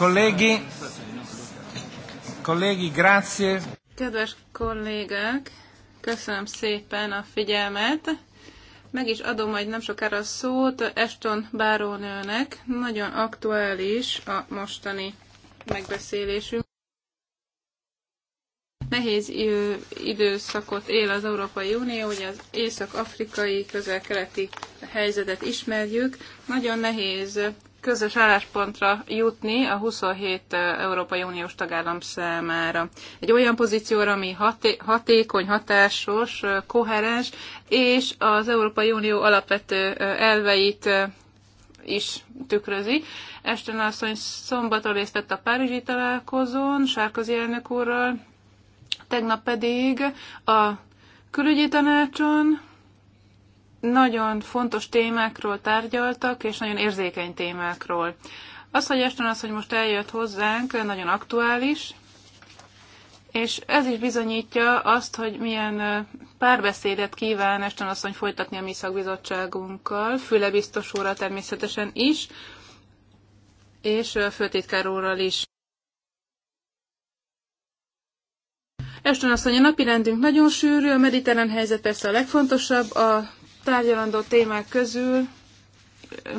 Kollégi, kollégi, grazie. Kedves kollégák, köszönöm szépen a figyelmet. Meg is adom majd nem sokára a szót Eston Bárónőnek. Nagyon aktuális a mostani megbeszélésünk. Nehéz időszakot él az Európai Unió, ugye az észak-afrikai, közel-keleti helyzetet ismerjük. Nagyon nehéz közös álláspontra jutni a 27 Európai Uniós tagállam számára. Egy olyan pozícióra, ami haté- hatékony, hatásos, koherens, és az Európai Unió alapvető elveit is tükrözi. Este asszony szombaton részt vett a Párizsi találkozón, Sárkozi elnök úrral, tegnap pedig a külügyi tanácson, nagyon fontos témákról tárgyaltak, és nagyon érzékeny témákról. Az, hogy Eston az, hogy most eljött hozzánk, nagyon aktuális, és ez is bizonyítja azt, hogy milyen párbeszédet kíván Eston asszony folytatni a mi szakbizottságunkkal, Füle biztos úrral természetesen is, és főtitkár úrral is. Eston asszony, a napi rendünk nagyon sűrű, a mediterrán helyzet persze a legfontosabb, a tárgyalandó témák közül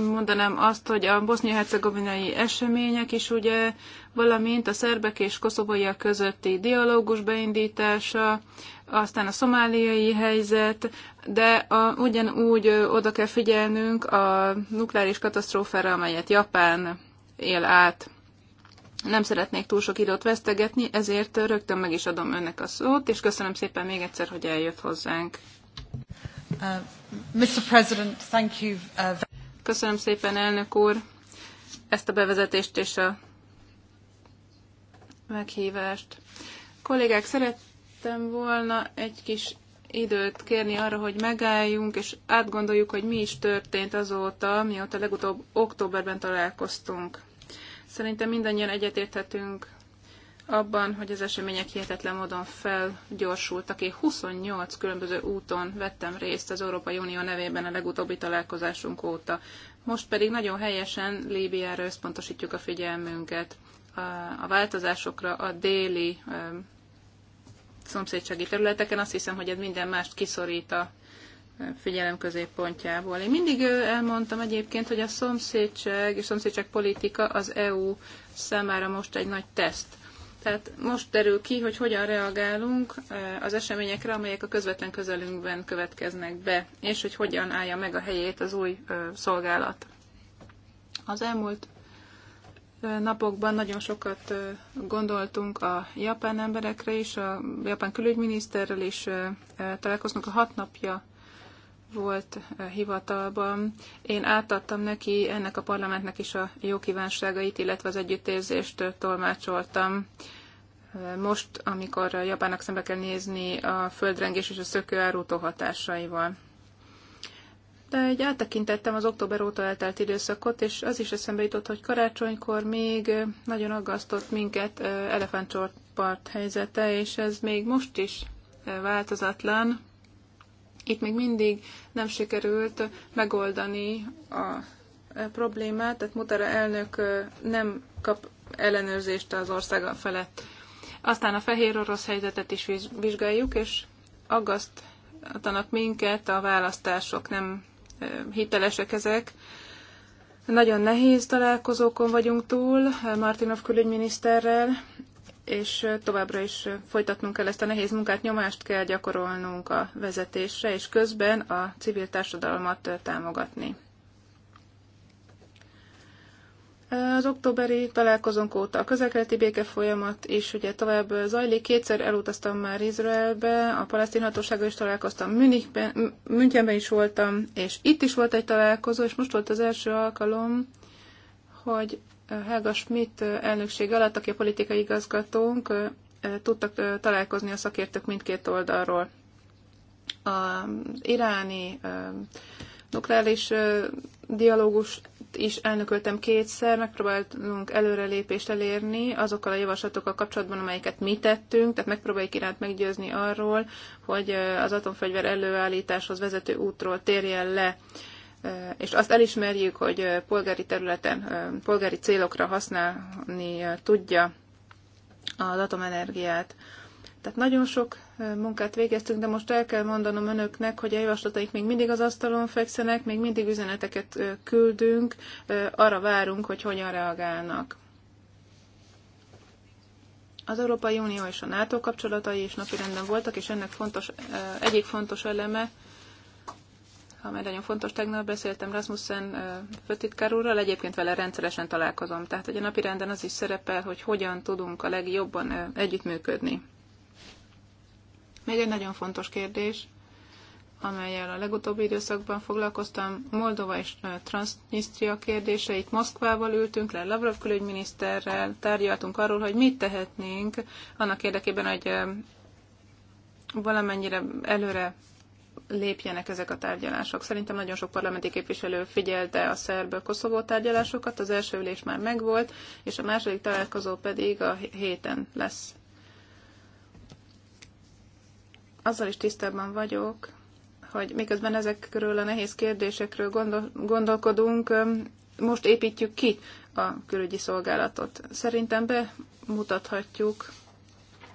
mondanám azt, hogy a bosznia-hercegovinai események is ugye, valamint a szerbek és koszovaiak közötti dialógus beindítása, aztán a szomáliai helyzet, de a, ugyanúgy oda kell figyelnünk a nukleáris katasztrófára, amelyet Japán él át. Nem szeretnék túl sok időt vesztegetni, ezért rögtön meg is adom önnek a szót, és köszönöm szépen még egyszer, hogy eljött hozzánk. Uh, Mr. President, thank you. Uh, Köszönöm szépen, elnök úr, ezt a bevezetést és a meghívást. Kollégák, szerettem volna egy kis időt kérni arra, hogy megálljunk, és átgondoljuk, hogy mi is történt azóta, mióta legutóbb októberben találkoztunk. Szerintem mindannyian egyetérthetünk abban, hogy az események hihetetlen módon felgyorsultak. Én 28 különböző úton vettem részt az Európai Unió nevében a legutóbbi találkozásunk óta. Most pedig nagyon helyesen Líbiára összpontosítjuk a figyelmünket. A változásokra a déli szomszédsági területeken azt hiszem, hogy ez minden mást kiszorít a figyelem középpontjából. Én mindig elmondtam egyébként, hogy a szomszédság és szomszédság politika az EU számára most egy nagy teszt tehát most derül ki, hogy hogyan reagálunk az eseményekre, amelyek a közvetlen közelünkben következnek be, és hogy hogyan állja meg a helyét az új szolgálat. Az elmúlt napokban nagyon sokat gondoltunk a japán emberekre is, a japán külügyminiszterrel is találkoztunk a hat napja volt eh, hivatalban, én átadtam neki ennek a parlamentnek is a jó kívánságait, illetve az együttérzést eh, tolmácsoltam. Eh, most, amikor Japánnak szembe kell nézni a földrengés és a szökőárútó hatásaival. De egy áttekintettem az október óta eltelt időszakot, és az is eszembe jutott, hogy karácsonykor még nagyon aggasztott minket part helyzete, és ez még most is változatlan. Itt még mindig nem sikerült megoldani a e, problémát, tehát Mutara elnök e, nem kap ellenőrzést az országa felett. Aztán a fehér orosz helyzetet is vizsgáljuk, és aggasztanak minket a választások, nem e, hitelesek ezek. Nagyon nehéz találkozókon vagyunk túl Martinov külügyminiszterrel, és továbbra is folytatnunk kell ezt a nehéz munkát, nyomást kell gyakorolnunk a vezetésre, és közben a civil társadalmat támogatni. Az októberi találkozónk óta a közelkeleti béke folyamat is ugye tovább zajlik. Kétszer elutaztam már Izraelbe, a palesztin hatósággal is találkoztam, Münichben, Münchenben is voltam, és itt is volt egy találkozó, és most volt az első alkalom, hogy Helga Schmidt elnökség alatt, aki a politikai igazgatónk, tudtak találkozni a szakértők mindkét oldalról. A iráni nukleáris dialógus is elnököltem kétszer, megpróbáltunk előrelépést elérni azokkal a javaslatokkal kapcsolatban, amelyeket mi tettünk, tehát megpróbáljuk iránt meggyőzni arról, hogy az atomfegyver előállításhoz vezető útról térjen le és azt elismerjük, hogy polgári területen, polgári célokra használni tudja az atomenergiát. Tehát nagyon sok munkát végeztünk, de most el kell mondanom önöknek, hogy a javaslataik még mindig az asztalon fekszenek, még mindig üzeneteket küldünk, arra várunk, hogy hogyan reagálnak. Az Európai Unió és a NATO kapcsolatai is napirenden voltak, és ennek fontos, egyik fontos eleme amely nagyon fontos. Tegnap beszéltem Rasmussen főtitkár úrral, egyébként vele rendszeresen találkozom. Tehát, hogy a napi renden az is szerepel, hogy hogyan tudunk a legjobban együttműködni. Még egy nagyon fontos kérdés, amelyel a legutóbbi időszakban foglalkoztam, Moldova és Transnistria kérdése. Itt Moszkvával ültünk le, Lavrov külügyminiszterrel, tárgyaltunk arról, hogy mit tehetnénk annak érdekében, hogy valamennyire előre lépjenek ezek a tárgyalások. Szerintem nagyon sok parlamenti képviselő figyelte a szerb-koszovó tárgyalásokat, az első ülés már megvolt, és a második találkozó pedig a héten lesz. Azzal is tisztában vagyok, hogy miközben ezekről a nehéz kérdésekről gondol, gondolkodunk, most építjük ki a külügyi szolgálatot. Szerintem bemutathatjuk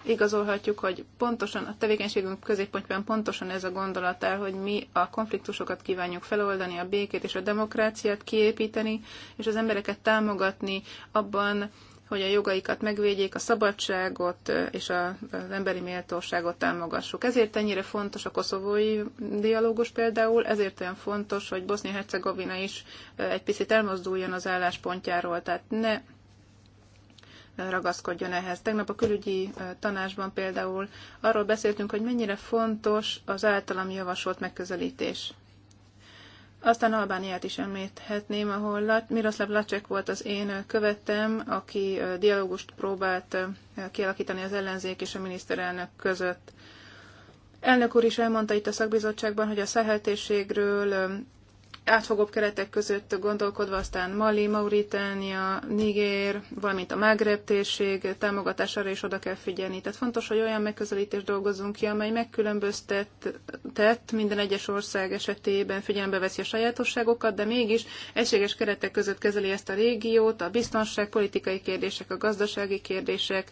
igazolhatjuk, hogy pontosan a tevékenységünk középpontjában pontosan ez a gondolat el, hogy mi a konfliktusokat kívánjuk feloldani, a békét és a demokráciát kiépíteni, és az embereket támogatni abban, hogy a jogaikat megvédjék, a szabadságot és az emberi méltóságot támogassuk. Ezért ennyire fontos a koszovói dialógus például, ezért olyan fontos, hogy Bosznia-Hercegovina is egy picit elmozduljon az álláspontjáról, tehát ne ragaszkodjon ehhez. Tegnap a külügyi tanácsban például arról beszéltünk, hogy mennyire fontos az általam javasolt megközelítés. Aztán Albániát is említhetném, ahol Miroslav Lacek volt az én követem, aki dialógust próbált kialakítani az ellenzék és a miniszterelnök között. Elnök úr is elmondta itt a szakbizottságban, hogy a szaheltérségről átfogóbb keretek között gondolkodva aztán Mali, Mauritánia, Niger, valamint a Magreb térség támogatására is oda kell figyelni. Tehát fontos, hogy olyan megközelítést dolgozzunk ki, amely megkülönböztetett minden egyes ország esetében figyelembe veszi a sajátosságokat, de mégis egységes keretek között kezeli ezt a régiót, a biztonság, politikai kérdések, a gazdasági kérdések,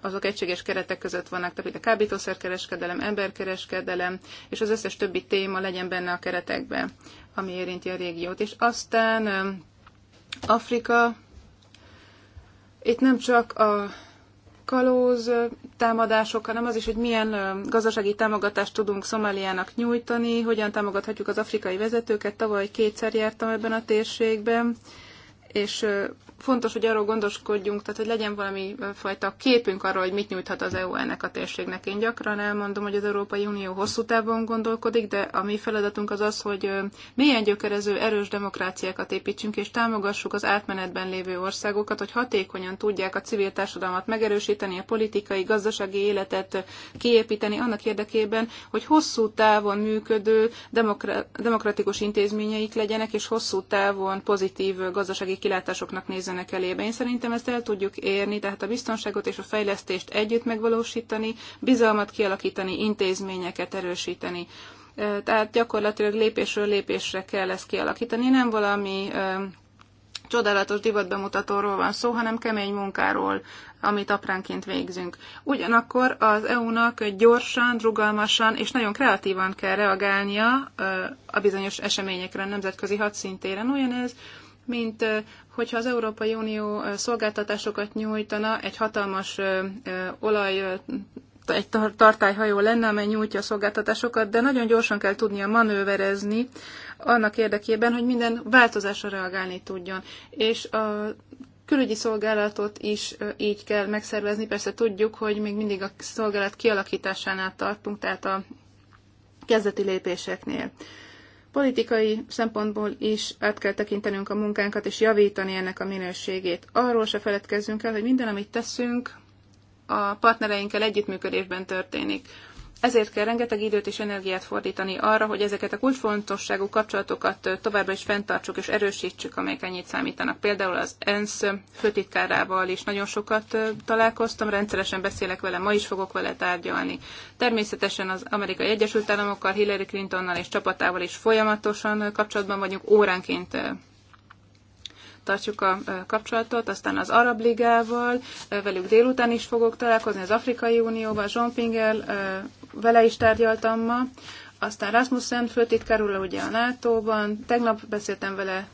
azok egységes keretek között vannak, tehát a kábítószerkereskedelem, emberkereskedelem, és az összes többi téma legyen benne a keretekben ami érinti a régiót. És aztán Afrika, itt nem csak a kalóz támadások, hanem az is, hogy milyen gazdasági támogatást tudunk Szomáliának nyújtani, hogyan támogathatjuk az afrikai vezetőket. Tavaly kétszer jártam ebben a térségben, és fontos, hogy arról gondoskodjunk, tehát hogy legyen valami fajta képünk arról, hogy mit nyújthat az EU ennek a térségnek. Én gyakran elmondom, hogy az Európai Unió hosszú távon gondolkodik, de a mi feladatunk az az, hogy milyen gyökerező erős demokráciákat építsünk, és támogassuk az átmenetben lévő országokat, hogy hatékonyan tudják a civil társadalmat megerősíteni, a politikai, gazdasági életet kiépíteni annak érdekében, hogy hosszú távon működő demokratikus intézményeik legyenek, és hosszú távon pozitív gazdasági kilátásoknak nézzenek nézzenek elébe. Én szerintem ezt el tudjuk érni, tehát a biztonságot és a fejlesztést együtt megvalósítani, bizalmat kialakítani, intézményeket erősíteni. Tehát gyakorlatilag lépésről lépésre kell ezt kialakítani, nem valami csodálatos divatbemutatóról van szó, hanem kemény munkáról, amit apránként végzünk. Ugyanakkor az EU-nak gyorsan, rugalmasan és nagyon kreatívan kell reagálnia a bizonyos eseményekre a nemzetközi hadszintéren. Olyan ez, mint hogyha az Európai Unió szolgáltatásokat nyújtana, egy hatalmas olaj egy tartályhajó lenne, amely nyújtja a szolgáltatásokat, de nagyon gyorsan kell tudnia manőverezni annak érdekében, hogy minden változásra reagálni tudjon. És a külügyi szolgálatot is így kell megszervezni. Persze tudjuk, hogy még mindig a szolgálat kialakításánál tartunk, tehát a kezdeti lépéseknél. Politikai szempontból is át kell tekintenünk a munkánkat, és javítani ennek a minőségét. Arról se feledkezzünk el, hogy minden, amit teszünk, a partnereinkkel együttműködésben történik. Ezért kell rengeteg időt és energiát fordítani arra, hogy ezeket a kulcsfontosságú kapcsolatokat továbbra is fenntartsuk és erősítsük, amelyek ennyit számítanak. Például az ENSZ főtitkárával is nagyon sokat találkoztam, rendszeresen beszélek vele, ma is fogok vele tárgyalni. Természetesen az Amerikai Egyesült Államokkal, Hillary Clintonnal és csapatával is folyamatosan kapcsolatban vagyunk, óránként tartjuk a kapcsolatot, aztán az Arab Ligával, velük délután is fogok találkozni, az Afrikai Unióval, Jean Pingel, vele is tárgyaltam ma, aztán Rasmussen főtitkárul ugye a NATO-ban, tegnap beszéltem vele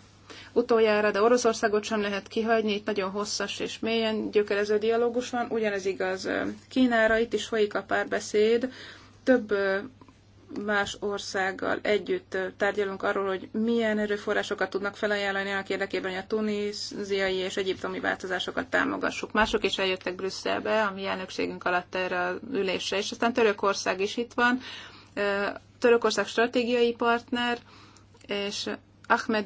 utoljára, de Oroszországot sem lehet kihagyni, itt nagyon hosszas és mélyen gyökerező dialógus van, ugyanez igaz Kínára, itt is folyik a párbeszéd, több más országgal együtt tárgyalunk arról, hogy milyen erőforrásokat tudnak felajánlani annak érdekében, hogy a tunéziai és egyiptomi változásokat támogassuk. Mások is eljöttek Brüsszelbe, a mi elnökségünk alatt erre a ülésre, és aztán Törökország is itt van. Törökország stratégiai partner, és Ahmed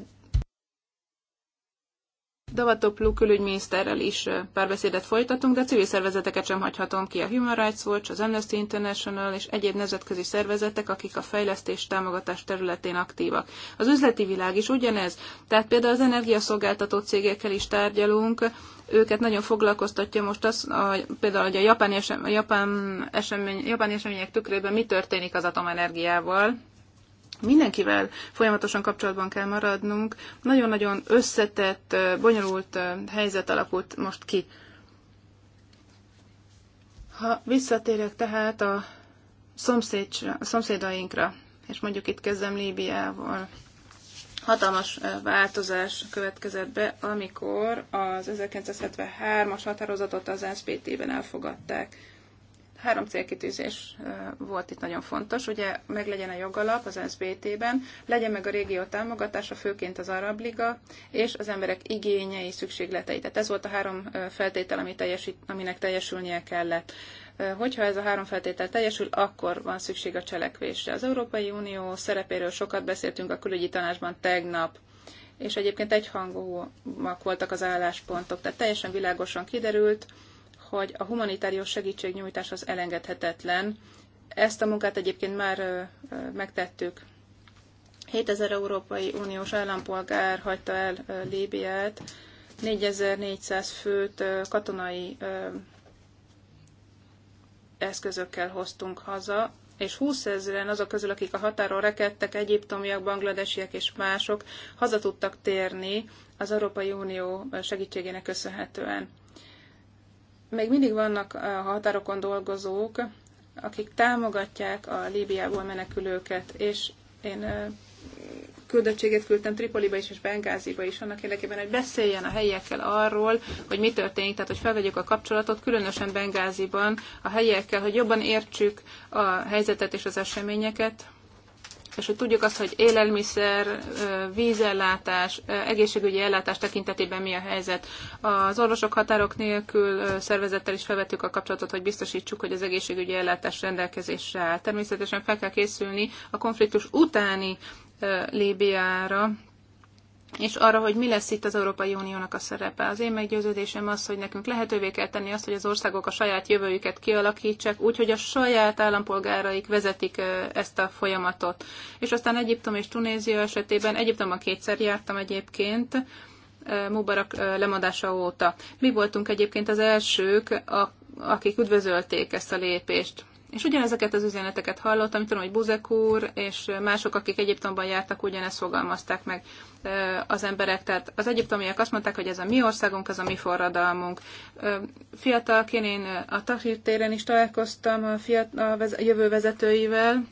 Davatoplu külügyminiszterrel is párbeszédet folytatunk, de civil szervezeteket sem hagyhatom ki. A Human Rights Watch, az Amnesty International és egyéb nemzetközi szervezetek, akik a fejlesztés támogatás területén aktívak. Az üzleti világ is ugyanez. Tehát például az energiaszolgáltató cégekkel is tárgyalunk, őket nagyon foglalkoztatja most az, a, például, hogy a japán, esem, a japán, esemény, japán események tükrében mi történik az atomenergiával, mindenkivel folyamatosan kapcsolatban kell maradnunk. Nagyon-nagyon összetett, bonyolult helyzet alakult most ki. Ha visszatérek tehát a, szomszéd, a szomszédainkra, és mondjuk itt kezdem Líbiával, hatalmas változás következett be, amikor az 1973-as határozatot az SPT-ben elfogadták Három célkitűzés volt itt nagyon fontos, ugye meg legyen a jogalap az SBT-ben, legyen meg a régió támogatása, főként az Arab Liga, és az emberek igényei, szükségletei. Tehát ez volt a három feltétel, ami teljesít, aminek teljesülnie kellett hogyha ez a három feltétel teljesül, akkor van szükség a cselekvésre. Az Európai Unió szerepéről sokat beszéltünk a külügyi tanácsban tegnap, és egyébként egyhangúak voltak az álláspontok, tehát teljesen világosan kiderült, hogy a humanitárius segítségnyújtás az elengedhetetlen. Ezt a munkát egyébként már megtettük. 7000 Európai Uniós állampolgár hagyta el Líbiát, 4400 főt katonai eszközökkel hoztunk haza, és 20 ezeren azok közül, akik a határon rekedtek, egyiptomiak, bangladesiek és mások, haza tudtak térni az Európai Unió segítségének köszönhetően még mindig vannak a határokon dolgozók, akik támogatják a Líbiából menekülőket, és én küldöttséget küldtem Tripoliba is és Bengáziba is, annak érdekében, hogy beszéljen a helyiekkel arról, hogy mi történik, tehát hogy felvegyük a kapcsolatot, különösen Bengáziban a helyiekkel, hogy jobban értsük a helyzetet és az eseményeket, és hogy tudjuk azt, hogy élelmiszer, vízellátás, egészségügyi ellátás tekintetében mi a helyzet. Az orvosok határok nélkül szervezettel is felvettük a kapcsolatot, hogy biztosítsuk, hogy az egészségügyi ellátás rendelkezésre áll. Természetesen fel kell készülni a konfliktus utáni Líbiára, és arra, hogy mi lesz itt az Európai Uniónak a szerepe. Az én meggyőződésem az, hogy nekünk lehetővé kell tenni azt, hogy az országok a saját jövőjüket kialakítsák, úgy, hogy a saját állampolgáraik vezetik ezt a folyamatot. És aztán Egyiptom és Tunézia esetében, Egyiptomban kétszer jártam egyébként, Mubarak lemondása óta. Mi voltunk egyébként az elsők, akik üdvözölték ezt a lépést és ugyanezeket az üzeneteket hallottam, tudom, hogy Buzek úr és mások, akik Egyiptomban jártak, ugyanezt fogalmazták meg az emberek. Tehát az egyiptomiak azt mondták, hogy ez a mi országunk, ez a mi forradalmunk. Fiatalként én a Tahrir téren is találkoztam a, fiatal, a jövő vezetőivel,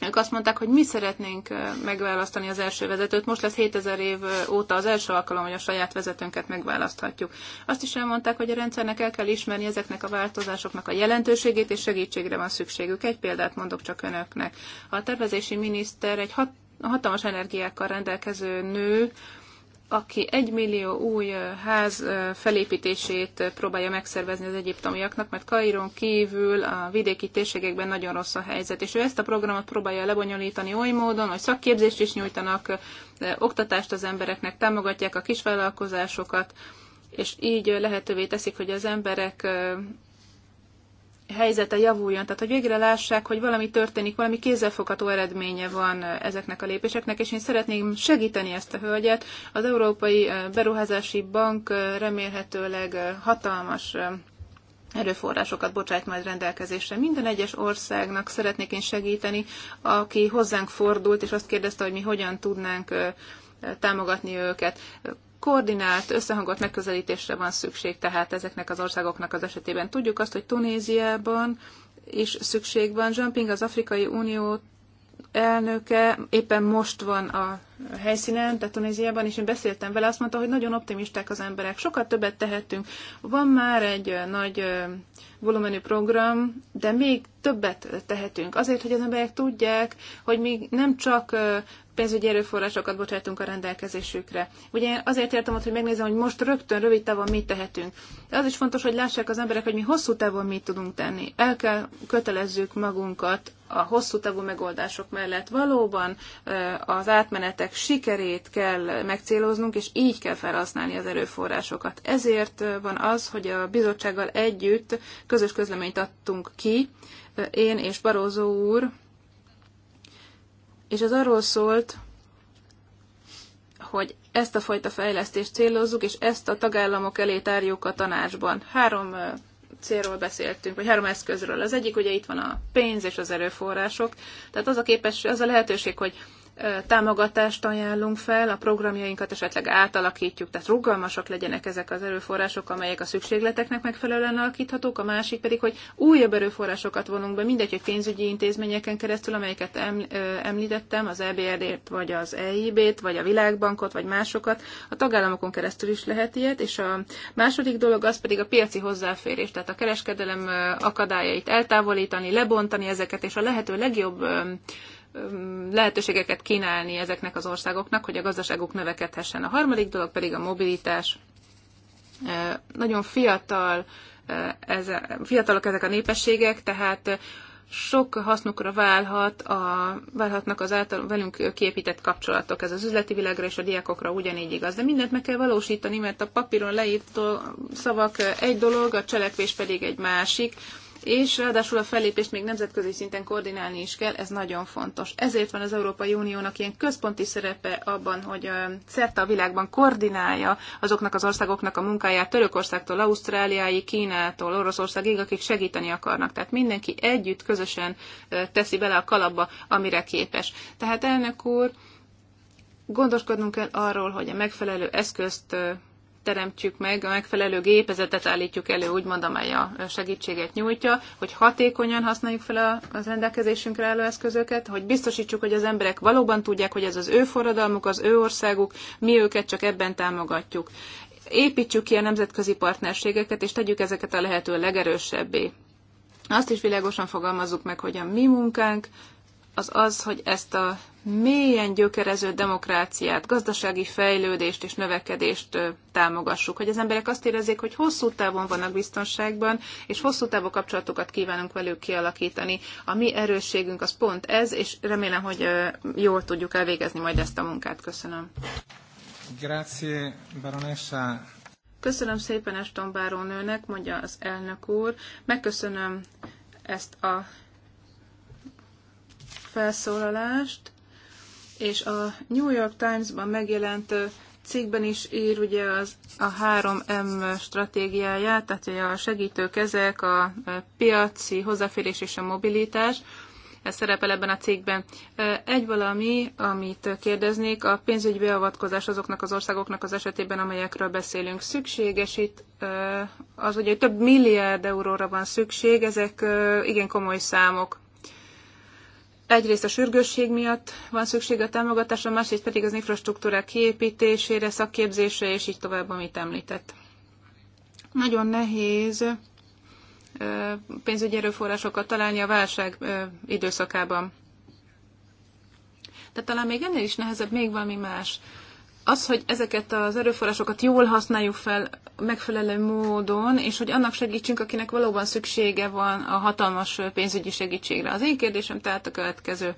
ők azt mondták, hogy mi szeretnénk megválasztani az első vezetőt. Most lesz 7000 év óta az első alkalom, hogy a saját vezetőnket megválaszthatjuk. Azt is elmondták, hogy a rendszernek el kell ismerni ezeknek a változásoknak a jelentőségét, és segítségre van szükségük. Egy példát mondok csak önöknek. A tervezési miniszter egy hat, hatalmas energiákkal rendelkező nő, aki egy millió új ház felépítését próbálja megszervezni az egyiptomiaknak, mert Kairon kívül a vidéki térségekben nagyon rossz a helyzet, és ő ezt a programot próbálja lebonyolítani oly módon, hogy szakképzést is nyújtanak, oktatást az embereknek, támogatják a kisvállalkozásokat, és így lehetővé teszik, hogy az emberek helyzete javuljon, tehát hogy végre lássák, hogy valami történik, valami kézzelfogható eredménye van eh, ezeknek a lépéseknek, és én szeretném segíteni ezt a hölgyet. Az Európai eh, Beruházási Bank eh, remélhetőleg hatalmas erőforrásokat bocsát majd rendelkezésre. Minden egyes országnak szeretnék én segíteni, aki hozzánk fordult, és azt kérdezte, hogy mi hogyan tudnánk támogatni őket koordinált, összehangolt megközelítésre van szükség tehát ezeknek az országoknak az esetében. Tudjuk azt, hogy Tunéziában is szükség van. Jumping az Afrikai Unió elnöke éppen most van a helyszínen, tehát Tunéziában, és én beszéltem vele, azt mondta, hogy nagyon optimisták az emberek, sokat többet tehetünk. Van már egy nagy volumenű program, de még többet tehetünk. Azért, hogy az emberek tudják, hogy még nem csak pénzügyi erőforrásokat bocsátunk a rendelkezésükre. Ugye azért értem ott, hogy megnézem, hogy most rögtön, rövid távon mit tehetünk. De az is fontos, hogy lássák az emberek, hogy mi hosszú távon mit tudunk tenni. El kell kötelezzük magunkat a hosszú távú megoldások mellett. Valóban az átmenetek sikerét kell megcéloznunk, és így kell felhasználni az erőforrásokat. Ezért van az, hogy a bizottsággal együtt közös közleményt adtunk ki, én és Barózó úr, és az arról szólt, hogy ezt a fajta fejlesztést célozzuk, és ezt a tagállamok elé tárjuk a tanácsban. Három célról beszéltünk, vagy három eszközről. Az egyik ugye itt van a pénz és az erőforrások, tehát az a képes, az a lehetőség, hogy támogatást ajánlunk fel, a programjainkat esetleg átalakítjuk, tehát rugalmasak legyenek ezek az erőforrások, amelyek a szükségleteknek megfelelően alakíthatók, a másik pedig, hogy újabb erőforrásokat vonunk be, mindegy, hogy pénzügyi intézményeken keresztül, amelyeket említettem, az EBRD-t, vagy az EIB-t, vagy a Világbankot, vagy másokat, a tagállamokon keresztül is lehet ilyet, és a második dolog az pedig a piaci hozzáférés, tehát a kereskedelem akadályait eltávolítani, lebontani ezeket, és a lehető legjobb lehetőségeket kínálni ezeknek az országoknak, hogy a gazdaságuk növekedhessen. A harmadik dolog pedig a mobilitás. Nagyon fiatal, ez, fiatalok ezek a népességek, tehát sok hasznukra válhat a, válhatnak az által velünk képített kapcsolatok. Ez az üzleti világra és a diákokra ugyanígy igaz. De mindent meg kell valósítani, mert a papíron leírt szavak egy dolog, a cselekvés pedig egy másik és ráadásul a fellépést még nemzetközi szinten koordinálni is kell, ez nagyon fontos. Ezért van az Európai Uniónak ilyen központi szerepe abban, hogy szerte a világban koordinálja azoknak az országoknak a munkáját, Törökországtól, Ausztráliáig, Kínától, Oroszországig, akik segíteni akarnak. Tehát mindenki együtt, közösen teszi bele a kalapba, amire képes. Tehát elnök úr, gondoskodnunk kell arról, hogy a megfelelő eszközt teremtjük meg, a megfelelő gépezetet állítjuk elő, úgymond, amely a segítséget nyújtja, hogy hatékonyan használjuk fel az rendelkezésünkre álló eszközöket, hogy biztosítsuk, hogy az emberek valóban tudják, hogy ez az ő forradalmuk, az ő országuk, mi őket csak ebben támogatjuk. Építsük ki a nemzetközi partnerségeket, és tegyük ezeket a lehető legerősebbé. Azt is világosan fogalmazzuk meg, hogy a mi munkánk az az, hogy ezt a mélyen gyökerező demokráciát, gazdasági fejlődést és növekedést támogassuk, hogy az emberek azt érezzék, hogy hosszú távon vannak biztonságban, és hosszú távú kapcsolatokat kívánunk velük kialakítani. A mi erősségünk az pont ez, és remélem, hogy jól tudjuk elvégezni majd ezt a munkát. Köszönöm. Grazie, baronessa. Köszönöm szépen Eston Bárónőnek, mondja az elnök úr. Megköszönöm ezt a felszólalást és a New York Times-ban megjelent cikkben is ír ugye az a 3M stratégiáját, tehát a segítő kezek, a piaci hozzáférés és a mobilitás, ez szerepel ebben a cikkben. Egy valami, amit kérdeznék, a pénzügyi beavatkozás azoknak az országoknak az esetében, amelyekről beszélünk. Szükséges itt az, ugye több milliárd euróra van szükség, ezek igen komoly számok egyrészt a sürgősség miatt van szükség a támogatásra, másrészt pedig az infrastruktúrák kiépítésére, szakképzésre, és így tovább, amit említett. Nagyon nehéz pénzügyi erőforrásokat találni a válság időszakában. Tehát talán még ennél is nehezebb még valami más az, hogy ezeket az erőforrásokat jól használjuk fel megfelelő módon, és hogy annak segítsünk, akinek valóban szüksége van a hatalmas pénzügyi segítségre. Az én kérdésem tehát a következő.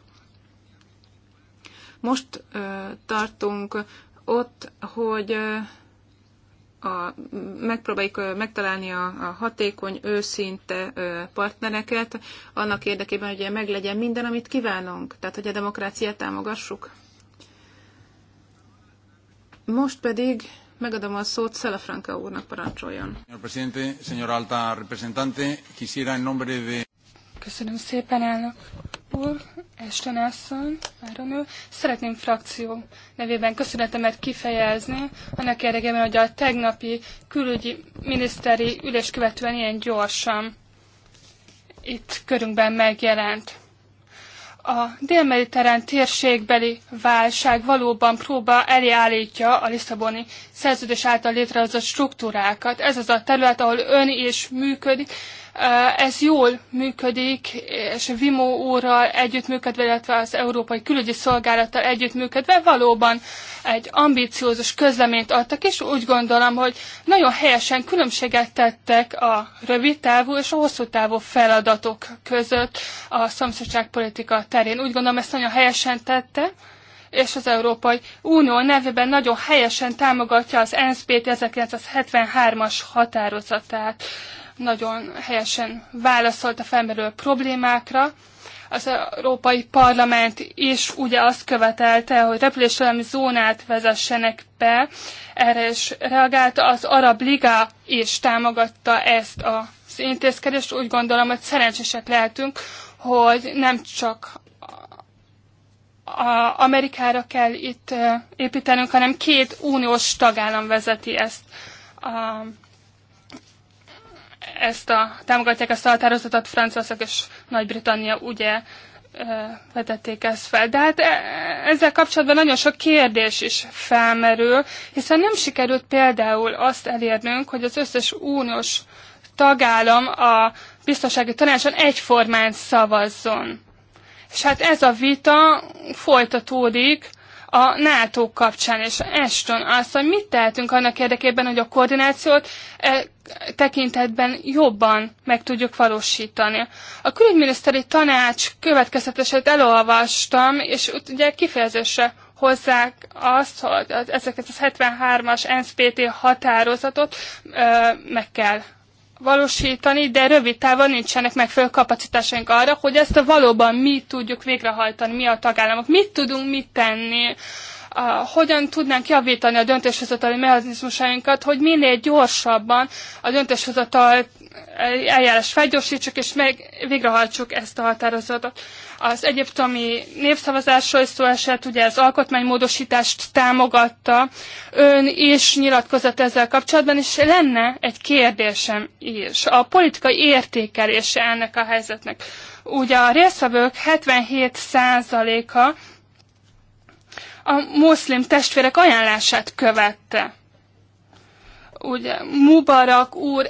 Most ö, tartunk ott, hogy ö, a, megpróbáljuk ö, megtalálni a, a hatékony, őszinte ö, partnereket, annak érdekében, hogy meglegyen minden, amit kívánunk, tehát hogy a demokráciát támogassuk. Most pedig megadom a szót Szelefranka úrnak parancsoljon. Köszönöm szépen, elnök úr, Esten asszony, Áronő. Szeretném frakció nevében köszönetemet kifejezni, annak érdekében, hogy a tegnapi külügyi miniszteri ülés követően ilyen gyorsan itt körünkben megjelent a dél-mediterrán térségbeli válság valóban próba elé a Lisszaboni szerződés által létrehozott struktúrákat. Ez az a terület, ahol ön is működik, ez jól működik, és a Vimó úrral együttműködve, illetve az Európai Külügyi Szolgálattal együttműködve valóban egy ambíciózus közleményt adtak, és úgy gondolom, hogy nagyon helyesen különbséget tettek a rövid távú és a hosszú távú feladatok között a szomszédságpolitika terén. Úgy gondolom, ezt nagyon helyesen tette és az Európai Unió nevében nagyon helyesen támogatja az ENSZ-t 1973-as határozatát nagyon helyesen válaszolt a felmerülő problémákra. Az Európai Parlament is ugye azt követelte, hogy repülésvelemi zónát vezessenek be, erre is reagálta. Az Arab Liga is támogatta ezt az intézkedést. Úgy gondolom, hogy szerencsések lehetünk, hogy nem csak a Amerikára kell itt építenünk, hanem két uniós tagállam vezeti ezt a ezt a, támogatják ezt a határozatot, Franciaország és Nagy-Britannia ugye vetették ezt fel. De hát e, ezzel kapcsolatban nagyon sok kérdés is felmerül, hiszen nem sikerült például azt elérnünk, hogy az összes uniós tagállam a biztonsági tanácson egyformán szavazzon. És hát ez a vita folytatódik, a NATO kapcsán, és Eston azt, hogy mit tehetünk annak érdekében, hogy a koordinációt e, tekintetben jobban meg tudjuk valósítani. A külügyminiszteri tanács következetesét elolvastam, és ott ugye kifejezésre hozzák azt, hogy ezeket az 73-as NSPT határozatot e, meg kell valósítani, de rövid távon nincsenek megfelelő kapacitásaink arra, hogy ezt a valóban mi tudjuk végrehajtani, mi a tagállamok, mit tudunk mit tenni, a, hogyan tudnánk javítani a döntéshozatali mechanizmusainkat, hogy minél gyorsabban a döntéshozatal eh, eljárás felgyorsítsuk és meg végrehajtsuk ezt a határozatot az egyiptomi népszavazásról is szó esett, ugye az alkotmánymódosítást támogatta. Ön is nyilatkozott ezzel kapcsolatban, és lenne egy kérdésem is. A politikai értékelése ennek a helyzetnek. Ugye a részvevők 77%-a a muszlim testvérek ajánlását követte. Ugye Mubarak úr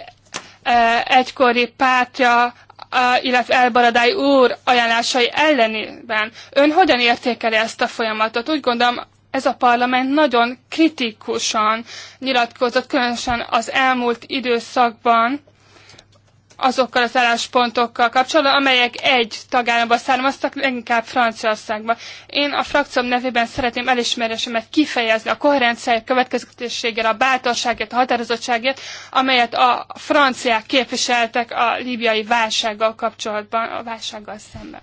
eh, egykori pártja illetve Elbaradály úr ajánlásai ellenében. Ön hogyan értékeli ezt a folyamatot? Úgy gondolom, ez a parlament nagyon kritikusan nyilatkozott, különösen az elmúlt időszakban azokkal az álláspontokkal kapcsolatban, amelyek egy tagállamba származtak, leginkább Franciaországban. Én a frakcióm nevében szeretném elismerésemet kifejezni a koherenciáért, következetességgel, a bátorságért, a határozottságért, amelyet a franciák képviseltek a líbiai válsággal kapcsolatban, a válsággal szemben.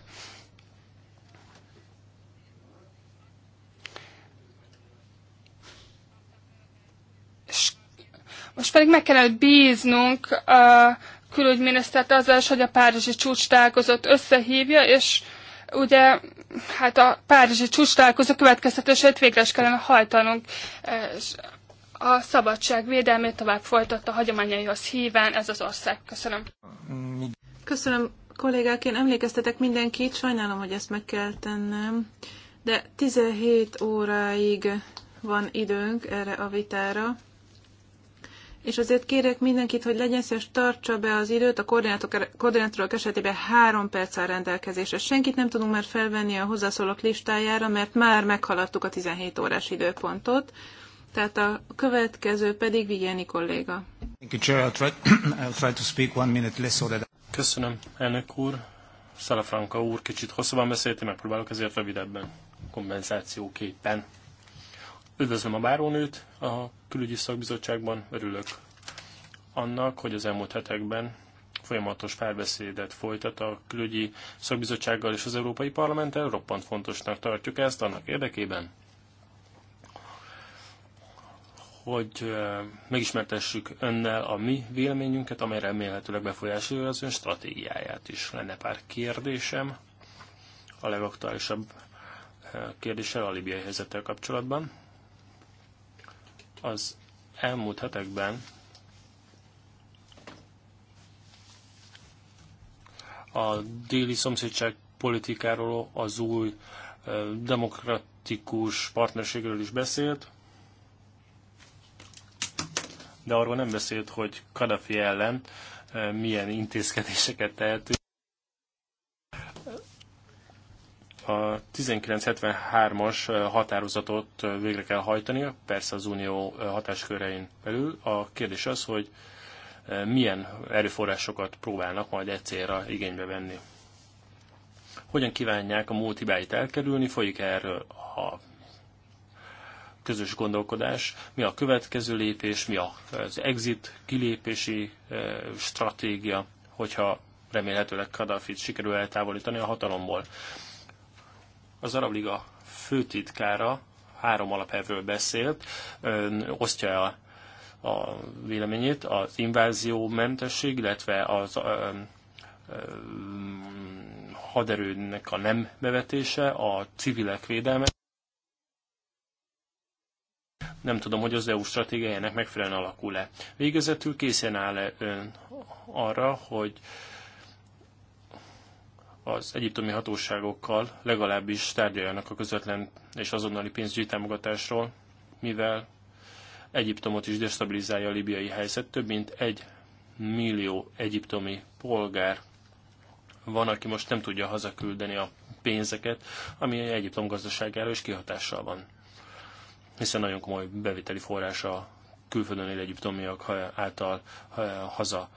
most pedig meg kellett bíznunk uh, külügyminisztert azzal is, hogy a párizsi csúcs találkozót összehívja, és ugye hát a párizsi csúcs találkozó következtetését végre is kellene hajtanunk. És a szabadság védelmét tovább folytatta hagyományaihoz híven ez az ország. Köszönöm. Köszönöm, kollégák. Én emlékeztetek mindenkit, sajnálom, hogy ezt meg kell tennem, de 17 óráig van időnk erre a vitára és azért kérek mindenkit, hogy legyen szíves, tartsa be az időt, a er- koordinátorok esetében három perc áll rendelkezésre. Senkit nem tudunk már felvenni a hozzászólók listájára, mert már meghaladtuk a 17 órás időpontot. Tehát a következő pedig Vigyeni kolléga. Köszönöm, elnök úr. Szalafranka úr kicsit hosszabban beszélt, megpróbálok ezért rövidebben kompenzációképpen. Üdvözlöm a bárónőt a külügyi szakbizottságban, örülök annak, hogy az elmúlt hetekben folyamatos párbeszédet folytat a külügyi szakbizottsággal és az Európai Parlamenttel, roppant fontosnak tartjuk ezt annak érdekében, hogy eh, megismertessük önnel a mi véleményünket, amely remélhetőleg befolyásolja az ön stratégiáját is. Lenne pár kérdésem a legaktuálisabb eh, kérdéssel a libiai helyzettel kapcsolatban. Az elmúlt hetekben a déli szomszédság politikáról, az új demokratikus partnerségről is beszélt, de arról nem beszélt, hogy Kadhafi ellen milyen intézkedéseket tehetünk. a 1973-as határozatot végre kell hajtani, persze az unió hatáskörein belül. A kérdés az, hogy milyen erőforrásokat próbálnak majd egy célra igénybe venni. Hogyan kívánják a múlt hibáit elkerülni, folyik -e erről a közös gondolkodás, mi a következő lépés, mi az exit, kilépési stratégia, hogyha remélhetőleg Kaddafit sikerül eltávolítani a hatalomból. Az Arab Liga főtitkára három alapelvről beszélt, osztja el a véleményét, az invázió mentesség, illetve az ö, ö, haderőnek a nem bevetése, a civilek védelme. Nem tudom, hogy az EU stratégiájának megfelelően alakul-e. Végezetül készen áll -e ön arra, hogy ö, az egyiptomi hatóságokkal legalábbis tárgyaljanak a közvetlen és azonnali pénzügyi támogatásról, mivel Egyiptomot is destabilizálja a libiai helyzet. Több mint egy millió egyiptomi polgár van, aki most nem tudja hazaküldeni a pénzeket, ami Egyiptom gazdaságára is kihatással van. Hiszen nagyon komoly beviteli forrása külföldön él egyiptomiak által haza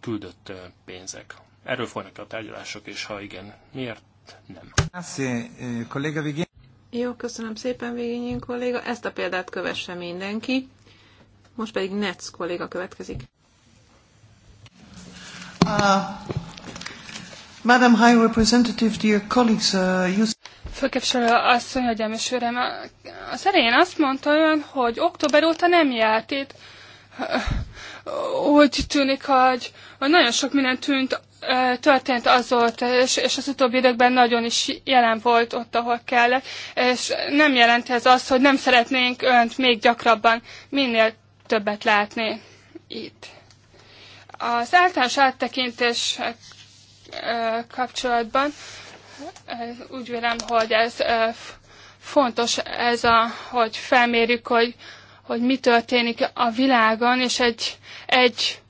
küldött pénzek. Erről folynak a tárgyalások, és ha igen, miért nem? Eh, Jó, köszönöm szépen, Végényén kolléga. Ezt a példát kövesse mindenki. Most pedig Netz kolléga következik. Uh, Madam High Representative, dear colleagues, uh, you... Főképviselő asszony, hölgyem és uram, az elején azt mondta ön, hogy október óta nem járt itt úgy tűnik, hogy, hogy nagyon sok minden tűnt, történt azóta, és, és az utóbbi időkben nagyon is jelen volt ott, ahol kellett, és nem jelent ez azt, hogy nem szeretnénk önt még gyakrabban, minél többet látni itt. Az általános áttekintés kapcsolatban úgy vélem, hogy ez fontos ez a, hogy felmérjük, hogy hogy mi történik a világon, és egy, egy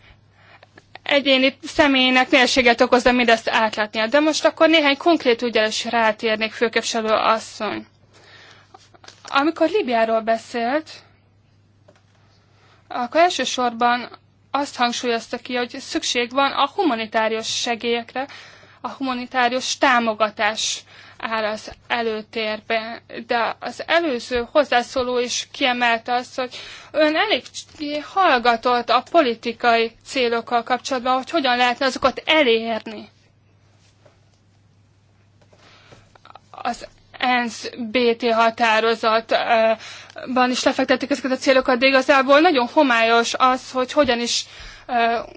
egyéni személynek nehézséget okozza mindezt átlátnia. De most akkor néhány konkrét ügyel is rátérnék, főképviselő asszony. Amikor Libiáról beszélt, akkor elsősorban azt hangsúlyozta ki, hogy szükség van a humanitárius segélyekre, a humanitárius támogatás áll az előtérben. De az előző hozzászóló is kiemelte azt, hogy ön elég hallgatott a politikai célokkal kapcsolatban, hogy hogyan lehetne azokat elérni. Az ENSZ BT határozatban is lefektetik ezeket a célokat, de igazából nagyon homályos az, hogy hogyan is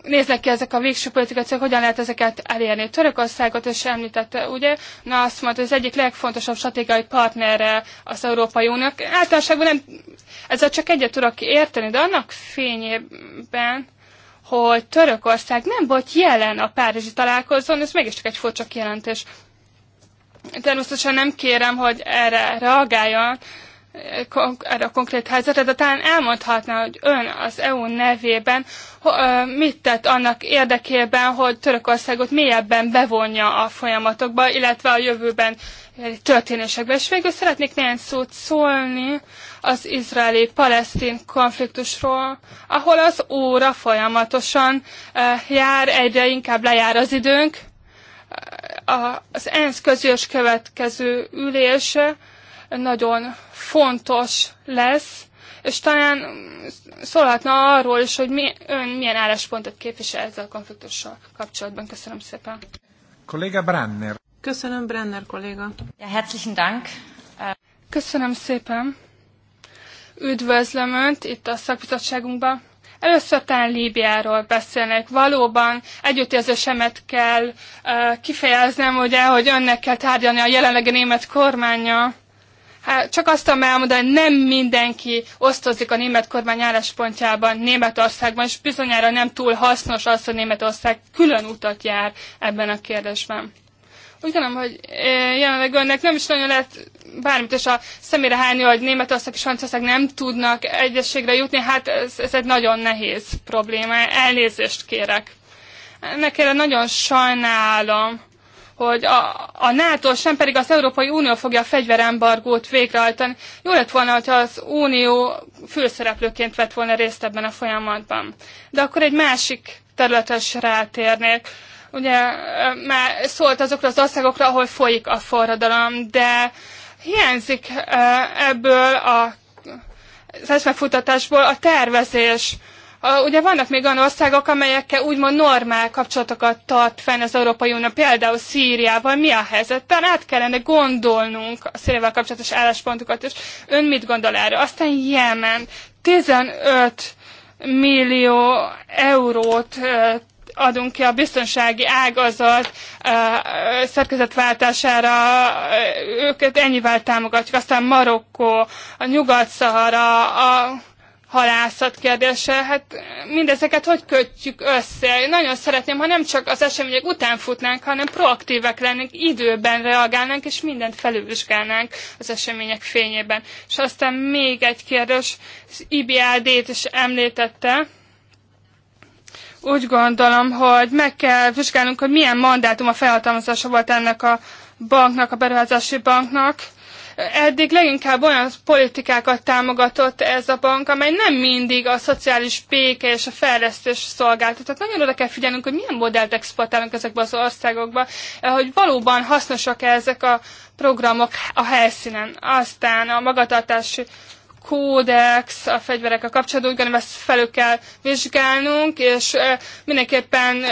néznek ki ezek a végső politikai célok, hogyan lehet ezeket elérni. Törökországot is említette, ugye? Na azt mondta, hogy az egyik legfontosabb stratégiai partnere az Európai Uniónak. Általánosságban nem, ezzel csak egyet tudok érteni, de annak fényében, hogy Törökország nem volt jelen a párizsi találkozón, ez mégiscsak egy furcsa kijelentés. Természetesen nem kérem, hogy erre reagáljon, erre a konkrét helyzetre, de talán elmondhatná, hogy ön az EU nevében mit tett annak érdekében, hogy Törökországot mélyebben bevonja a folyamatokba, illetve a jövőben történésekbe. És végül szeretnék néhány szót szólni az izraeli-palesztin konfliktusról, ahol az óra folyamatosan jár, egyre inkább lejár az időnk. Az ENSZ közös következő ülése nagyon fontos lesz, és talán szólhatna arról is, hogy mi, ön milyen álláspontot képvisel ezzel a konfliktussal kapcsolatban. Köszönöm szépen. Kolléga Brenner. Köszönöm, Brenner kolléga. Ja, herzlichen Dank. Köszönöm szépen. Üdvözlöm Önt itt a szakbizottságunkban. Először talán Líbiáról beszélnek. Valóban együttérzésemet kell uh, kifejeznem, ugye, hogy önnek kell tárgyalni a jelenlegi német kormánya. Hát csak azt tudom elmondani, nem mindenki osztozik a német kormány álláspontjában Németországban, és bizonyára nem túl hasznos az, hogy Németország külön utat jár ebben a kérdésben. Úgy gondolom, hogy jelenleg önnek nem is nagyon lehet bármit is a szemére hányni, hogy Németország és Franciaország nem tudnak egyességre jutni, hát ez, ez egy nagyon nehéz probléma. Elnézést kérek. Ennek erre nagyon sajnálom hogy a, a NATO sem pedig az Európai Unió fogja a fegyverembargót végrehajtani. Jó lett volna, hogyha az Unió főszereplőként vett volna részt ebben a folyamatban. De akkor egy másik területes rátérnék. Ugye már szólt azokra az országokra, ahol folyik a forradalom, de hiányzik ebből a az esmefutatásból a tervezés, ugye vannak még olyan országok, amelyekkel úgymond normál kapcsolatokat tart fenn az Európai Unió, például Szíriával. Mi a helyzet? Talán át kellene gondolnunk a Szíriával kapcsolatos álláspontokat, és ön mit gondol erre? Aztán Jemen. 15 millió eurót adunk ki a biztonsági ágazat szerkezetváltására, őket ennyivel támogatjuk. Aztán Marokkó, a Nyugat-Szahara, a halászat kérdése, hát mindezeket hogy kötjük össze? Én nagyon szeretném, ha nem csak az események után futnánk, hanem proaktívek lennénk, időben reagálnánk, és mindent felülvizsgálnánk az események fényében. És aztán még egy kérdés, az IBLD-t is említette, úgy gondolom, hogy meg kell vizsgálnunk, hogy milyen mandátum a felhatalmazása volt ennek a banknak, a beruházási banknak, eddig leginkább olyan politikákat támogatott ez a bank, amely nem mindig a szociális béke és a fejlesztés szolgáltat. Tehát nagyon oda kell figyelnünk, hogy milyen modellt exportálunk ezekbe az országokba, hogy valóban hasznosak-e ezek a programok a helyszínen. Aztán a magatartási kódex, a a kapcsolatban, ezt felül kell vizsgálnunk, és mindenképpen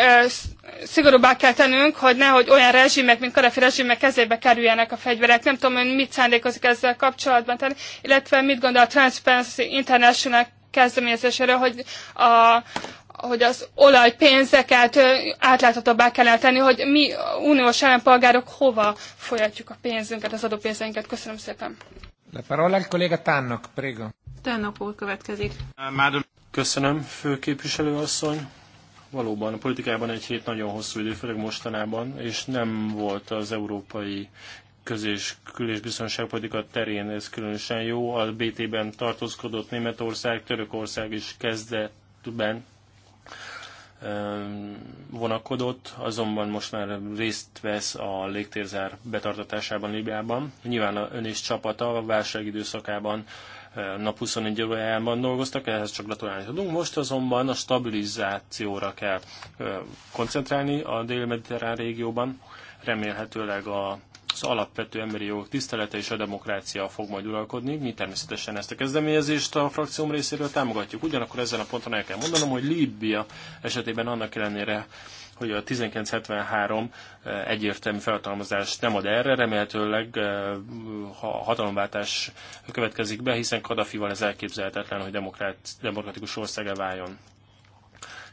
szigorúbbá kell tennünk, hogy nehogy olyan rezsimek, mint Kadafi rezsimek kezébe kerüljenek a fegyverek. Nem tudom, hogy mit szándékozik ezzel kapcsolatban tenni, illetve mit gondol a Transparency International kezdeményezéséről, hogy a, hogy az olajpénzeket átláthatóbbá kellene tenni, hogy mi uniós állampolgárok hova folyatjuk a pénzünket, az adópénzeinket. Köszönöm szépen. La parola al collega Tannok, prego. Tannok úr következik. Köszönöm, főképviselő asszony valóban a politikában egy hét nagyon hosszú idő, főleg mostanában, és nem volt az európai és kül- és biztonságpolitika terén ez különösen jó. A BT-ben tartózkodott Németország, Törökország is kezdetben ehm, vonakodott, azonban most már részt vesz a légtérzár betartatásában Libiában. Nyilván ön és csapata a válság időszakában nap 24 órájában dolgoztak, ehhez csak gratulálni tudunk. Most azonban a stabilizációra kell koncentrálni a dél-mediterrán régióban. Remélhetőleg a az alapvető emberi jogok tisztelete és a demokrácia fog majd uralkodni. Mi természetesen ezt a kezdeményezést a frakcióm részéről támogatjuk. Ugyanakkor ezen a ponton el kell mondanom, hogy Líbia esetében annak ellenére, hogy a 1973 eh, egyértelmű felhatalmazást nem ad erre, remélhetőleg eh, ha a hatalomváltás következik be, hiszen Kadafival ez elképzelhetetlen, hogy demokratikus országe váljon.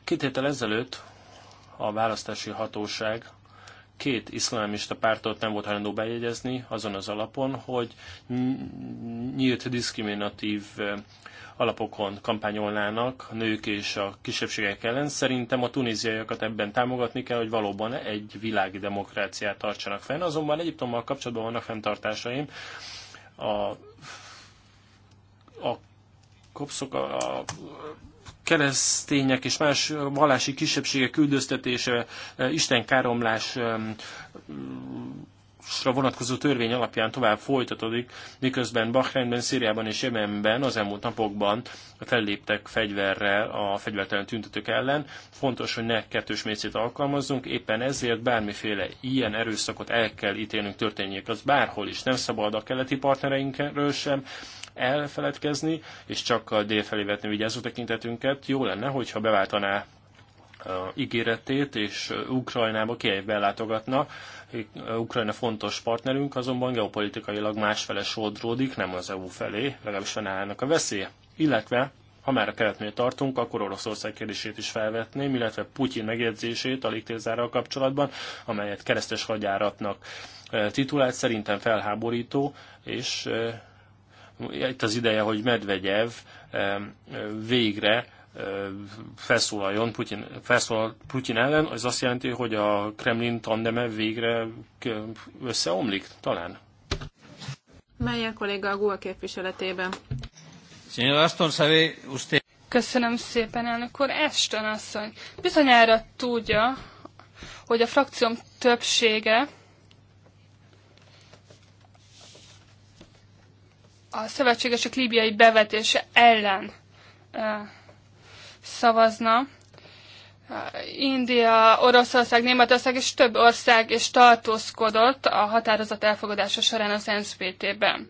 Két héttel ezelőtt a választási hatóság két iszlámista pártot nem volt hajlandó bejegyezni azon az alapon, hogy nyílt diszkriminatív eh, alapokon kampányolnának a nők és a kisebbségek ellen. Szerintem a tunéziaiakat ebben támogatni kell, hogy valóban egy világi demokráciát tartsanak fenn. Azonban Egyiptommal kapcsolatban vannak fenntartásaim. A, a kopszok, a, a keresztények és más vallási kisebbségek Isten káromlás vonatkozó törvény alapján tovább folytatódik, miközben Bahreinben, Szíriában és Jemenben az elmúlt napokban felléptek fegyverrel a fegyvertelen tüntetők ellen. Fontos, hogy ne kettős mécét alkalmazzunk, éppen ezért bármiféle ilyen erőszakot el kell ítélnünk történjék. Az bárhol is nem szabad a keleti partnereinkről sem, elfeledkezni, és csak a dél felé vetni vigyázó tekintetünket. Jó lenne, hogyha beváltaná ígéretét, és Ukrajnába, Kievbe látogatna. Ukrajna fontos partnerünk, azonban geopolitikailag másfele sodródik, nem az EU felé, legalábbis fennállnak a veszélye. Illetve, ha már a keletnél tartunk, akkor Oroszország kérdését is felvetném, illetve Putyin megjegyzését a légtérzárral kapcsolatban, amelyet keresztes hagyáratnak titulált, szerintem felháborító, és itt az ideje, hogy Medvegyev végre felszólaljon Putin, felszólal Putin ellen, az azt jelenti, hogy a Kremlin tandeme végre összeomlik, talán. Melyen kolléga a GUA képviseletében? Köszönöm szépen, elnök úr. Eston asszony, bizonyára tudja, hogy a frakcióm többsége a szövetségesek líbiai bevetése ellen szavazna. India, Oroszország, Németország és több ország is tartózkodott a határozat elfogadása során az NSZPT-ben.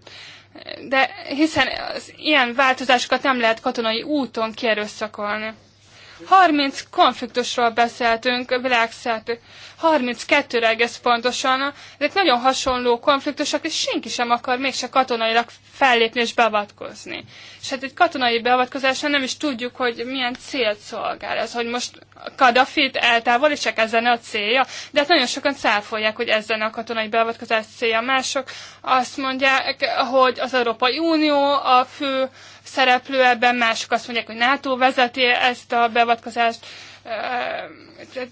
De hiszen az ilyen változásokat nem lehet katonai úton kierőszakolni. 30 konfliktusról beszéltünk világszerte. 32-re egész pontosan. Ezek nagyon hasonló konfliktusok, és senki sem akar mégse katonailag fellépni és beavatkozni. És hát egy katonai beavatkozásnál nem is tudjuk, hogy milyen célt szolgál ez, hogy most Kadafit és csak ezen a célja, de hát nagyon sokan száfolják, hogy ezen a katonai beavatkozás célja. Mások azt mondják, hogy az Európai Unió a fő szereplő ebben, mások azt mondják, hogy NATO vezeti ezt a beavatkozást, tehát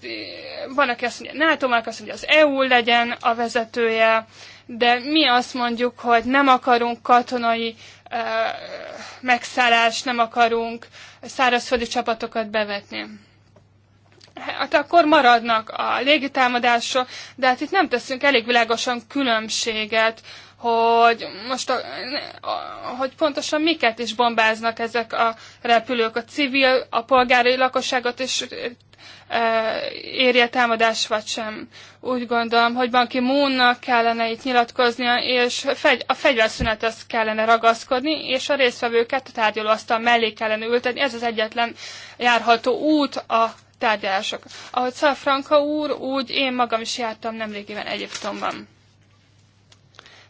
van, aki azt mondja, NATO, van, aki azt mondja, az EU legyen a vezetője, de mi azt mondjuk, hogy nem akarunk katonai megszállást, nem akarunk szárazföldi csapatokat bevetni. Hát akkor maradnak a légitámadások, de hát itt nem teszünk elég világosan különbséget hogy most, a, hogy pontosan miket is bombáznak ezek a repülők, a civil, a polgári lakosságot is e, érje támadás vagy sem. Úgy gondolom, hogy Banki Moonnak kellene itt nyilatkoznia, és a fegyverszünethez kellene ragaszkodni, és a résztvevőket a tárgyalóasztal mellé kellene ültetni. Ez az egyetlen járható út a tárgyalások. Ahogy Szalfranka úr, úgy én magam is jártam nemrégiben Egyiptomban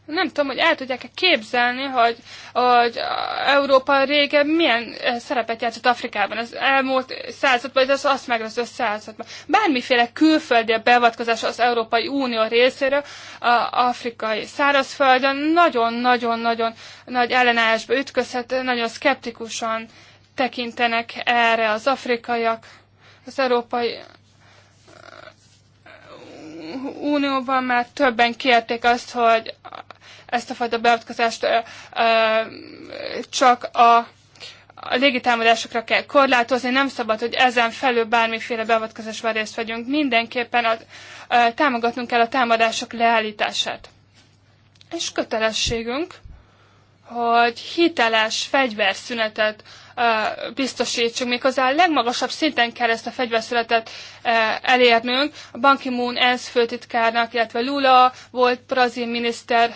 nem tudom, hogy el tudják-e képzelni, hogy, hogy Európa régen milyen eh, szerepet játszott Afrikában az elmúlt században, vagy az azt az században. Bármiféle külföldi beavatkozás az Európai Unió részéről a afrikai szárazföldön nagyon-nagyon-nagyon nagy ellenállásba ütközhet, nagyon szkeptikusan tekintenek erre az afrikaiak, az Európai Unióban már többen kérték azt, hogy ezt a fajta beavatkozást csak a a légitámadásokra kell korlátozni, nem szabad, hogy ezen felül bármiféle beavatkozásban részt vegyünk. Mindenképpen a, a, támogatnunk kell a támadások leállítását. És kötelességünk, hogy hiteles fegyverszünetet a, biztosítsunk, méghozzá a legmagasabb szinten kell ezt a fegyverszünetet a, elérnünk. A Banki moon ENSZ főtitkárnak, illetve Lula volt brazil miniszter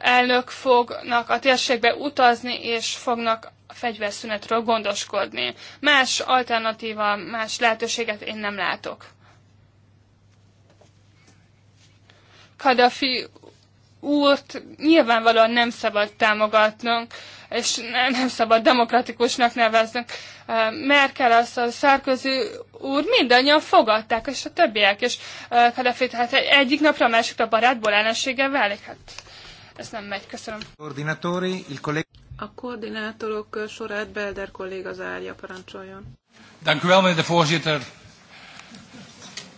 elnök fognak a térségbe utazni, és fognak a fegyverszünetről gondoskodni. Más alternatíva, más lehetőséget én nem látok. Kadafi úrt nyilvánvalóan nem szabad támogatnunk, és nem, szabad demokratikusnak neveznünk. Merkel, azt a Szárközi úr mindannyian fogadták, és a többiek, és Kadafi, tehát egyik napra a másikra barátból ellensége válik. Hát ez nem megy. Köszönöm. A koordinátorok sorát Belder kolléga zárja, parancsoljon. Dank u wel, meneer de voorzitter.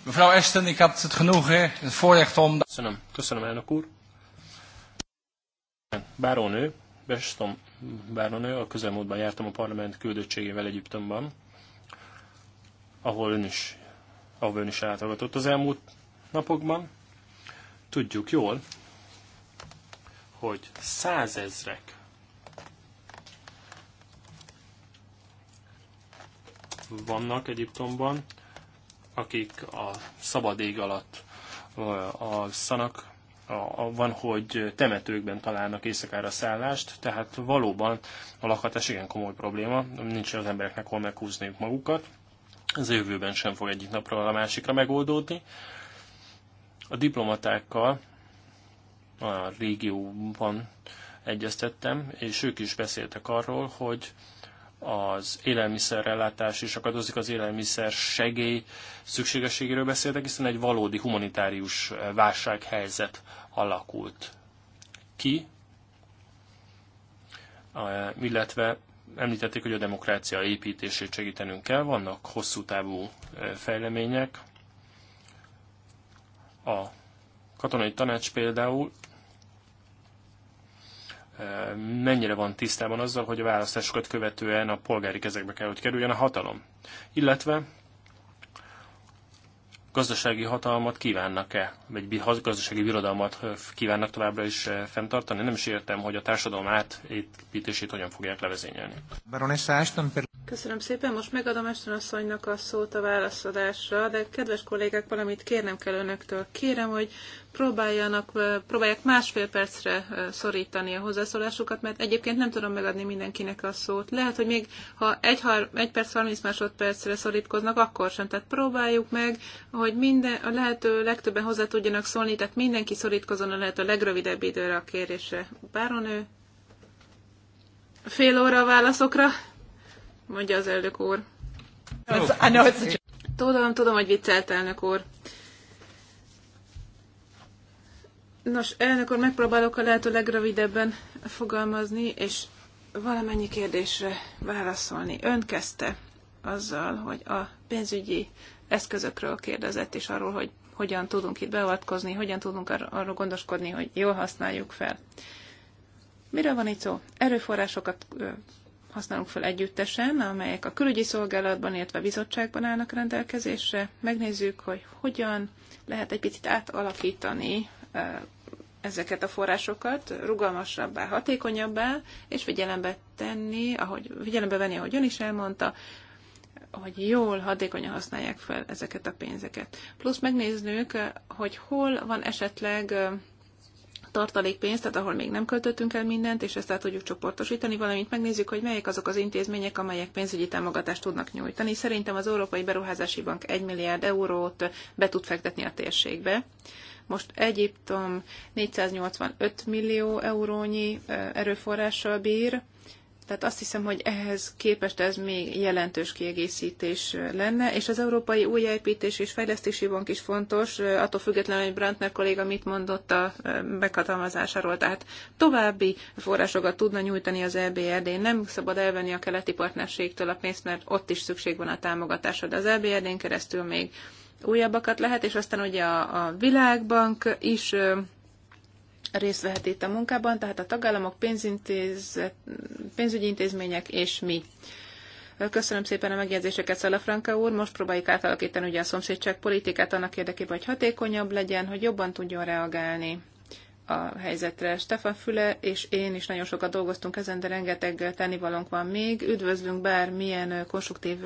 Mevrouw Esten, ik had het genoegen, het voorrecht om... Köszönöm, köszönöm elnök úr. Bárónő, Beston Báronő, a közelmúltban jártam a parlament küldöttségével Egyiptomban, ahol ön is, ahol ön is látogatott az elmúlt napokban. Tudjuk jól, hogy százezrek vannak Egyiptomban, akik a szabad ég alatt alszanak, van, hogy temetőkben találnak éjszakára szállást, tehát valóban a lakhatás igen komoly probléma, nincs az embereknek hol meghúzni magukat, ez a jövőben sem fog egyik napról a másikra megoldódni. A diplomatákkal a régióban egyeztettem, és ők is beszéltek arról, hogy az élelmiszerrelátás is akadozik, az élelmiszer segély szükségességéről beszéltek, hiszen egy valódi humanitárius válsághelyzet alakult ki, illetve említették, hogy a demokrácia építését segítenünk kell, vannak hosszú távú e, fejlemények. A katonai tanács például mennyire van tisztában azzal, hogy a választásokat követően a polgári kezekbe kell, hogy kerüljön a hatalom. Illetve gazdasági hatalmat kívánnak-e, vagy gazdasági birodalmat kívánnak továbbra is fenntartani? Nem is értem, hogy a társadalom átépítését hogyan fogják levezényelni. Köszönöm szépen, most megadom Ashton asszonynak a szót a válaszadásra, de kedves kollégák, valamit kérnem kell önöktől. Kérem, hogy próbáljanak, próbálják másfél percre szorítani a hozzászólásukat, mert egyébként nem tudom megadni mindenkinek a szót. Lehet, hogy még ha egy, egy perc 30 másodpercre szorítkoznak, akkor sem. Tehát próbáljuk meg, hogy minden, a lehető legtöbben hozzá tudjanak szólni, tehát mindenki szorítkozon a lehető legrövidebb időre a kérésre. Báronő, fél óra a válaszokra, mondja az elnök úr. Oh. Tudom, tudom, hogy viccelt elnök úr. Nos, elnök úr, megpróbálok a lehető legrövidebben fogalmazni, és valamennyi kérdésre válaszolni. Ön kezdte azzal, hogy a pénzügyi eszközökről kérdezett, és arról, hogy hogyan tudunk itt beavatkozni, hogyan tudunk ar- arról gondoskodni, hogy jól használjuk fel. Miről van itt szó? Erőforrásokat használunk fel együttesen, amelyek a külügyi szolgálatban, illetve a bizottságban állnak rendelkezésre. Megnézzük, hogy hogyan lehet egy picit átalakítani ezeket a forrásokat rugalmasabbá, hatékonyabbá, és figyelembe tenni, ahogy figyelembe venni, ahogy ön is elmondta, hogy jól, hatékonyan használják fel ezeket a pénzeket. Plusz megnéznünk, hogy hol van esetleg tartalékpénz, tehát ahol még nem költöttünk el mindent, és ezt át tudjuk csoportosítani, valamint megnézzük, hogy melyek azok az intézmények, amelyek pénzügyi támogatást tudnak nyújtani. Szerintem az Európai Beruházási Bank 1 milliárd eurót be tud fektetni a térségbe most Egyiptom 485 millió eurónyi erőforrással bír, tehát azt hiszem, hogy ehhez képest ez még jelentős kiegészítés lenne, és az Európai Újjáépítés és Fejlesztési Bank is fontos, attól függetlenül, hogy Brandner kolléga mit mondott a meghatalmazásáról, tehát további forrásokat tudna nyújtani az EBRD. Nem szabad elvenni a keleti partnerségtől a pénzt, mert ott is szükség van a támogatásra, de az EBRD-n keresztül még újabbakat lehet, és aztán ugye a, a Világbank is részt vehet itt a munkában, tehát a tagállamok, pénzügyi intézmények és mi. Köszönöm szépen a megjegyzéseket, Szalafranka úr. Most próbáljuk átalakítani ugye a szomszédság politikát annak érdekében, hogy hatékonyabb legyen, hogy jobban tudjon reagálni a helyzetre. Stefan Füle és én is nagyon sokat dolgoztunk ezen, de rengeteg tennivalónk van még. Üdvözlünk bármilyen konstruktív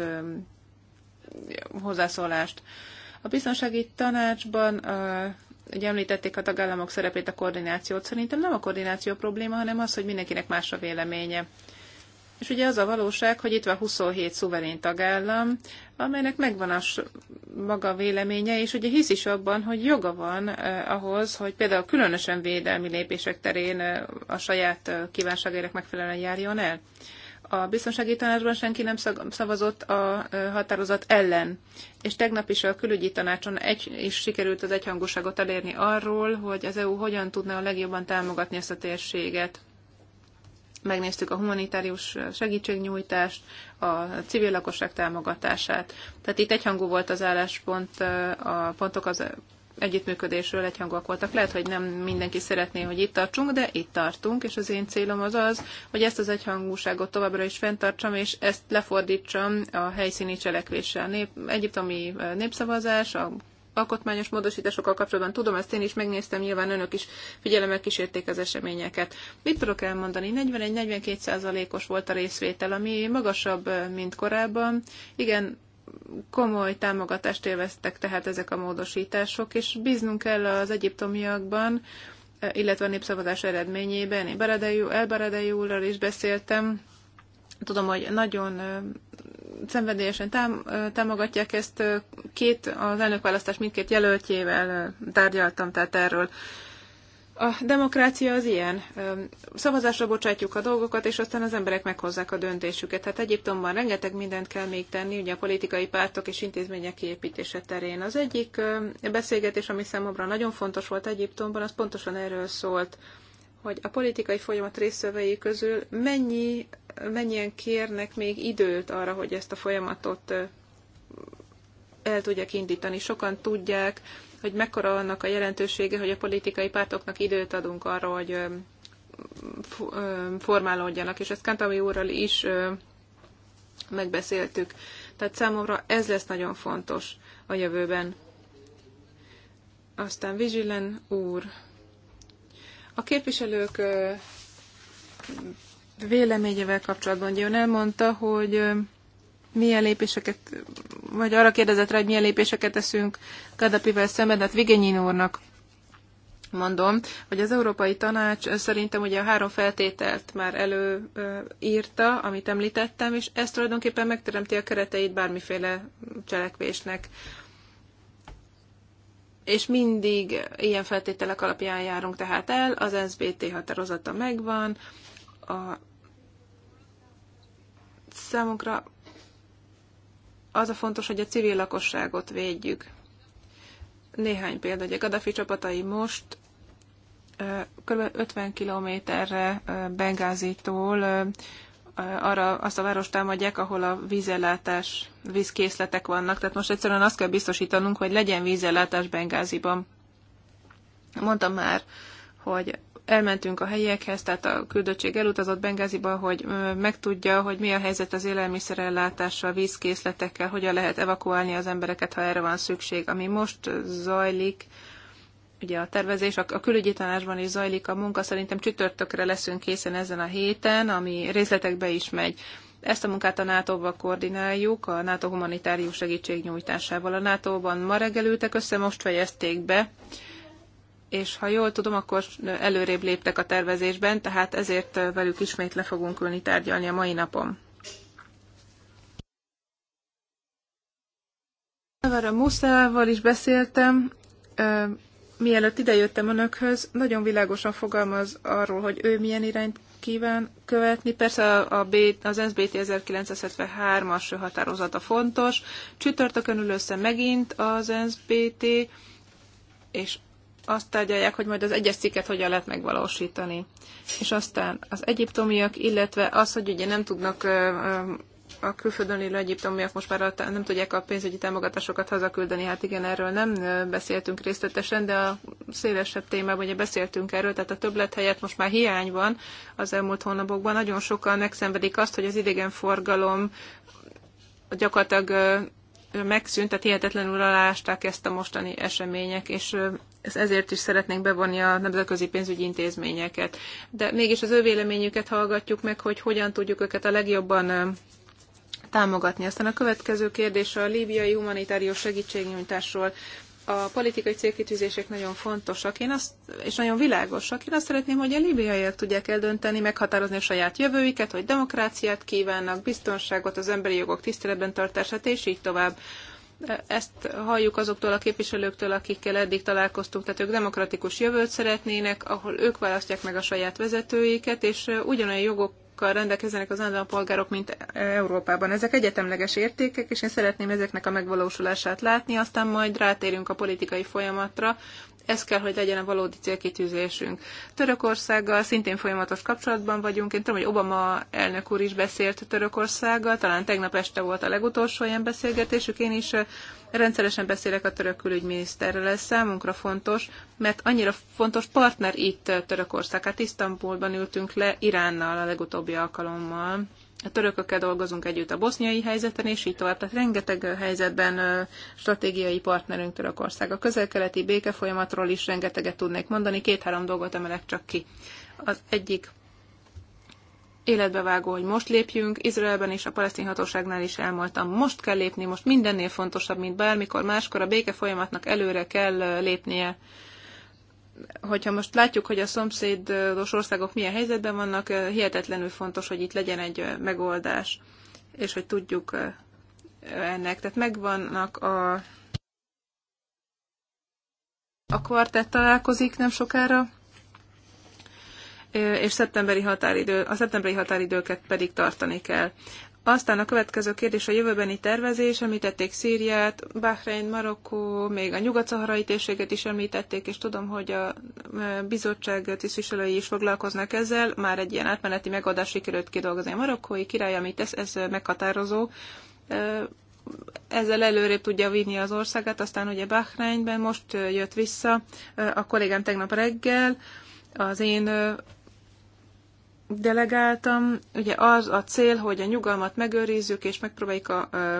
hozzászólást. A biztonsági tanácsban a hogy említették a tagállamok szerepét, a koordinációt. Szerintem nem a koordináció probléma, hanem az, hogy mindenkinek más a véleménye. És ugye az a valóság, hogy itt van 27 szuverén tagállam, amelynek megvan a maga véleménye, és ugye hisz is abban, hogy joga van eh, ahhoz, hogy például különösen védelmi lépések terén eh, a saját eh, megfelelően járjon el. Eh, a biztonsági tanácsban senki nem szavazott a határozat ellen. És tegnap is a külügyi tanácson egy, is sikerült az egyhangúságot elérni arról, hogy az EU hogyan tudna a legjobban támogatni ezt a térséget. Megnéztük a humanitárius segítségnyújtást, a civil lakosság támogatását. Tehát itt egyhangú volt az álláspont, a pontok az együttműködésről egyhangúak voltak. Lehet, hogy nem mindenki szeretné, hogy itt tartsunk, de itt tartunk, és az én célom az az, hogy ezt az egyhangúságot továbbra is fenntartsam, és ezt lefordítsam a helyszíni cselekvéssel. Nép, egyiptomi népszavazás, a alkotmányos módosításokkal kapcsolatban tudom, ezt én is megnéztem, nyilván önök is figyelemmel kísérték az eseményeket. Mit tudok elmondani? 41-42 százalékos volt a részvétel, ami magasabb, mint korábban. Igen, komoly támogatást élveztek tehát ezek a módosítások, és bíznunk kell az egyiptomiakban, illetve a népszavazás eredményében. Én Baradei, El Baradei úrral is beszéltem, tudom, hogy nagyon szenvedélyesen tám, támogatják ezt. Két, az elnökválasztás mindkét jelöltjével tárgyaltam, tehát erről a demokrácia az ilyen. Szavazásra bocsátjuk a dolgokat, és aztán az emberek meghozzák a döntésüket. Hát Egyiptomban rengeteg mindent kell még tenni, ugye a politikai pártok és intézmények kiépítése terén. Az egyik beszélgetés, ami számomra nagyon fontos volt Egyiptomban, az pontosan erről szólt, hogy a politikai folyamat részvevei közül mennyi, mennyien kérnek még időt arra, hogy ezt a folyamatot el tudják indítani. Sokan tudják, hogy mekkora annak a jelentősége, hogy a politikai pártoknak időt adunk arra, hogy formálódjanak, és ezt Kantami úrral is megbeszéltük. Tehát számomra ez lesz nagyon fontos a jövőben. Aztán Vigillen úr. A képviselők véleményevel kapcsolatban ön elmondta, hogy milyen lépéseket, vagy arra kérdezett rá, hogy milyen lépéseket teszünk Kadapivel szemben, hát Vigényin úrnak mondom, hogy az Európai Tanács szerintem ugye a három feltételt már előírta, amit említettem, és ez tulajdonképpen megteremti a kereteit bármiféle cselekvésnek. És mindig ilyen feltételek alapján járunk tehát el, az SBT határozata megvan, a számunkra az a fontos, hogy a civil lakosságot védjük. Néhány példa, hogy a Gaddafi csapatai most kb. 50 kilométerre Bengázitól arra azt a várost támadják, ahol a vízellátás, vízkészletek vannak. Tehát most egyszerűen azt kell biztosítanunk, hogy legyen vízellátás Bengáziban. Mondtam már, hogy elmentünk a helyiekhez, tehát a küldöttség elutazott Bengáziba, hogy megtudja, hogy mi a helyzet az élelmiszerellátással, vízkészletekkel, hogyan lehet evakuálni az embereket, ha erre van szükség. Ami most zajlik, ugye a tervezés, a, külügyi tanásban is zajlik a munka, szerintem csütörtökre leszünk készen ezen a héten, ami részletekbe is megy. Ezt a munkát a NATO-val koordináljuk, a NATO humanitárius segítségnyújtásával. A NATO-ban ma reggel ültek össze, most fejezték be és ha jól tudom, akkor előrébb léptek a tervezésben, tehát ezért velük ismét le fogunk ülni tárgyalni a mai napon. A Muszával is beszéltem, mielőtt idejöttem önökhöz, nagyon világosan fogalmaz arról, hogy ő milyen irányt kíván követni. Persze a, a B, az SBT 1973-as határozata fontos. Csütörtökön ül össze megint az SBT, és azt tárgyalják, hogy majd az egyes cikket hogyan lehet megvalósítani. És aztán az egyiptomiak, illetve az, hogy ugye nem tudnak a külföldön élő egyiptomiak most már nem tudják a pénzügyi támogatásokat hazaküldeni, hát igen, erről nem beszéltünk részletesen, de a szélesebb témában ugye beszéltünk erről, tehát a többlet helyett most már hiány van az elmúlt hónapokban. Nagyon sokan megszenvedik azt, hogy az idegenforgalom gyakorlatilag megszűnt, tehát hihetetlenül alásták ezt a mostani események, és ezért is szeretnénk bevonni a nemzetközi pénzügyi intézményeket. De mégis az ő véleményüket hallgatjuk meg, hogy hogyan tudjuk őket a legjobban támogatni. Aztán a következő kérdés a líbiai humanitárius segítségnyújtásról a politikai célkitűzések nagyon fontosak, én azt, és nagyon világosak. Én azt szeretném, hogy a líbiaiak tudják eldönteni, meghatározni a saját jövőiket, hogy demokráciát kívánnak, biztonságot, az emberi jogok tiszteletben tartását, és így tovább. Ezt halljuk azoktól a képviselőktől, akikkel eddig találkoztunk, tehát ők demokratikus jövőt szeretnének, ahol ők választják meg a saját vezetőiket, és ugyanolyan jogok jogokkal rendelkeznek az állampolgárok, mint e- Európában. Ezek egyetemleges értékek, és én szeretném ezeknek a megvalósulását látni, aztán majd rátérünk a politikai folyamatra, ez kell, hogy legyen a valódi célkitűzésünk. Törökországgal szintén folyamatos kapcsolatban vagyunk. Én tudom, hogy Obama elnök úr is beszélt Törökországgal, talán tegnap este volt a legutolsó ilyen beszélgetésük. Én is rendszeresen beszélek a török külügyminiszterrel, ez számunkra fontos, mert annyira fontos partner itt Törökország. Hát Isztambulban ültünk le Iránnal a legutóbbi alkalommal a törökökkel dolgozunk együtt a boszniai helyzeten, és így tovább. Tehát rengeteg helyzetben stratégiai partnerünk Törökország. A közel-keleti béke folyamatról is rengeteget tudnék mondani, két-három dolgot emelek csak ki. Az egyik életbevágó, hogy most lépjünk, Izraelben és a palesztin hatóságnál is elmondtam, most kell lépni, most mindennél fontosabb, mint bármikor máskor, a béke folyamatnak előre kell lépnie hogyha most látjuk, hogy a szomszédos országok milyen helyzetben vannak, hihetetlenül fontos, hogy itt legyen egy megoldás, és hogy tudjuk ennek. Tehát megvannak a a kvartett találkozik nem sokára, és szeptemberi határidő, a szeptemberi határidőket pedig tartani kell. Aztán a következő kérdés a jövőbeni tervezés, említették Szíriát, Bahrein, Marokkó, még a nyugat-szaharai térséget is említették, és tudom, hogy a bizottság tisztviselői is foglalkoznak ezzel, már egy ilyen átmeneti megoldás sikerült kidolgozni. A marokkói király, amit tesz, ez meghatározó, ezzel előrébb tudja vinni az országát, aztán ugye Bahreinben most jött vissza a kollégám tegnap reggel, az én delegáltam, ugye az a cél, hogy a nyugalmat megőrizzük, és megpróbáljuk a ö,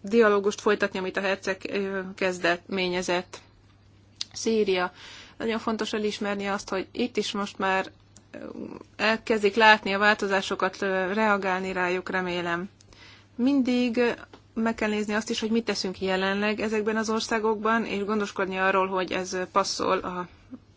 dialógust folytatni, amit a herceg ö, kezdeményezett. Szíria. Nagyon fontos elismerni azt, hogy itt is most már elkezdik látni a változásokat, reagálni rájuk, remélem. Mindig meg kell nézni azt is, hogy mit teszünk jelenleg ezekben az országokban, és gondoskodni arról, hogy ez passzol a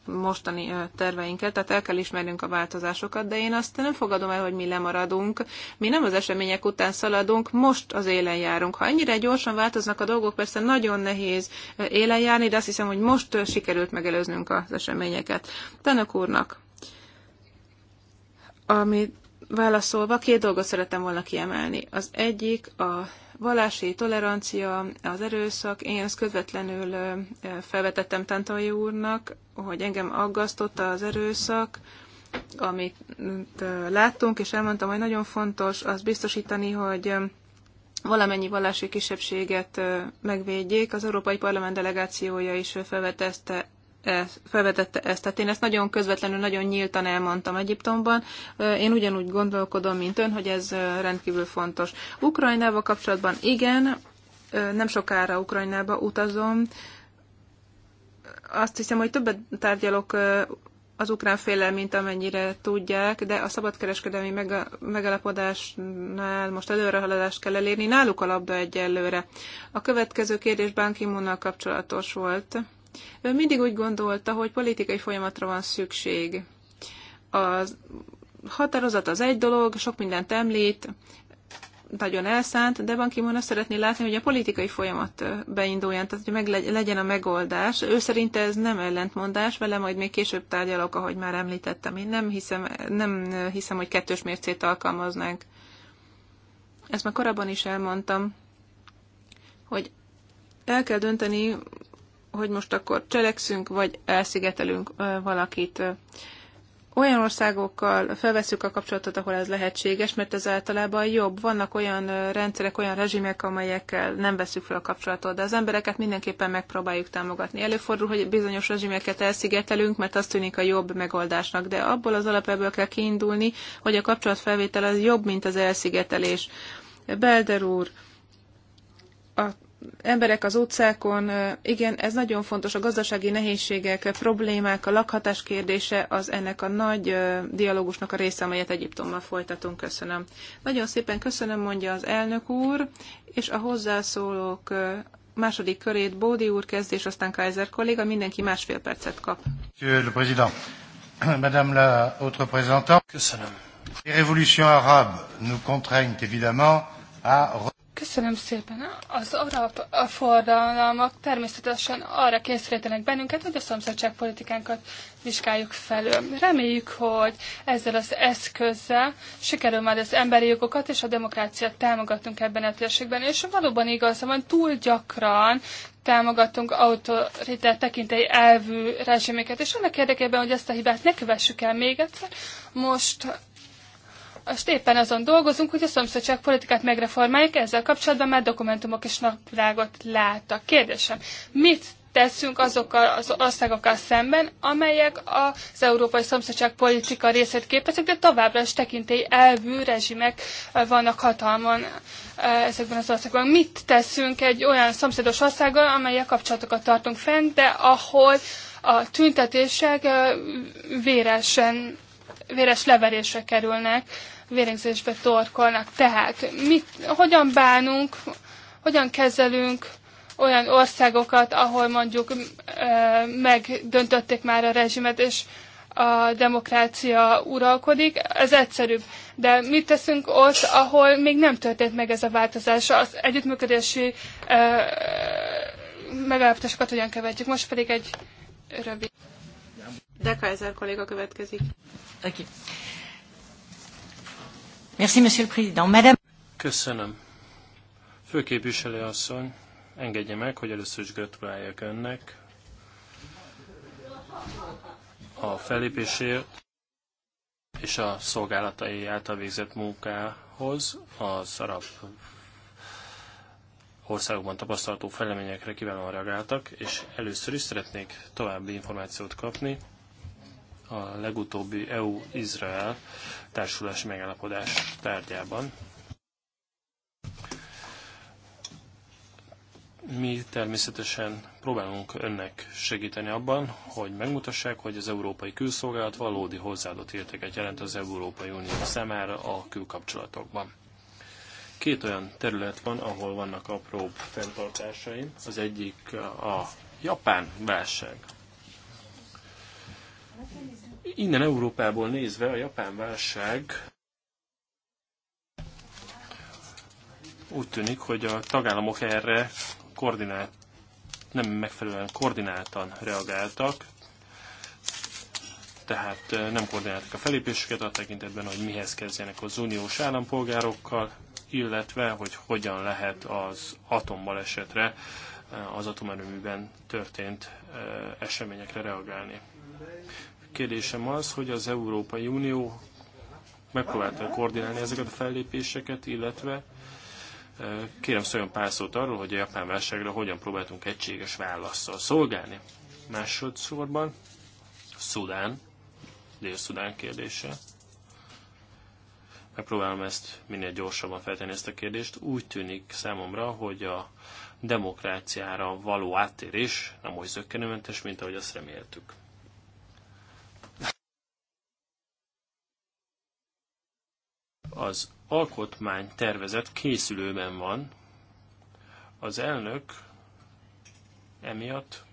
mostani terveinket, tehát el kell ismernünk a változásokat, de én azt nem fogadom el, hogy mi lemaradunk. Mi nem az események után szaladunk, most az élen járunk. Ha ennyire gyorsan változnak a dolgok, persze nagyon nehéz élen járni, de azt hiszem, hogy most sikerült megelőznünk az eseményeket. Tanök úrnak, ami válaszolva, két dolgot szeretem volna kiemelni. Az egyik a vallási tolerancia, az erőszak, én ezt közvetlenül felvetettem Tantai úrnak, hogy engem aggasztotta az erőszak, amit láttunk, és elmondtam, hogy nagyon fontos az biztosítani, hogy valamennyi vallási kisebbséget megvédjék. Az Európai Parlament delegációja is felvetette E, felvetette ezt. Tehát én ezt nagyon közvetlenül, nagyon nyíltan elmondtam Egyiptomban. E, én ugyanúgy gondolkodom, mint ön, hogy ez e, rendkívül fontos. Ukrajnával kapcsolatban igen, nem sokára Ukrajnába utazom. Azt hiszem, hogy többet tárgyalok az ukrán félel, mint amennyire tudják, de a szabadkereskedelmi megalapodásnál most előrehaladást kell elérni, náluk a labda egyelőre. A következő kérdés Bán kapcsolatos volt. Ő mindig úgy gondolta, hogy politikai folyamatra van szükség. A határozat az egy dolog, sok mindent említ, nagyon elszánt, de van Ki-moon szeretné látni, hogy a politikai folyamat beinduljon, tehát hogy meg legyen a megoldás. Ő szerint ez nem ellentmondás, vele majd még később tárgyalok, ahogy már említettem. Én nem hiszem, nem hiszem hogy kettős mércét alkalmaznánk. Ezt már korábban is elmondtam, hogy el kell dönteni hogy most akkor cselekszünk, vagy elszigetelünk valakit. Olyan országokkal felveszünk a kapcsolatot, ahol ez lehetséges, mert ez általában jobb. Vannak olyan rendszerek, olyan rezsimek, amelyekkel nem veszük fel a kapcsolatot, de az embereket mindenképpen megpróbáljuk támogatni. Előfordul, hogy bizonyos rezsimeket elszigetelünk, mert azt tűnik a jobb megoldásnak, de abból az alapelből kell kiindulni, hogy a kapcsolatfelvétel az jobb, mint az elszigetelés. Belder úr, a emberek az utcákon, igen, ez nagyon fontos, a gazdasági nehézségek, problémák, a lakhatás kérdése az ennek a nagy dialógusnak a része, amelyet Egyiptommal folytatunk. Köszönöm. Nagyon szépen köszönöm, mondja az elnök úr, és a hozzászólók második körét Bódi úr kezd, és aztán Kaiser kolléga, mindenki másfél percet kap. Köszönöm. les révolutions arabes nous contraignent évidemment à Köszönöm szépen. Az arab forradalmak természetesen arra kényszerítenek bennünket, hogy a szomszédságpolitikánkat vizsgáljuk felül. Reméljük, hogy ezzel az eszközzel sikerül majd az emberi jogokat és a demokráciát támogatunk ebben a térségben, és valóban igaz, hogy túl gyakran támogatunk autoritár tekintély elvű rezsiméket, és annak érdekében, hogy ezt a hibát ne kövessük el még egyszer, most most éppen azon dolgozunk, hogy a szomszédság politikát megreformáljuk, ezzel kapcsolatban már dokumentumok és napvilágot láttak. Kérdésem, mit teszünk azokkal az országokkal szemben, amelyek az európai szomszédság politika részét képezik, de továbbra is tekintély elvű rezsimek vannak hatalmon eh, ezekben az országokban. Mit teszünk egy olyan szomszédos országgal, amelyek kapcsolatokat tartunk fent, de ahol a tüntetések eh, véresen, véres leverésre kerülnek, vérengzésbe torkolnak. Tehát mit, hogyan bánunk, hogyan kezelünk olyan országokat, ahol mondjuk megdöntötték már a rezsimet, és a demokrácia uralkodik, ez egyszerűbb. De mit teszünk ott, ahol még nem történt meg ez a változás? Az együttműködési e, megállapításokat hogyan követjük? Most pedig egy rövid. De kolléga következik. Okay. Merci, Monsieur le Président. Madame... Köszönöm. Főképviselő asszony, engedje meg, hogy először is gratuláljak önnek a felépésért és a szolgálatai által végzett munkához az arab országokban tapasztalható fejleményekre kiválóan reagáltak, és először is szeretnék további információt kapni a legutóbbi EU-Izrael társulási megállapodás tárgyában. Mi természetesen próbálunk önnek segíteni abban, hogy megmutassák, hogy az Európai Külszolgálat valódi hozzáadott értéket jelent az Európai Unió számára a külkapcsolatokban. Két olyan terület van, ahol vannak apróbb fenntartásaim. Az egyik a japán válság. Innen Európából nézve a japán válság úgy tűnik, hogy a tagállamok erre koordinált, nem megfelelően koordináltan reagáltak, tehát nem koordináltak a felépésüket a tekintetben, hogy mihez kezdjenek az uniós állampolgárokkal, illetve hogy hogyan lehet az atombalesetre, az atomerőműben történt eseményekre reagálni kérdésem az, hogy az Európai Unió megpróbálta koordinálni ezeket a fellépéseket, illetve eh, kérem szóljon pár szót arról, hogy a japán válságra hogyan próbáltunk egységes válaszsal szolgálni. Másodszorban Szudán, Dél-Szudán kérdése. Megpróbálom ezt minél gyorsabban feltenni ezt a kérdést. Úgy tűnik számomra, hogy a demokráciára való áttérés nem oly zöggenőmentes, mint ahogy azt reméltük. Az alkotmány tervezet készülőben van. Az elnök emiatt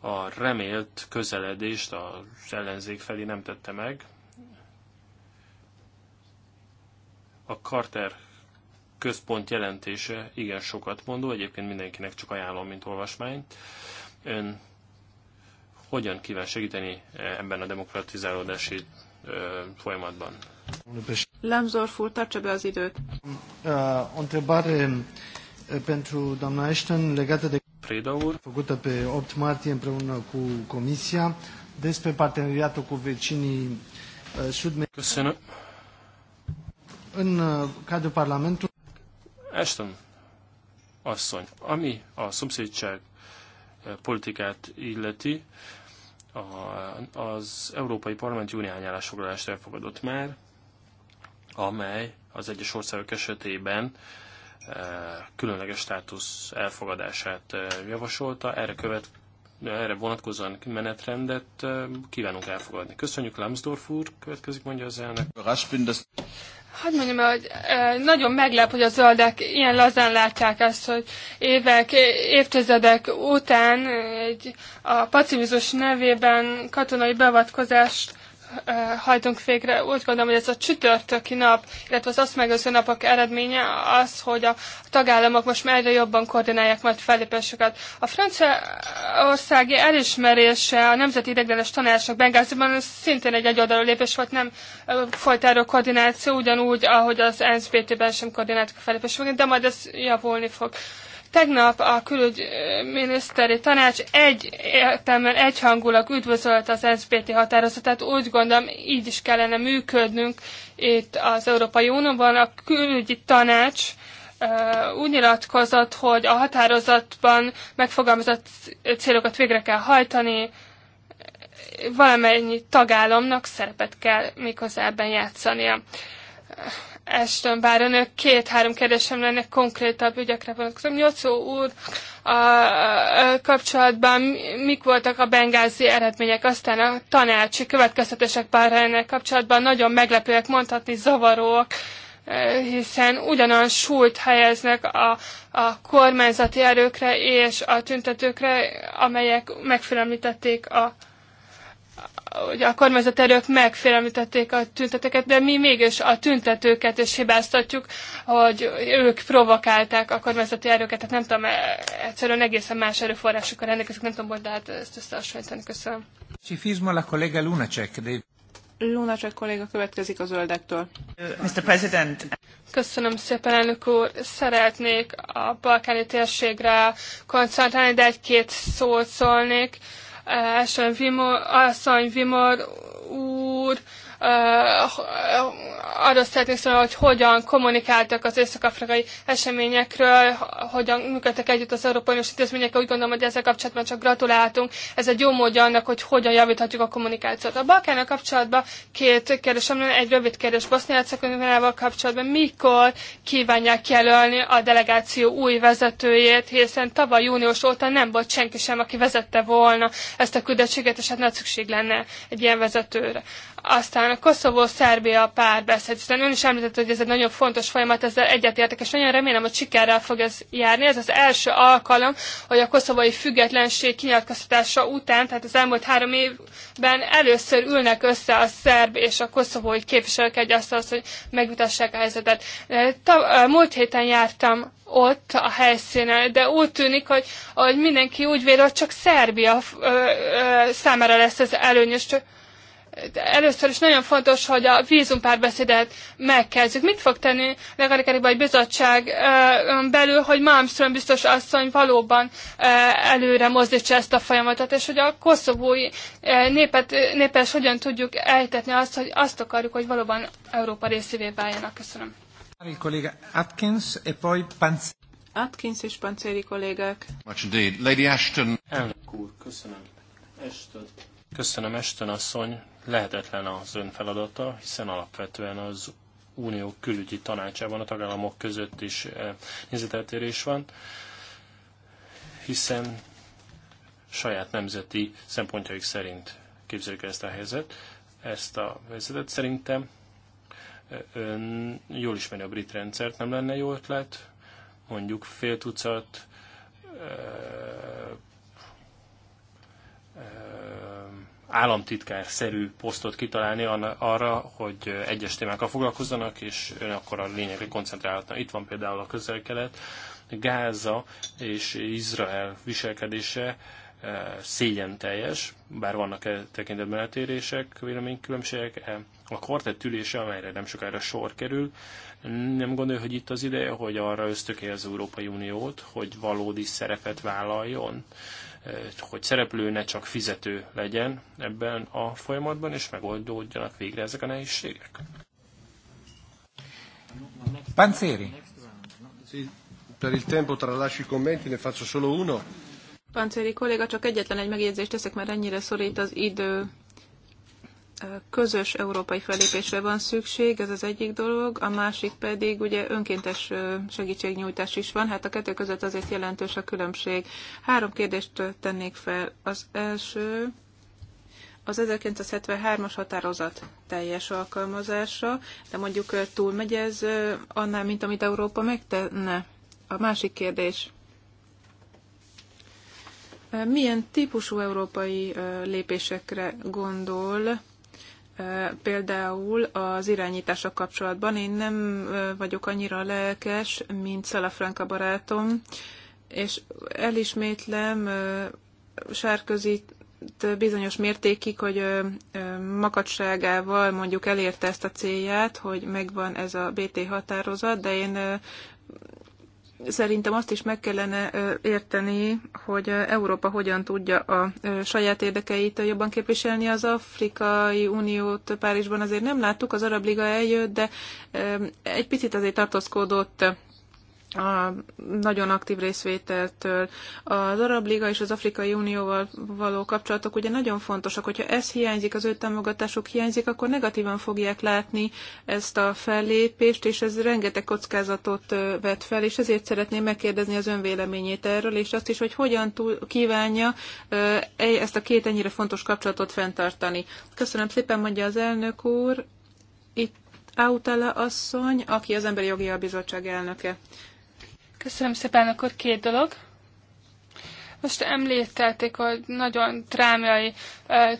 a remélt közeledést az ellenzék felé nem tette meg. A Carter központ jelentése igen sokat mondó, egyébként mindenkinek csak ajánlom, mint olvasmányt. Ön hogyan kíván segíteni ebben a demokratizálódási folyamatban. Lemzor úr, tartsa be az időt. O întrebare pentru doamna Ashton legată de Preda úr. făcută pe 8 martie împreună cu Comisia despre parteneriatul cu vecinii sud Köszönöm. În cadrul Parlamentului. Ashton, asszony, ami a szomszédság politikát illeti, a, az Európai Parlament júni állásfoglalást elfogadott már, amely az egyes országok esetében e, különleges státusz elfogadását e, javasolta. Erre követ, erre vonatkozóan menetrendet e, kívánunk elfogadni. Köszönjük, Lambsdorff úr, következik mondja az elnök hogy mondjam, hogy nagyon meglep, hogy a zöldek ilyen lazán látják ezt, hogy évek, évtizedek után egy, a pacifizmus nevében katonai beavatkozást hajtunk végre. Úgy gondolom, hogy ez a csütörtöki nap, illetve az azt megőző napok eredménye az, hogy a tagállamok most már egyre jobban koordinálják majd fellépéseket. A franciaországi elismerése a Nemzeti Ideglenes Tanácsnak Bengáziban szintén egy egyoldalú lépés volt, nem folytáró koordináció, ugyanúgy, ahogy az nszbt ben sem koordináltak a fellépéseket, de majd ez javulni fog. Tegnap a külügyminiszteri tanács egy értelmen egyhangulag üdvözölt az SBT határozatát. Úgy gondolom, így is kellene működnünk itt az Európai Unióban. A külügyi tanács úgy nyilatkozott, hogy a határozatban megfogalmazott célokat végre kell hajtani, valamennyi tagállamnak szerepet kell méghozzá ebben játszania. Eston, bár önök két-három kérdésem lenne konkrétabb ügyekre vonatkozom. Nyocó úr a, a, a kapcsolatban mik voltak a bengázi eredmények, aztán a tanácsi következtetések pár ennek kapcsolatban nagyon meglepőek, mondhatni zavaróak, eh, hiszen ugyanolyan súlyt helyeznek a, a kormányzati erőkre és a tüntetőkre, amelyek megfélemlítették a hogy a kormányzat erők megfélemlítették a tünteteket, de mi mégis a tüntetőket is hibáztatjuk, hogy ők provokálták a kormányzati erőket, tehát nem tudom, e, egyszerűen egészen más erőforrásokkal rendelkezik, nem tudom, hogy hát ezt összehasonlítani. Köszönöm. Csifizma a kollega Lunacek. De... Lunacek kolléga következik a zöldektől. Mr. President. Köszönöm szépen, elnök úr. Szeretnék a balkáni térségre koncentrálni, de egy-két szót szólnék. Ashton Vimor, asszony Vimor úr arra szeretnék szólni, hogy hogyan kommunikáltak az észak-afrikai eseményekről, hogyan működtek együtt az Európai Uniós intézményekkel. Úgy gondolom, hogy ezzel kapcsolatban csak gratuláltunk. Ez egy jó módja annak, hogy hogyan javíthatjuk a kommunikációt. A Balkánnal kapcsolatban két kérdés lenne, egy rövid kérdés bosznia hercegovinával kapcsolatban. Mikor kívánják jelölni a delegáció új vezetőjét, hiszen tavaly június óta nem volt senki sem, aki vezette volna ezt a küldettséget, és hát nagy szükség lenne egy ilyen vezetőre. Aztán a Koszovó-Szerbia párbeszéd, hiszen ön is említette, hogy ez egy nagyon fontos folyamat, ezzel egyetértek, és nagyon remélem, hogy sikerrel fog ez járni. Ez az első alkalom, hogy a koszovai függetlenség kinyilatkoztatása után, tehát az elmúlt három évben először ülnek össze a szerb és a koszovói képviselők egy asztalhoz, hogy megvitassák a helyzetet. Eh, eh, múlt héten jártam ott a helyszínen, de úgy tűnik, hogy, hogy mindenki úgy vél, hogy csak Szerbia ö, ö, számára lesz ez előnyös, csak először is nagyon fontos, hogy a vízumpárbeszédet megkezdjük. Mit fog tenni legalább egy bizottság belül, hogy Malmström biztos asszony valóban előre mozdítsa ezt a folyamatot, és hogy a koszovói népet, népes hogyan tudjuk eltetni azt, hogy azt akarjuk, hogy valóban Európa részévé váljanak. Köszönöm. Atkins, e poi Atkins és Pancéri kollégák. Much indeed. Lady Ashton. Elnök úr, köszönöm. Ashton Köszönöm, Esten asszony. Lehetetlen az ön feladata, hiszen alapvetően az Unió külügyi tanácsában a tagállamok között is e, nézeteltérés van, hiszen saját nemzeti szempontjaik szerint képzeljük ezt a helyzet, ezt a helyzetet. Szerintem e, ön jól ismeri a brit rendszert, nem lenne jó ötlet, mondjuk fél tucat ö, e, ö, államtitkár-szerű posztot kitalálni arra, hogy egyes témákkal foglalkozzanak, és ön akkor a lényegre koncentrálhatna. Itt van például a közel-kelet, Gáza és Izrael viselkedése eh, szégyen teljes, bár vannak -e tekintetben eltérések, véleménykülönbségek. E a kvartett ülése, amelyre nem sokára sor kerül, nem gondolja, hogy itt az ideje, hogy arra ösztökél az Európai Uniót, hogy valódi szerepet vállaljon Eh, hogy szereplő ne csak fizető legyen ebben a folyamatban, és megoldódjanak végre ezek a nehézségek. Panzeri. Per il tempo tralascio i commenti, ne faccio solo uno. Pancéri kolléga, csak egyetlen egy megjegyzést teszek, mert ennyire szorít az idő közös európai felépésre van szükség, ez az egyik dolog, a másik pedig ugye önkéntes segítségnyújtás is van, hát a kettő között azért jelentős a különbség. Három kérdést tennék fel. Az első, az 1973-as határozat teljes alkalmazása, de mondjuk túlmegy ez annál, mint amit Európa megtenne. A másik kérdés, milyen típusú európai lépésekre gondol Például az irányítások kapcsolatban én nem vagyok annyira lelkes, mint Szalafranka barátom, és elismétlem sárközi bizonyos mértékig, hogy makadságával mondjuk elérte ezt a célját, hogy megvan ez a BT határozat, de én szerintem azt is meg kellene érteni, hogy Európa hogyan tudja a saját érdekeit jobban képviselni. Az Afrikai Uniót Párizsban azért nem láttuk, az Arab Liga eljött, de egy picit azért tartózkodott a nagyon aktív részvételtől. Az Arab Liga és az Afrikai Unióval való kapcsolatok ugye nagyon fontosak. Hogyha ez hiányzik, az ő támogatásuk hiányzik, akkor negatívan fogják látni ezt a fellépést, és ez rengeteg kockázatot vet fel, és ezért szeretném megkérdezni az ön véleményét erről, és azt is, hogy hogyan túl kívánja e-, ezt a két ennyire fontos kapcsolatot fenntartani. Köszönöm szépen, mondja az elnök úr. Itt Autala asszony, aki az Emberi Jogi Bizottság elnöke. Köszönöm szépen, akkor két dolog. Most említették, hogy nagyon drámai,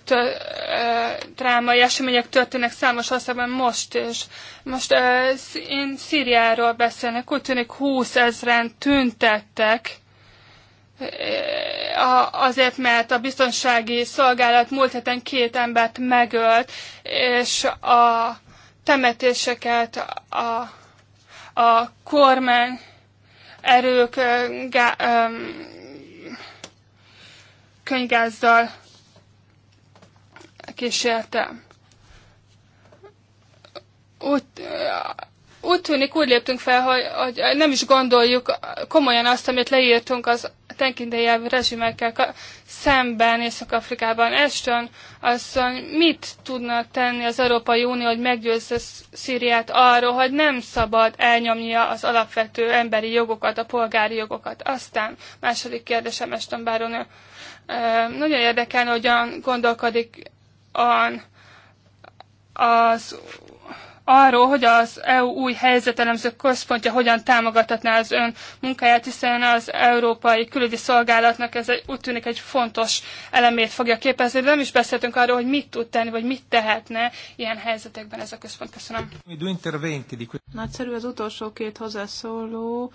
tő, drámai események történnek számos országban most is. Most én Szíriáról beszélnek, úgy tűnik 20 ezeren tüntettek, azért, mert a biztonsági szolgálat múlt héten két embert megölt, és a temetéseket a, a kormány erők gá, um, könygázzal kísérte. Úgy, úgy tűnik, úgy léptünk fel, hogy, hogy nem is gondoljuk komolyan azt, amit leírtunk az tenkindélyelvű rezsimekkel szemben Észak-Afrikában. Eston asszony mit tudna tenni az Európai Unió, hogy meggyőzze Szíriát arról, hogy nem szabad elnyomnia az alapvető emberi jogokat, a polgári jogokat. Aztán második kérdésem Eston Báron, Nagyon érdekelne, hogyan gondolkodik a az arról, hogy az EU új helyzetelemző központja hogyan támogathatná az ön munkáját, hiszen az Európai Külügyi Szolgálatnak ez egy, úgy tűnik egy fontos elemét fogja képezni, de nem is beszéltünk arról, hogy mit tud tenni, vagy mit tehetne ilyen helyzetekben ez a központ. Köszönöm. Nagyszerű az utolsó két hozzászóló,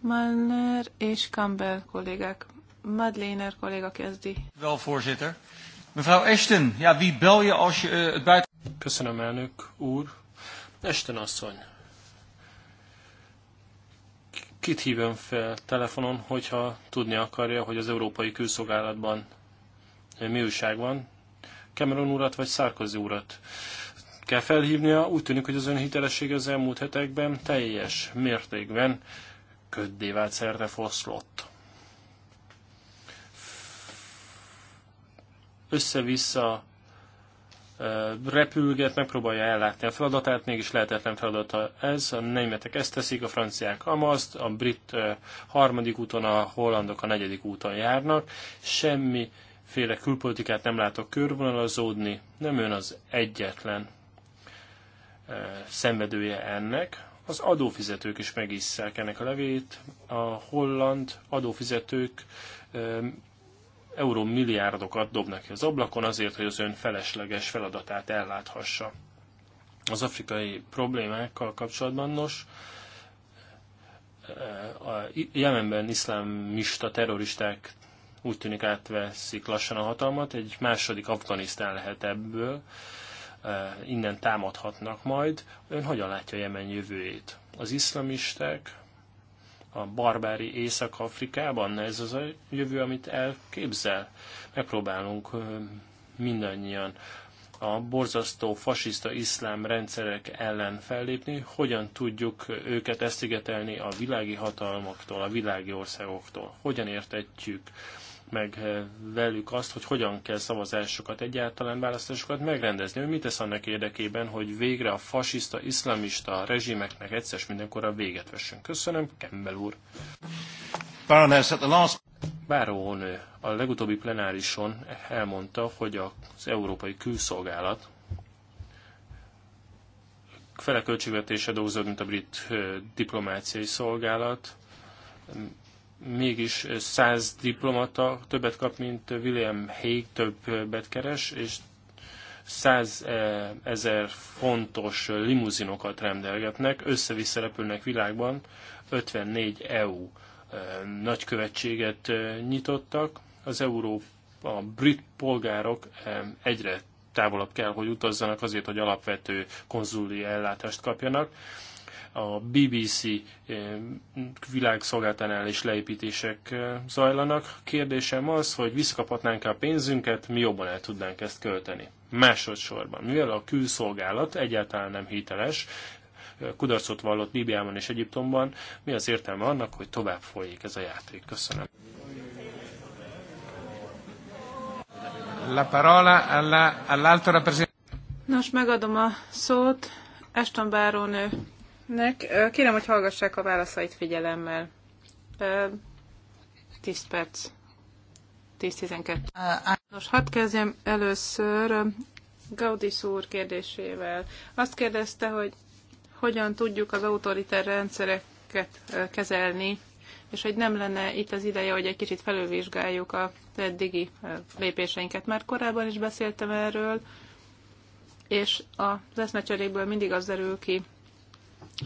Malner és Campbell kollégák. Madlener kolléga kezdi. Wel, voorzitter. Mevrouw Ashton, ja, wie bel je als je uh, het buiten... Köszönöm, elnök úr. Esten asszony, kit hívom fel telefonon, hogyha tudni akarja, hogy az Európai Külszolgálatban mi újság van? Cameron urat vagy Sarkozy urat? kell felhívnia, úgy tűnik, hogy az ön hitelessége az elmúlt hetekben teljes mértékben köddé vált szerte foszlott. Össze-vissza repülget, megpróbálja ellátni a feladatát, mégis lehetetlen feladata ez. A németek ezt teszik, a franciák amazt, a brit harmadik úton, a hollandok a negyedik úton járnak. Semmiféle külpolitikát nem látok körvonalazódni, nem ön az egyetlen szenvedője ennek. Az adófizetők is megisszák ennek a levét. A holland adófizetők euró milliárdokat dobnak ki az ablakon azért, hogy az ön felesleges feladatát elláthassa. Az afrikai problémákkal kapcsolatban nos, eh, a Jemenben iszlámista terroristák úgy tűnik átveszik lassan a hatalmat, egy második Afganisztán lehet ebből, eh, innen támadhatnak majd. Ön hogyan látja Jemen jövőjét? Az iszlamisták a barbári Észak-Afrikában? Ez az a jövő, amit elképzel? Megpróbálunk mindannyian a borzasztó fasiszta iszlám rendszerek ellen fellépni, hogyan tudjuk őket esztigetelni a világi hatalmaktól, a világi országoktól, hogyan értetjük meg eh, velük azt, hogy hogyan kell szavazásokat, egyáltalán választásokat megrendezni. Ő mit tesz annak érdekében, hogy végre a fasiszta, iszlamista rezsimeknek egyszer mindenkor a véget vessünk. Köszönöm, Kemmel úr. Bárónő a legutóbbi plenárison elmondta, hogy az Európai Külszolgálat fele költségvetése dolgozott, mint a brit eh, diplomáciai szolgálat, mégis 100 diplomata többet kap, mint William Hague többet keres, és 100 eh, ezer fontos limuzinokat rendelgetnek, össze-vissza repülnek világban, 54 EU eh, nagykövetséget eh, nyitottak, az Európa, a brit polgárok egyre távolabb kell, hogy utazzanak azért, hogy alapvető konzuli ellátást kapjanak a BBC eh, világszolgáltánál is leépítések eh, zajlanak. Kérdésem az, hogy visszakaphatnánk a pénzünket, mi jobban el tudnánk ezt költeni. Másodszorban, mivel a külszolgálat egyáltalán nem hiteles, eh, kudarcot vallott Líbiában és Egyiptomban, mi az értelme annak, hogy tovább folyik ez a játék? Köszönöm. La parola alla, all'alto rappresentante. Nos, megadom a szót Eston Bárónő Nek, kérem, hogy hallgassák a válaszait figyelemmel. 10 perc. 10-12. Nos, hadd kezdjem először Gaudis úr kérdésével. Azt kérdezte, hogy hogyan tudjuk az autoriter rendszereket kezelni, és hogy nem lenne itt az ideje, hogy egy kicsit felülvizsgáljuk a eddigi lépéseinket. Már korábban is beszéltem erről, és az eszmecserékből mindig az derül ki,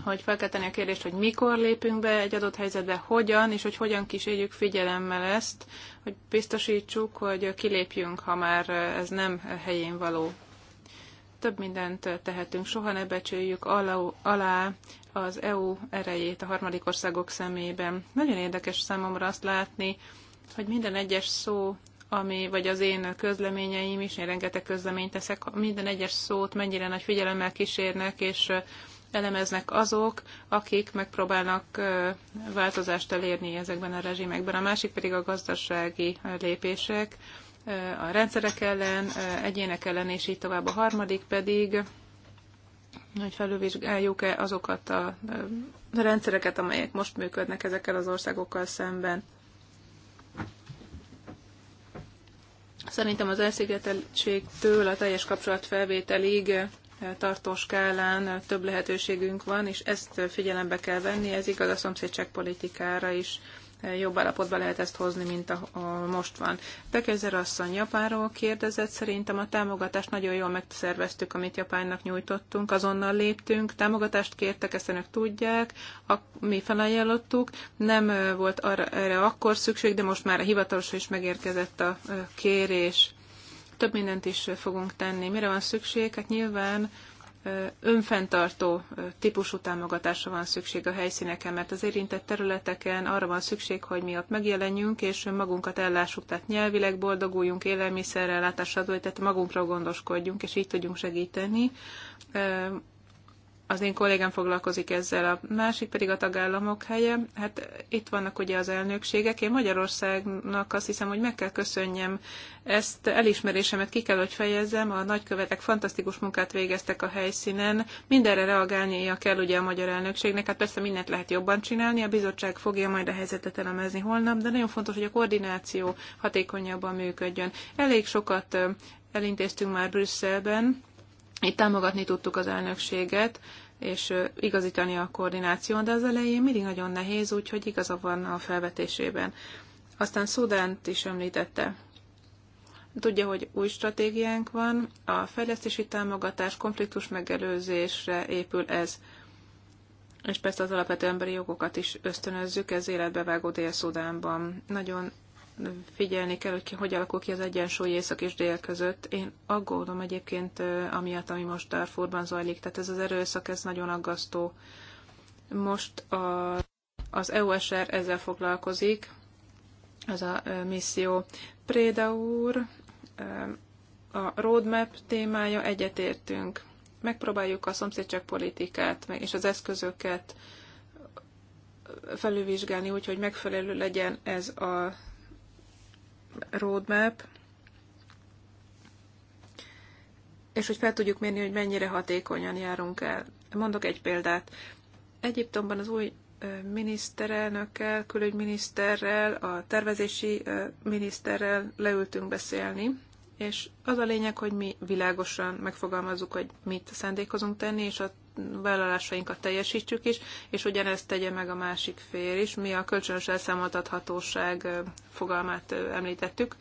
hogy fel kell tenni a kérdést, hogy mikor lépünk be egy adott helyzetbe, hogyan, és hogy hogyan kísérjük figyelemmel ezt, hogy biztosítsuk, hogy kilépjünk, ha már ez nem helyén való. Több mindent tehetünk, soha ne becsüljük alá az EU erejét a harmadik országok szemében. Nagyon érdekes számomra azt látni, hogy minden egyes szó, ami, vagy az én közleményeim is, én rengeteg közleményt teszek, minden egyes szót mennyire nagy figyelemmel kísérnek, és elemeznek azok, akik megpróbálnak változást elérni ezekben a rezsimekben. A másik pedig a gazdasági lépések a rendszerek ellen, egyének ellen, és így tovább. A harmadik pedig, hogy felülvizsgáljuk-e azokat a rendszereket, amelyek most működnek ezekkel az országokkal szemben. Szerintem az elszigeteltségtől a teljes kapcsolatfelvételig tartós skálán több lehetőségünk van, és ezt figyelembe kell venni, ez igaz a politikára is jobb állapotba lehet ezt hozni, mint a, a most van. Bekezer asszony Japánról kérdezett, szerintem a támogatást nagyon jól megszerveztük, amit Japánnak nyújtottunk, azonnal léptünk, támogatást kértek, ezt önök tudják, a, mi felajánlottuk, nem volt arra, erre akkor szükség, de most már a hivatalos is megérkezett a kérés több mindent is fogunk tenni. Mire van szükség? Hát nyilván önfenntartó típusú támogatásra van szükség a helyszíneken, mert az érintett területeken arra van szükség, hogy mi ott megjelenjünk, és magunkat ellássuk, tehát nyelvileg boldoguljunk, élelmiszerrel, látásadó, tehát magunkra gondoskodjunk, és így tudjunk segíteni az én kollégám foglalkozik ezzel, a másik pedig a tagállamok helye. Hát itt vannak ugye az elnökségek. Én Magyarországnak azt hiszem, hogy meg kell köszönjem ezt elismerésemet, ki kell, hogy fejezzem. A nagykövetek fantasztikus munkát végeztek a helyszínen. Mindenre reagálnia kell ugye a magyar elnökségnek. Hát persze mindent lehet jobban csinálni. A bizottság fogja majd a helyzetet elemezni holnap, de nagyon fontos, hogy a koordináció hatékonyabban működjön. Elég sokat elintéztünk már Brüsszelben itt támogatni tudtuk az elnökséget, és igazítani a koordináción, de az elején mindig nagyon nehéz, úgyhogy igaza van a felvetésében. Aztán Szudánt is említette. Tudja, hogy új stratégiánk van, a fejlesztési támogatás, konfliktus megelőzésre épül ez. És persze az alapvető emberi jogokat is ösztönözzük, ez életbevágó Dél-Szudánban. Nagyon figyelni kell, hogy hogy alakul ki az egyensúly észak és dél között. Én aggódom egyébként amiatt, ami most Darfurban zajlik. Tehát ez az erőszak, ez nagyon aggasztó. Most a, az EUSR ezzel foglalkozik, ez a misszió. Préda úr, a roadmap témája egyetértünk. Megpróbáljuk a szomszédság politikát és az eszközöket felülvizsgálni, úgyhogy megfelelő legyen ez a roadmap, és hogy fel tudjuk mérni, hogy mennyire hatékonyan járunk el. Mondok egy példát. Egyiptomban az új miniszterelnökkel, külügyminiszterrel, a tervezési miniszterrel leültünk beszélni, és az a lényeg, hogy mi világosan megfogalmazzuk, hogy mit szándékozunk tenni, és a vállalásainkat teljesítsük is, és ugyanezt tegye meg a másik fél is. Mi a kölcsönös elszámoltathatóság fogalmát említettük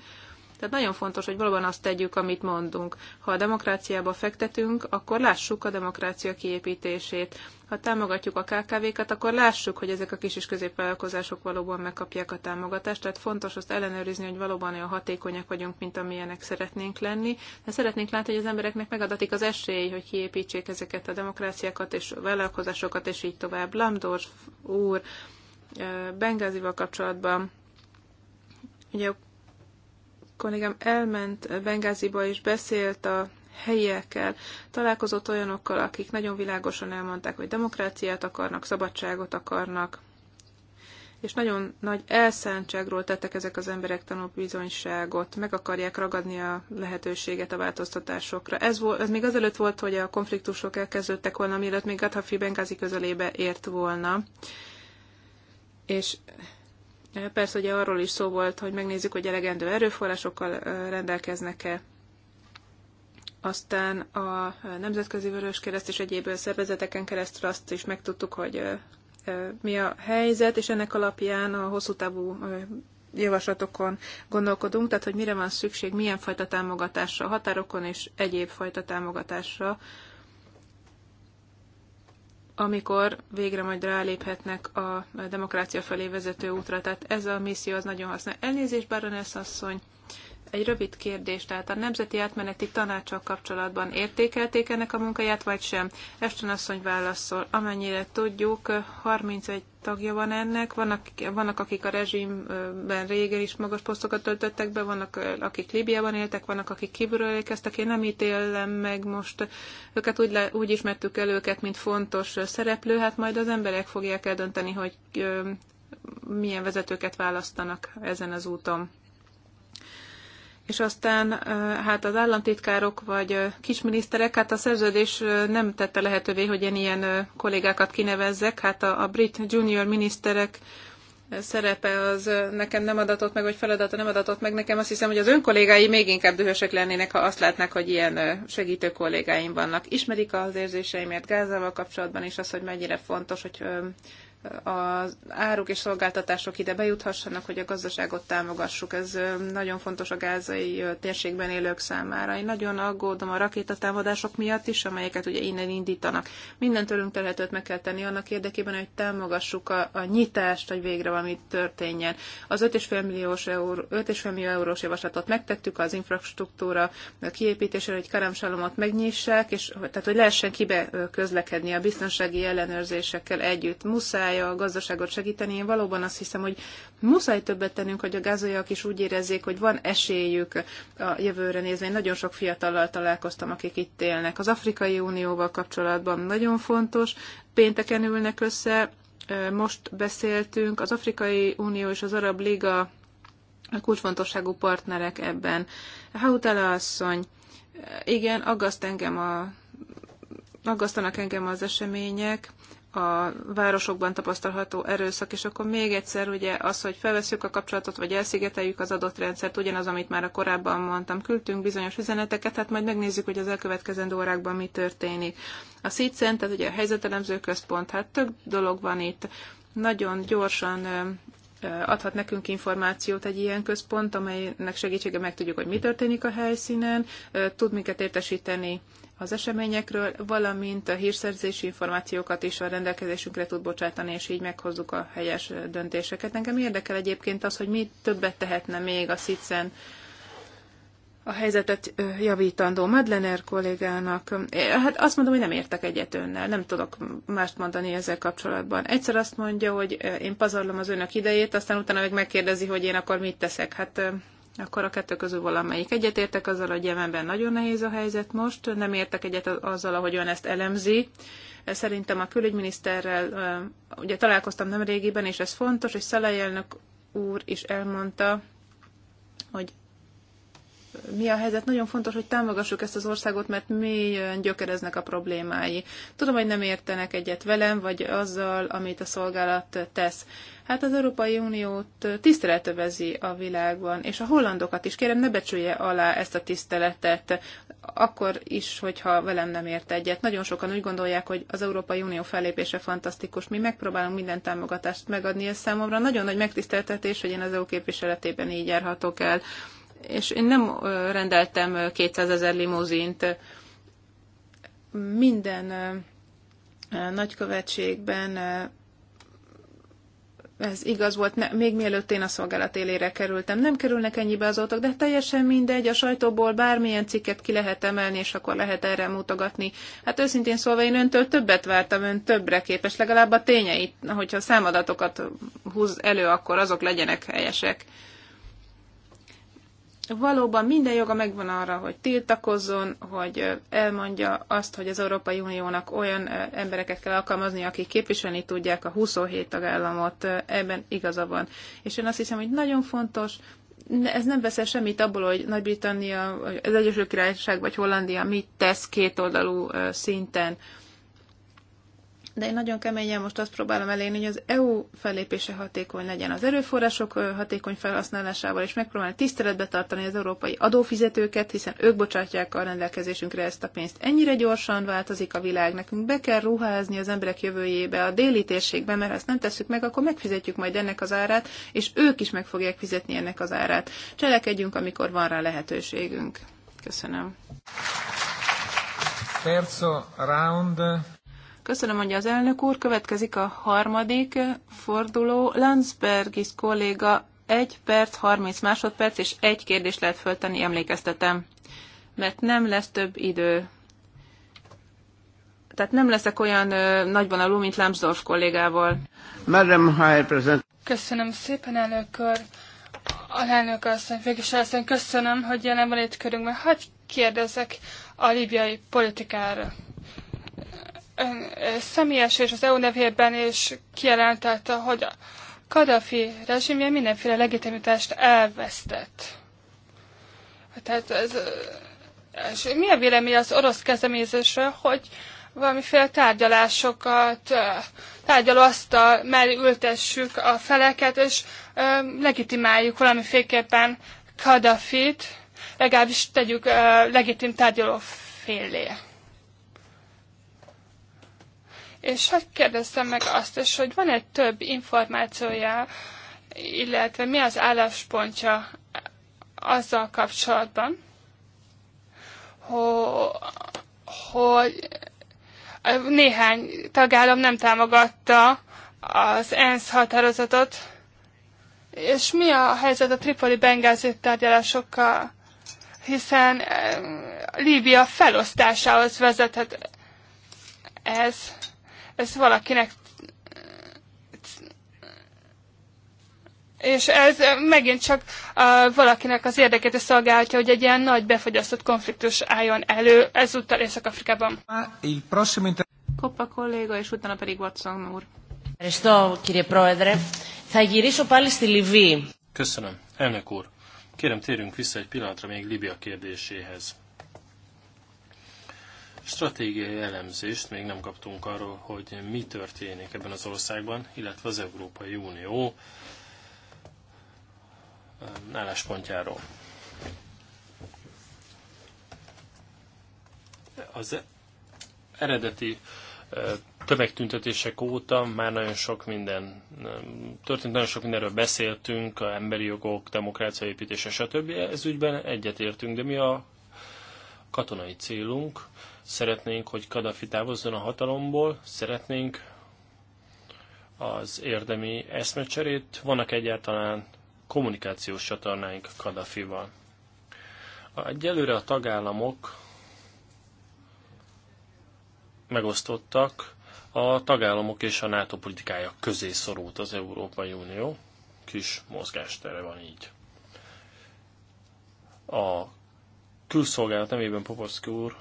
tehát nagyon fontos, hogy valóban azt tegyük, amit mondunk. Ha a demokráciába fektetünk, akkor lássuk a demokrácia kiépítését. Ha támogatjuk a KKV-kat, akkor lássuk, hogy ezek a kis és középvállalkozások valóban megkapják a támogatást. Tehát fontos azt ellenőrizni, hogy valóban olyan hatékonyak vagyunk, mint amilyenek szeretnénk lenni. De szeretnénk látni, hogy az embereknek megadatik az esély, hogy kiépítsék ezeket a demokráciákat és a vállalkozásokat, és így tovább. Lambdorf úr, Bengázival kapcsolatban ugye kollégám elment Bengáziba és beszélt a helyiekkel, találkozott olyanokkal, akik nagyon világosan elmondták, hogy demokráciát akarnak, szabadságot akarnak, és nagyon nagy elszántságról tettek ezek az emberek tanúbizonyságot, meg akarják ragadni a lehetőséget a változtatásokra. Ez, volt, ez még azelőtt volt, hogy a konfliktusok elkezdődtek volna, mielőtt még Gaddafi Bengázi közelébe ért volna. És Persze ugye arról is szó volt, hogy megnézzük, hogy elegendő erőforrásokkal rendelkeznek-e. Aztán a Nemzetközi Vörös Kereszt és egyéb szervezeteken keresztül azt is megtudtuk, hogy mi a helyzet, és ennek alapján a hosszú távú javaslatokon gondolkodunk, tehát hogy mire van szükség, milyen fajta támogatásra, határokon és egyéb fajta támogatásra amikor végre majd ráléphetnek a demokrácia felé vezető útra. Tehát ez a misszió az nagyon használ. Elnézést, Baronesz asszony, egy rövid kérdés. Tehát a Nemzeti Átmeneti Tanácsok kapcsolatban értékelték ennek a munkáját, vagy sem? Esten asszony válaszol. Amennyire tudjuk, 31 tagja van ennek, vannak, vannak akik a rezsimben régen is magas posztokat töltöttek be, vannak akik Líbiában éltek, vannak akik kívülről érkeztek, én nem ítélem meg most őket, úgy, le, úgy ismertük el őket, mint fontos szereplő, hát majd az emberek fogják eldönteni, hogy milyen vezetőket választanak ezen az úton és aztán hát az államtitkárok vagy kisminiszterek, hát a szerződés nem tette lehetővé, hogy én ilyen kollégákat kinevezzek, hát a, a brit junior miniszterek szerepe az nekem nem adatott meg, vagy feladata nem adatott meg nekem. Azt hiszem, hogy az ön kollégái még inkább dühösek lennének, ha azt látnák, hogy ilyen segítő kollégáim vannak. Ismerik az érzéseimért Gázával kapcsolatban, és az, hogy mennyire fontos, hogy az áruk és szolgáltatások ide bejuthassanak, hogy a gazdaságot támogassuk. Ez nagyon fontos a gázai térségben élők számára. Én nagyon aggódom a rakétatámadások miatt is, amelyeket ugye innen indítanak. Minden tőlünk telhetőt meg kell tenni annak érdekében, hogy támogassuk a, a nyitást, hogy végre valami történjen. Az 5,5 milliós euró, 5,5 millió eurós javaslatot megtettük az infrastruktúra kiépítésére, hogy karamsalomot megnyissák, és tehát hogy lehessen kibe közlekedni a biztonsági ellenőrzésekkel együtt. Muszáj próbálja a gazdaságot segíteni. Én valóban azt hiszem, hogy muszáj többet tennünk, hogy a gázolyak is úgy érezzék, hogy van esélyük a jövőre nézve. Én nagyon sok fiatallal találkoztam, akik itt élnek. Az Afrikai Unióval kapcsolatban nagyon fontos. Pénteken ülnek össze, most beszéltünk, az Afrikai Unió és az Arab Liga kulcsfontosságú partnerek ebben. Hautala asszony, igen, aggaszt engem a, aggasztanak engem az események, a városokban tapasztalható erőszak, és akkor még egyszer ugye az, hogy felveszünk a kapcsolatot, vagy elszigeteljük az adott rendszert, ugyanaz, amit már a korábban mondtam, küldtünk bizonyos üzeneteket, hát majd megnézzük, hogy az elkövetkezendő órákban mi történik. A SITCEN, tehát ugye a helyzetelemző központ, hát több dolog van itt. Nagyon gyorsan adhat nekünk információt egy ilyen központ, amelynek segítsége megtudjuk, hogy mi történik a helyszínen, tud minket értesíteni az eseményekről, valamint a hírszerzési információkat is a rendelkezésünkre tud bocsátani, és így meghozzuk a helyes döntéseket. Engem érdekel egyébként az, hogy mi többet tehetne még a SZICEN a helyzetet javítandó Madlener kollégának. Hát azt mondom, hogy nem értek egyet önnel, nem tudok mást mondani ezzel kapcsolatban. Egyszer azt mondja, hogy én pazarlom az önök idejét, aztán utána meg megkérdezi, hogy én akkor mit teszek. Hát akkor a kettő közül valamelyik. Egyetértek azzal, hogy Jemenben nagyon nehéz a helyzet most, nem értek egyet azzal, ahogy ön ezt elemzi. Szerintem a külügyminiszterrel, ugye találkoztam nem régiben, és ez fontos, és Szalai elnök úr is elmondta, hogy mi a helyzet. Nagyon fontos, hogy támogassuk ezt az országot, mert mélyen gyökereznek a problémái. Tudom, hogy nem értenek egyet velem, vagy azzal, amit a szolgálat tesz. Hát az Európai Uniót tiszteletövezi a világban, és a hollandokat is. Kérem, ne becsülje alá ezt a tiszteletet, akkor is, hogyha velem nem ért egyet. Nagyon sokan úgy gondolják, hogy az Európai Unió fellépése fantasztikus. Mi megpróbálunk minden támogatást megadni, ez számomra nagyon nagy megtiszteltetés, hogy én az EU képviseletében így járhatok el és én nem rendeltem 200 ezer limuzint. Minden nagykövetségben ez igaz volt, ne, még mielőtt én a szolgálat élére kerültem. Nem kerülnek ennyibe az autók, de teljesen mindegy, a sajtóból bármilyen cikket ki lehet emelni, és akkor lehet erre mutogatni. Hát őszintén szólva én öntől többet vártam, ön többre képes, legalább a tényeit, hogyha számadatokat húz elő, akkor azok legyenek helyesek valóban minden joga megvan arra, hogy tiltakozzon, hogy elmondja azt, hogy az Európai Uniónak olyan embereket kell alkalmazni, akik képviselni tudják a 27 tagállamot, ebben igaza van. És én azt hiszem, hogy nagyon fontos, ez nem veszel semmit abból, hogy Nagy-Britannia, az Egyesült Királyság vagy Hollandia mit tesz kétoldalú szinten de én nagyon keményen most azt próbálom elérni, hogy az EU fellépése hatékony legyen az erőforrások hatékony felhasználásával, és megpróbálni tiszteletbe tartani az európai adófizetőket, hiszen ők bocsátják a rendelkezésünkre ezt a pénzt. Ennyire gyorsan változik a világ, nekünk be kell ruházni az emberek jövőjébe, a déli térségbe, mert ha ezt nem tesszük meg, akkor megfizetjük majd ennek az árát, és ők is meg fogják fizetni ennek az árát. Cselekedjünk, amikor van rá lehetőségünk. Köszönöm. Terzo round. Köszönöm, hogy az elnök úr. Következik a harmadik forduló. is kolléga egy perc, 30 másodperc, és egy kérdést lehet föltenni, emlékeztetem. Mert nem lesz több idő. Tehát nem leszek olyan ö, nagyvonalú, mint Lambsdorff kollégával. Madam High President. Köszönöm szépen, elnök úr. elnök asszony, végig köszönöm, hogy jelen van itt körünkben. Hogy kérdezek a libiai politikára személyes és az EU nevében is kijelentette, hogy a Kadafi rezsimje mindenféle legitimitást elvesztett. Tehát ez, és mi a vélemény az orosz kezdeményezésről, hogy valamiféle tárgyalásokat, tárgyalóasztal mellé ültessük a feleket, és legitimáljuk valamiféleképpen Kadafit, legalábbis tegyük legitim tárgyaló félé és hát kérdeztem meg azt is, hogy van-e több információja, illetve mi az álláspontja azzal kapcsolatban, hogy néhány tagállam nem támogatta az ENSZ határozatot, és mi a helyzet a tripoli bengázi tárgyalásokkal, hiszen eh, Líbia felosztásához vezethet ez ez valakinek és ez megint csak a, valakinek az érdekét szolgálja, hogy egy ilyen nagy befogyasztott konfliktus álljon elő ezúttal Észak-Afrikában. Kopa kolléga, és utána pedig Watson úr. Köszönöm. Elnök úr, kérem térjünk vissza egy pillanatra még Libia kérdéséhez. Stratégiai elemzést még nem kaptunk arról, hogy mi történik ebben az országban, illetve az Európai Unió um, álláspontjáról. Az eredeti uh, tömegtüntetések óta már nagyon sok minden um, történt, nagyon sok mindenről beszéltünk, a emberi jogok, demokrácia építése, stb. Ez ügyben egyetértünk, de mi a katonai célunk? Szeretnénk, hogy Kadafi távozzon a hatalomból, szeretnénk az érdemi eszmecserét. Vannak egyáltalán kommunikációs csatornáink Kadafival. Egyelőre a tagállamok megosztottak, a tagállamok és a NATO politikája közé szorult az Európai Unió. Kis mozgástere van így. A külszolgálat nevében Popovszki úr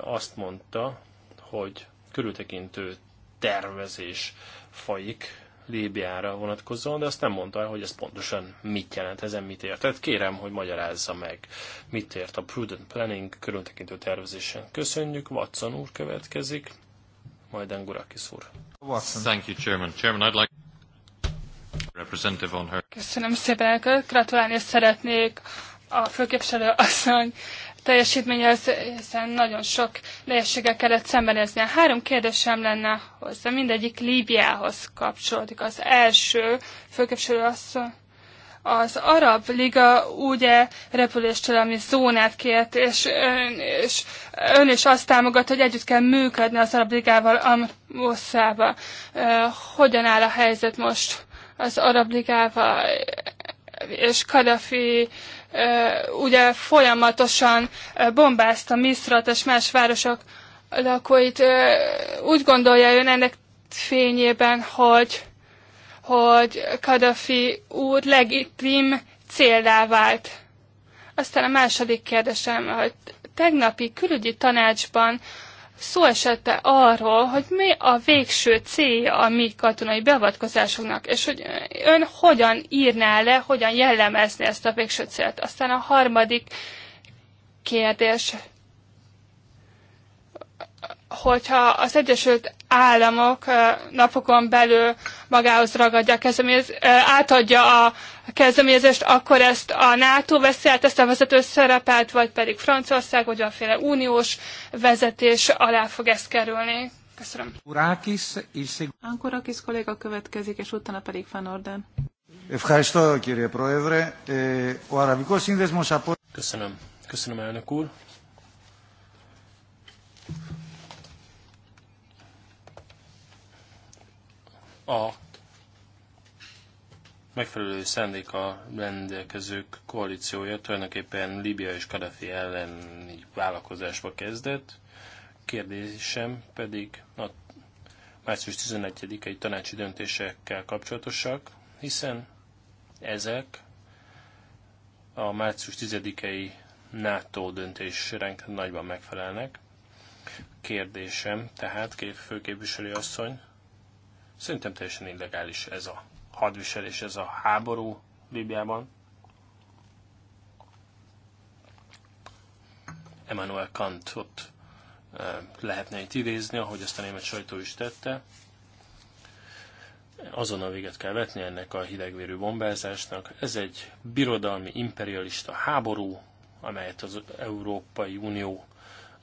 azt mondta, hogy körültekintő tervezés fajik Líbiára vonatkozóan, de azt nem mondta el, hogy ez pontosan mit jelent, ezen mit ért. Tehát kérem, hogy magyarázza meg, mit ért a prudent planning körültekintő tervezésen. Köszönjük, Watson úr következik, majd Engurakis úr. Watson. Thank you, Chairman. Chairman, I'd like representative on her. Köszönöm szépen, gratulálni szeretnék a főképviselő asszony teljesítményhez, hiszen nagyon sok nehézséggel kellett A Három kérdésem lenne hozzá, mindegyik Líbiához kapcsolódik. Az első főképviselő asszony, az Arab Liga ugye repüléstől, zónát kért, és ön, és ön is azt támogat, hogy együtt kell működni az Arab Ligával Amosszába. Hogyan áll a helyzet most az Arab Ligával és Kadafi ugye folyamatosan bombázta Misztrat és más városok lakóit. Úgy gondolja ön ennek fényében, hogy, hogy Kadafi úr legitim céllá vált. Aztán a második kérdésem, hogy tegnapi külügyi tanácsban szó esette arról, hogy mi a végső célja a mi katonai beavatkozásunknak, és hogy ön hogyan írná le, hogyan jellemezni ezt a végső célt. Aztán a harmadik kérdés hogyha az Egyesült Államok napokon belül magához ragadja a kezdeményezést, átadja a kezdeményezést, akkor ezt a NATO veszi át, ezt a vezető szerepet, vagy pedig Franciaország, vagy valamiféle uniós vezetés alá fog ezt kerülni. Köszönöm. Urákis, Ankurakis kolléga következik, és utána pedig Van Orden. Köszönöm. Köszönöm, elnök úr. a megfelelő szándéka rendelkezők koalíciója tulajdonképpen Líbia és Kadafi elleni vállalkozásba kezdett. Kérdésem pedig a március 11-i tanácsi döntésekkel kapcsolatosak, hiszen ezek a március 10-i NATO döntésrenk nagyban megfelelnek. Kérdésem, tehát főképviselő asszony, Szerintem teljesen illegális ez a hadviselés, ez a háború Líbiában. Emmanuel Kantot eh, lehetne itt idézni, ahogy azt a német sajtó is tette. Azonnal véget kell vetni ennek a hidegvérű bombázásnak. Ez egy birodalmi, imperialista háború, amelyet az Európai Unió,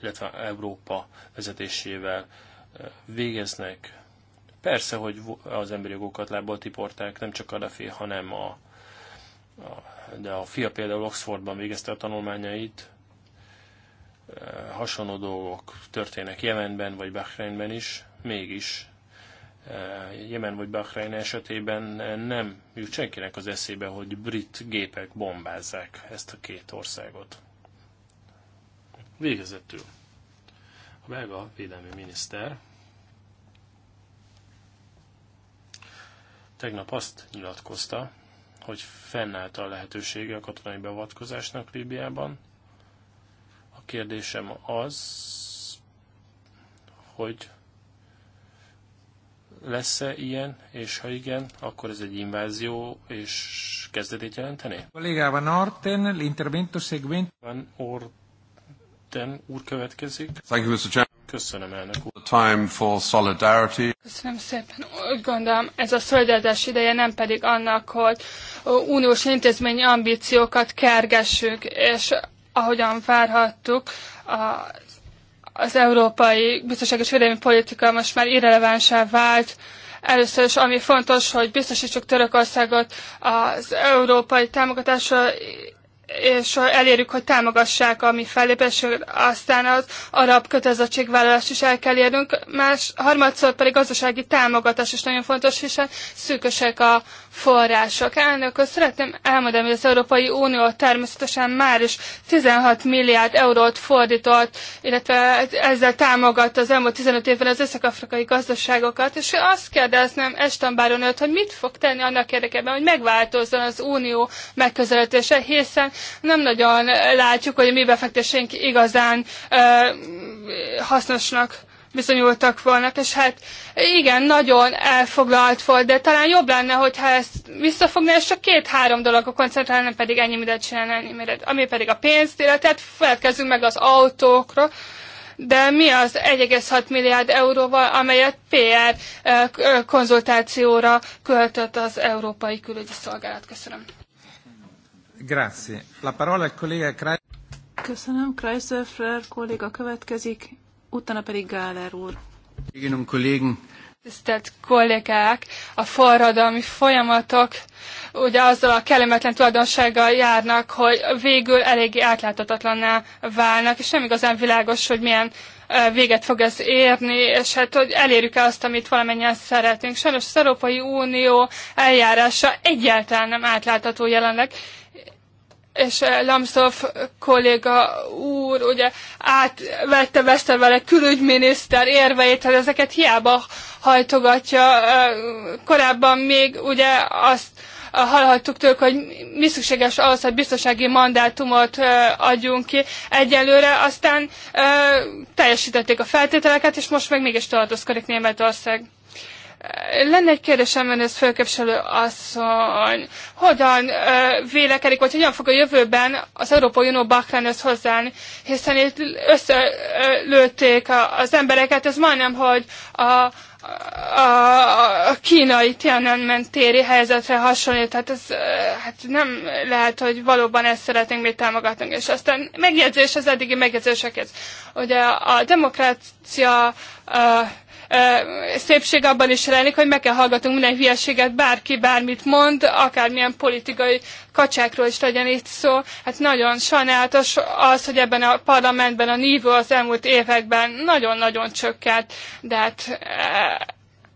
illetve Európa vezetésével eh, végeznek. Persze, hogy az emberi jogokat lábbal tiporták, nem csak Kadafi, hanem a, a, de a fia például Oxfordban végezte a tanulmányait, e, hasonló dolgok történnek Jemenben vagy Bahreinben is, mégis e, Jemen vagy Bahrein esetében nem jut senkinek az eszébe, hogy brit gépek bombázzák ezt a két országot. Végezetül. A belga védelmi miniszter tegnap azt nyilatkozta, hogy fennállta a lehetősége a katonai beavatkozásnak Líbiában. A kérdésem az, hogy lesz-e ilyen, és ha igen, akkor ez egy invázió és kezdetét jelenteni? Kollégával Orten, l'intervento seguente. Van Orten úr következik. Thank you, Mr. Köszönöm, elnök úr. Time for solidarity. Köszönöm szépen. Úgy gondolom, ez a szolidaritás ideje nem pedig annak, hogy uniós intézmény ambíciókat kergessük, és ahogyan várhattuk, a, az európai biztonság és védelmi politika most már irrelevánsá vált. Először is, ami fontos, hogy biztosítsuk Törökországot az európai támogatásra, és elérjük, hogy támogassák a mi fellépésünk, aztán az arab kötelezettségvállalást is el kell érnünk. Más, harmadszor pedig gazdasági támogatás is nagyon fontos, hiszen szűkösek a források. Elnök, szeretném elmondani, hogy az Európai Unió természetesen már is 16 milliárd eurót fordított, illetve ezzel támogatta az elmúlt 15 évben az összekafrikai gazdaságokat, és azt kérdeznem Estan Báron hogy mit fog tenni annak érdekében, hogy megváltozzon az unió megközelítése, hiszen nem nagyon látjuk, hogy mi befektetéseink igazán hasznosnak bizonyultak volna, és hát igen, nagyon elfoglalt volt, de talán jobb lenne, hogyha ezt visszafogná, és csak két-három dologra koncentrálna, nem pedig ennyi mindent csinálni, ennyi mindent. ami pedig a pénzt illetve, feledkezzünk meg az autókra, de mi az 1,6 milliárd euróval, amelyet PR konzultációra költött az Európai Külügyi Szolgálat? Köszönöm. Grazie. La parola al collega Köszönöm. Kreisdörfler kolléga következik, utána pedig Gáler úr. Um, Tisztelt kollégák, a forradalmi folyamatok ugye azzal a kellemetlen tulajdonsággal járnak, hogy végül eléggé átláthatatlanná válnak, és nem igazán világos, hogy milyen véget fog ez érni, és hát hogy elérjük-e azt, amit valamennyien szeretnénk. Sajnos az Európai Unió eljárása egyáltalán nem átlátható jelenleg, és eh, Lamsov kolléga úr ugye átvette Westervele külügyminiszter érveit, tehát ezeket hiába hajtogatja. Eh, korábban még ugye azt eh, hallhattuk tőlük, hogy mi szükséges ahhoz, hogy biztonsági mandátumot adjunk ki egyelőre, aztán teljesítették a feltételeket, és most meg mégis tartózkodik Németország. Lenne egy kérdésem önhöz, főképviselő asszony, hogyan vélekedik, vagy hogyan fog a jövőben az Európai Unió Bakránhoz hozzáállni, hiszen itt összelőtték az embereket, ez majdnem, hogy a, a, a kínai Tiananmen téri helyzetre hasonlít, tehát ez hát nem lehet, hogy valóban ezt szeretnénk mi támogatni. És aztán megjegyzés az eddigi megjegyzésekhez. Ugye a demokrácia a szépség abban is rejlik, hogy meg kell hallgatunk minden hülyeséget, bárki bármit mond, akármilyen politikai kacsákról is legyen itt szó. Hát nagyon sajnálatos az, hogy ebben a parlamentben a nívó az elmúlt években nagyon-nagyon csökkent, de hát e,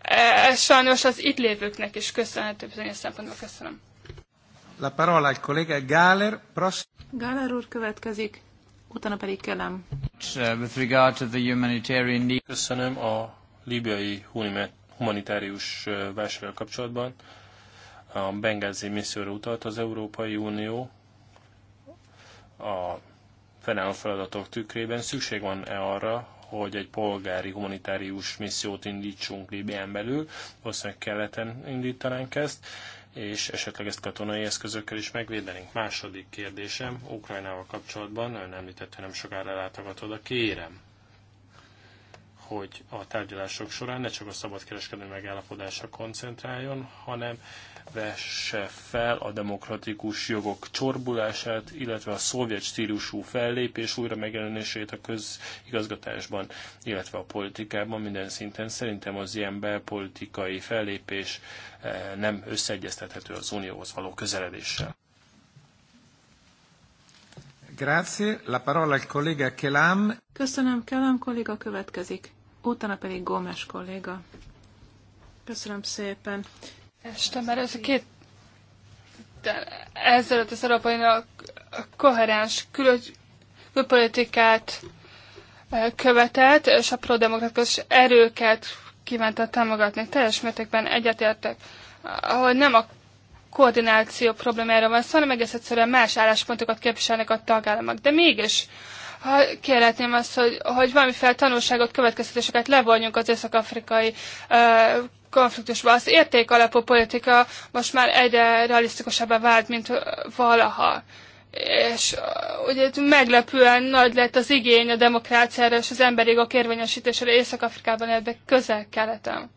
e, e sajnos az itt lévőknek is köszönhető bizonyos szempontból. Köszönöm. La parola al collega Galer, Pros... Gáler úr következik, utána pedig kellem. With regard to the humanitarian need. Köszönöm a libiai humanitárius válsággal kapcsolatban a Bengázi misszióra utalt az Európai Unió a fennálló feladatok tükrében. Szükség van-e arra, hogy egy polgári humanitárius missziót indítsunk Líbián belül, valószínűleg keleten indítanánk ezt, és esetleg ezt katonai eszközökkel is megvédenénk. Második kérdésem, Ukrajnával kapcsolatban, ön hogy nem sokára látogatod a kérem, hogy a tárgyalások során ne csak a szabadkereskedelmi megállapodásra koncentráljon, hanem vesse fel a demokratikus jogok csorbulását, illetve a szovjet stílusú fellépés újra megjelenését a közigazgatásban, illetve a politikában minden szinten. Szerintem az ilyen belpolitikai fellépés eh, nem összeegyeztethető az unióhoz való közeledéssel. Grazie. La parola al collega Kelam. Köszönöm, Kelam kolléga következik utána pedig Gómez kolléga. Köszönöm szépen. Este, mert ez a két ezzel az a koherens külpolitikát eh, követelt, és a prodemokratikus erőket kívánta támogatni. Teljes mértékben egyetértek, hogy nem a koordináció problémáról van szó, hanem egész egyszerűen más álláspontokat képviselnek a tagállamok. De mégis ha kérhetném azt, hogy, hogy valamiféle tanulságot, következtetéseket levonjunk az észak-afrikai uh, konfliktusba. Az érték alapú politika most már egyre realisztikusabbá vált, mint valaha. És ugye meglepően nagy lett az igény a demokráciára és az emberi jogok érvényesítésére Észak-Afrikában, ebbe közel-keleten.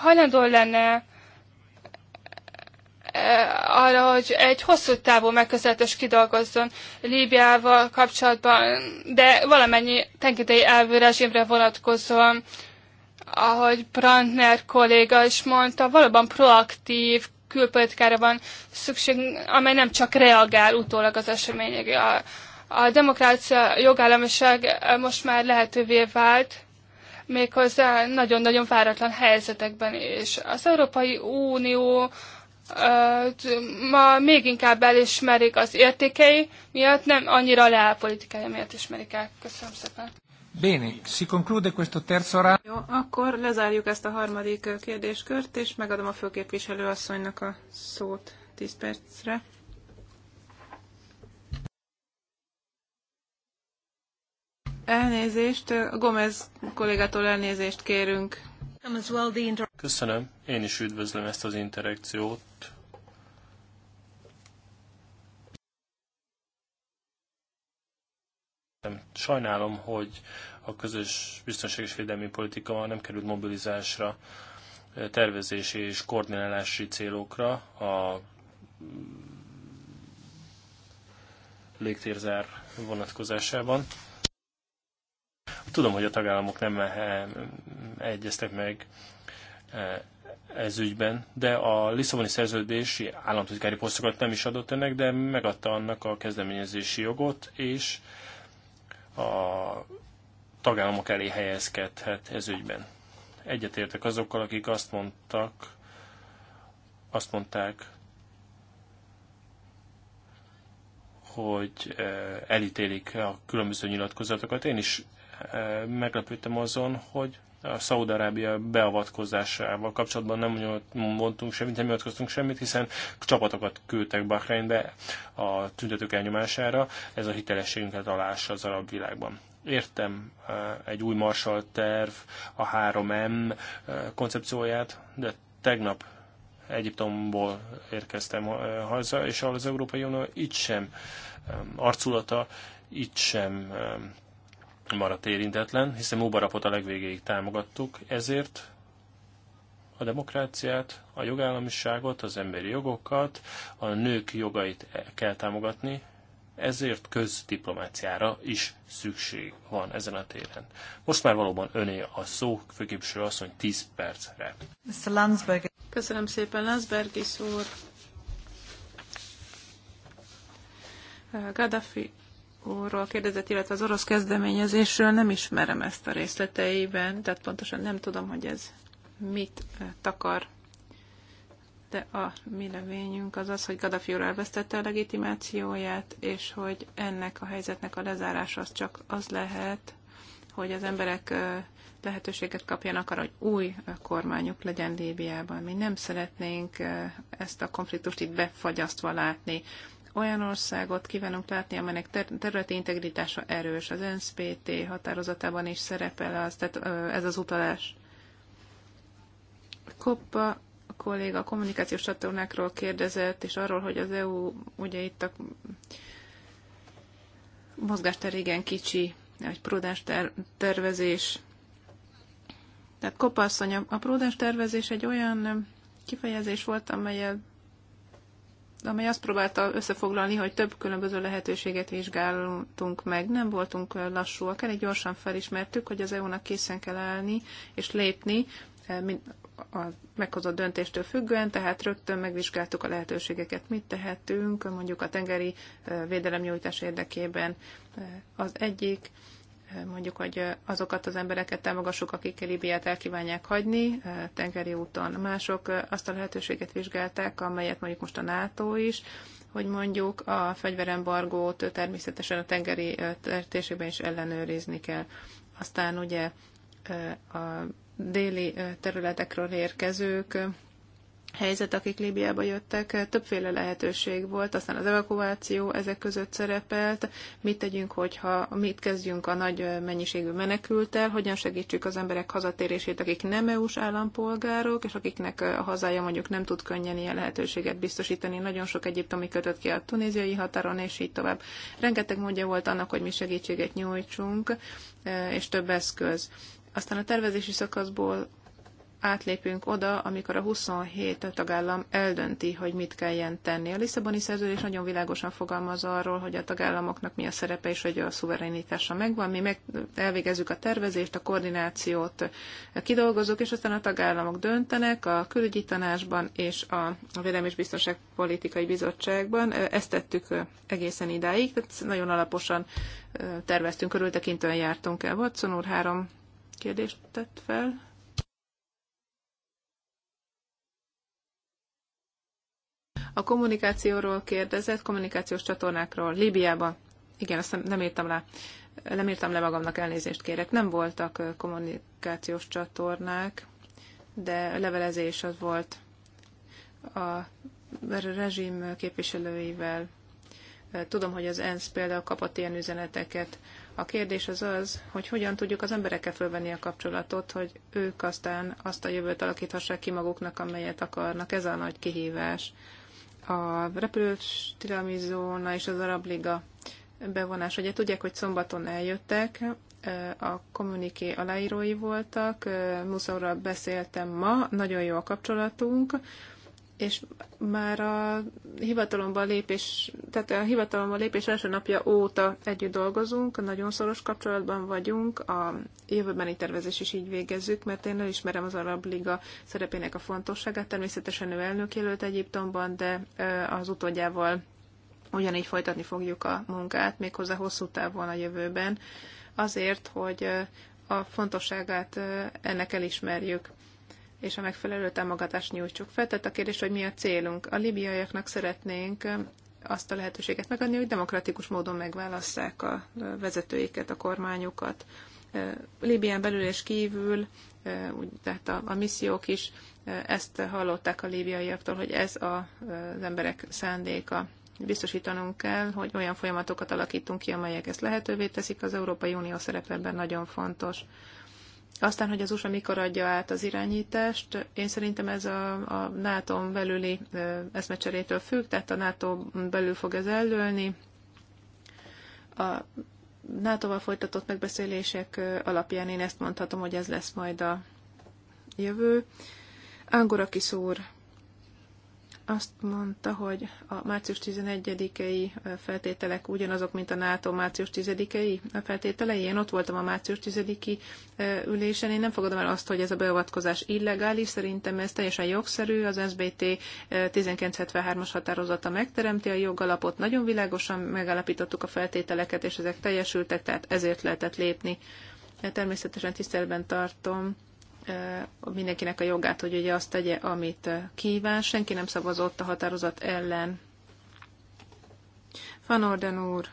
hajlandó lenne Eh, arra, hogy egy hosszú távú megközelítés kidolgozzon Líbiával kapcsolatban, de valamennyi tengedély elvű rezsimre vonatkozóan, ahogy Brandner kolléga is mondta, valóban proaktív külpolitikára van szükség, amely nem csak reagál utólag az eseményekre. A, a demokrácia, jogállamiság eh, most már lehetővé vált, méghozzá nagyon-nagyon váratlan helyzetekben is. Az Európai Unió ma még inkább elismerik az értékei miatt, nem annyira a politikája miatt ismerik el. Köszönöm szépen. Bene, si conclude questo terzo round. Jó, akkor lezárjuk ezt a harmadik kérdéskört, és megadom a főképviselő asszonynak a szót 10 percre. Elnézést, Gomez kollégától elnézést kérünk. Köszönöm. Én is üdvözlöm ezt az interakciót. Sajnálom, hogy a közös biztonság és védelmi politika nem került mobilizásra, tervezési és koordinálási célokra a légtérzár vonatkozásában. Tudom, hogy a tagállamok nem eh, egyeztek meg eh, ez ügyben, de a Lisszaboni szerződési államtitkári posztokat nem is adott ennek, de megadta annak a kezdeményezési jogot, és a tagállamok elé helyezkedhet ez ügyben. Egyetértek azokkal, akik azt mondtak, azt mondták, hogy eh, elítélik a különböző nyilatkozatokat. Én is meglepődtem azon, hogy a Szaudarábia beavatkozásával kapcsolatban nem mondtunk semmit, nem nyilatkoztunk semmit, hiszen csapatokat küldtek Bahreinbe a tüntetők elnyomására, ez a hitelességünket alássa az arab világban. Értem eh, egy új Marshall terv, a 3M eh, koncepcióját, de tegnap Egyiptomból érkeztem eh, haza, és az Európai Unió itt sem arculata, itt sem maradt érintetlen, hiszen Mubarapot a legvégéig támogattuk, ezért a demokráciát, a jogállamiságot, az emberi jogokat, a nők jogait kell támogatni, ezért közdiplomáciára is szükség van ezen a téren. Most már valóban öné a szó, főképviselő asszony 10 percre. Mr. Landsberg. Köszönöm szépen, Landsbergi úr. Gaddafi úrról kérdezett, illetve az orosz kezdeményezésről nem ismerem ezt a részleteiben, tehát pontosan nem tudom, hogy ez mit eh, takar. De a mi levényünk az az, hogy Gaddafi úr elvesztette a legitimációját, és hogy ennek a helyzetnek a lezárása az csak az lehet, hogy az emberek eh, lehetőséget kapjanak arra, hogy új eh, kormányuk legyen Líbiában. Mi nem szeretnénk ezt a konfliktust itt befagyasztva látni. Olyan országot kívánunk látni, amelynek ter- területi integritása erős. Az NSPT határozatában is szerepel az, tehát ez az utalás. Koppa kolléga a kommunikációs csatornákról kérdezett, és arról, hogy az EU ugye itt a mozgástér igen kicsi, egy prudens ter- tervezés. Tehát kopasszony, a prudens tervezés egy olyan kifejezés volt, amelyel amely azt próbálta összefoglalni, hogy több különböző lehetőséget vizsgáltunk meg. Nem voltunk lassúak, elég gyorsan felismertük, hogy az EU-nak készen kell állni és lépni a meghozott döntéstől függően, tehát rögtön megvizsgáltuk a lehetőségeket, mit tehetünk, mondjuk a tengeri védelemnyújtás érdekében. Az egyik mondjuk, hogy azokat az embereket támogassuk, akik Líbiát elkívánják hagyni tengeri úton. Mások azt a lehetőséget vizsgálták, amelyet mondjuk most a NATO is, hogy mondjuk a fegyverembargót természetesen a tengeri tértésében is ellenőrizni kell. Aztán ugye a déli területekről érkezők helyzet, akik Líbiába jöttek, többféle lehetőség volt, aztán az evakuáció ezek között szerepelt, mit tegyünk, hogyha mit kezdjünk a nagy mennyiségű menekültel, hogyan segítsük az emberek hazatérését, akik nem EU-s állampolgárok, és akiknek a hazája mondjuk nem tud könnyen ilyen lehetőséget biztosítani. Nagyon sok egyiptomi kötött ki a tunéziai határon, és így tovább. Rengeteg módja volt annak, hogy mi segítséget nyújtsunk, eh, és több eszköz. Aztán a tervezési szakaszból átlépünk oda, amikor a 27 tagállam eldönti, hogy mit kelljen tenni. A Lisszaboni szerződés nagyon világosan fogalmaz arról, hogy a tagállamoknak mi a szerepe és hogy a szuverenitása megvan. Mi meg elvégezzük a tervezést, a koordinációt kidolgozunk, és aztán a tagállamok döntenek a külügyi tanásban és a Védelmi és Biztonságpolitikai Bizottságban. Ezt tettük egészen idáig, tehát nagyon alaposan terveztünk, körültekintően jártunk el. Watson úr három kérdést tett fel. A kommunikációról kérdezett, kommunikációs csatornákról Líbiában. Igen, azt nem írtam le. Nem írtam le magamnak, elnézést kérek. Nem voltak kommunikációs csatornák, de levelezés az volt a rezsim képviselőivel. Tudom, hogy az ENSZ például kapott ilyen üzeneteket. A kérdés az az, hogy hogyan tudjuk az emberekkel fölvenni a kapcsolatot, hogy ők aztán azt a jövőt alakíthassák ki maguknak, amelyet akarnak. Ez a nagy kihívás a repülős Tiramizóna és az Arab Liga bevonás. Ugye tudják, hogy szombaton eljöttek, a kommuniké aláírói voltak, Muszorral beszéltem ma, nagyon jó a kapcsolatunk, és már a hivatalomba lépés, tehát a hivatalomba lépés első napja óta együtt dolgozunk, nagyon szoros kapcsolatban vagyunk, a jövőbeni tervezés is így végezzük, mert én elismerem az Arab Liga szerepének a fontosságát, természetesen ő jelölt Egyiptomban, de az utódjával ugyanígy folytatni fogjuk a munkát, méghozzá hosszú távon a jövőben, azért, hogy a fontosságát ennek elismerjük és a megfelelő támogatást nyújtsuk fel. Tehát a kérdés, hogy mi a célunk. A libiaiaknak szeretnénk azt a lehetőséget megadni, hogy demokratikus módon megválasszák a vezetőiket, a kormányukat. Libyán belül és kívül, tehát a, a missziók is ezt hallották a libiaiaktól, hogy ez a, az emberek szándéka. Biztosítanunk kell, hogy olyan folyamatokat alakítunk ki, amelyek ezt lehetővé teszik. Az Európai Unió szerepe ebben nagyon fontos. Aztán, hogy az USA mikor adja át az irányítást, én szerintem ez a, a nato belüli eszmecserétől függ, tehát a NATO belül fog ez eldőlni. A NATO-val folytatott megbeszélések alapján én ezt mondhatom, hogy ez lesz majd a jövő. Angorakis úr azt mondta, hogy a március 11-i feltételek ugyanazok, mint a NATO március 10-i feltételei. Én ott voltam a március 10-i ülésen, én nem fogadom el azt, hogy ez a beavatkozás illegális, szerintem ez teljesen jogszerű, az SBT 1973-as határozata megteremti a jogalapot, nagyon világosan megállapítottuk a feltételeket, és ezek teljesültek, tehát ezért lehetett lépni. Természetesen tiszteletben tartom mindenkinek a jogát, hogy ugye azt tegye, amit kíván. Senki nem szavazott a határozat ellen. Van Orden úr,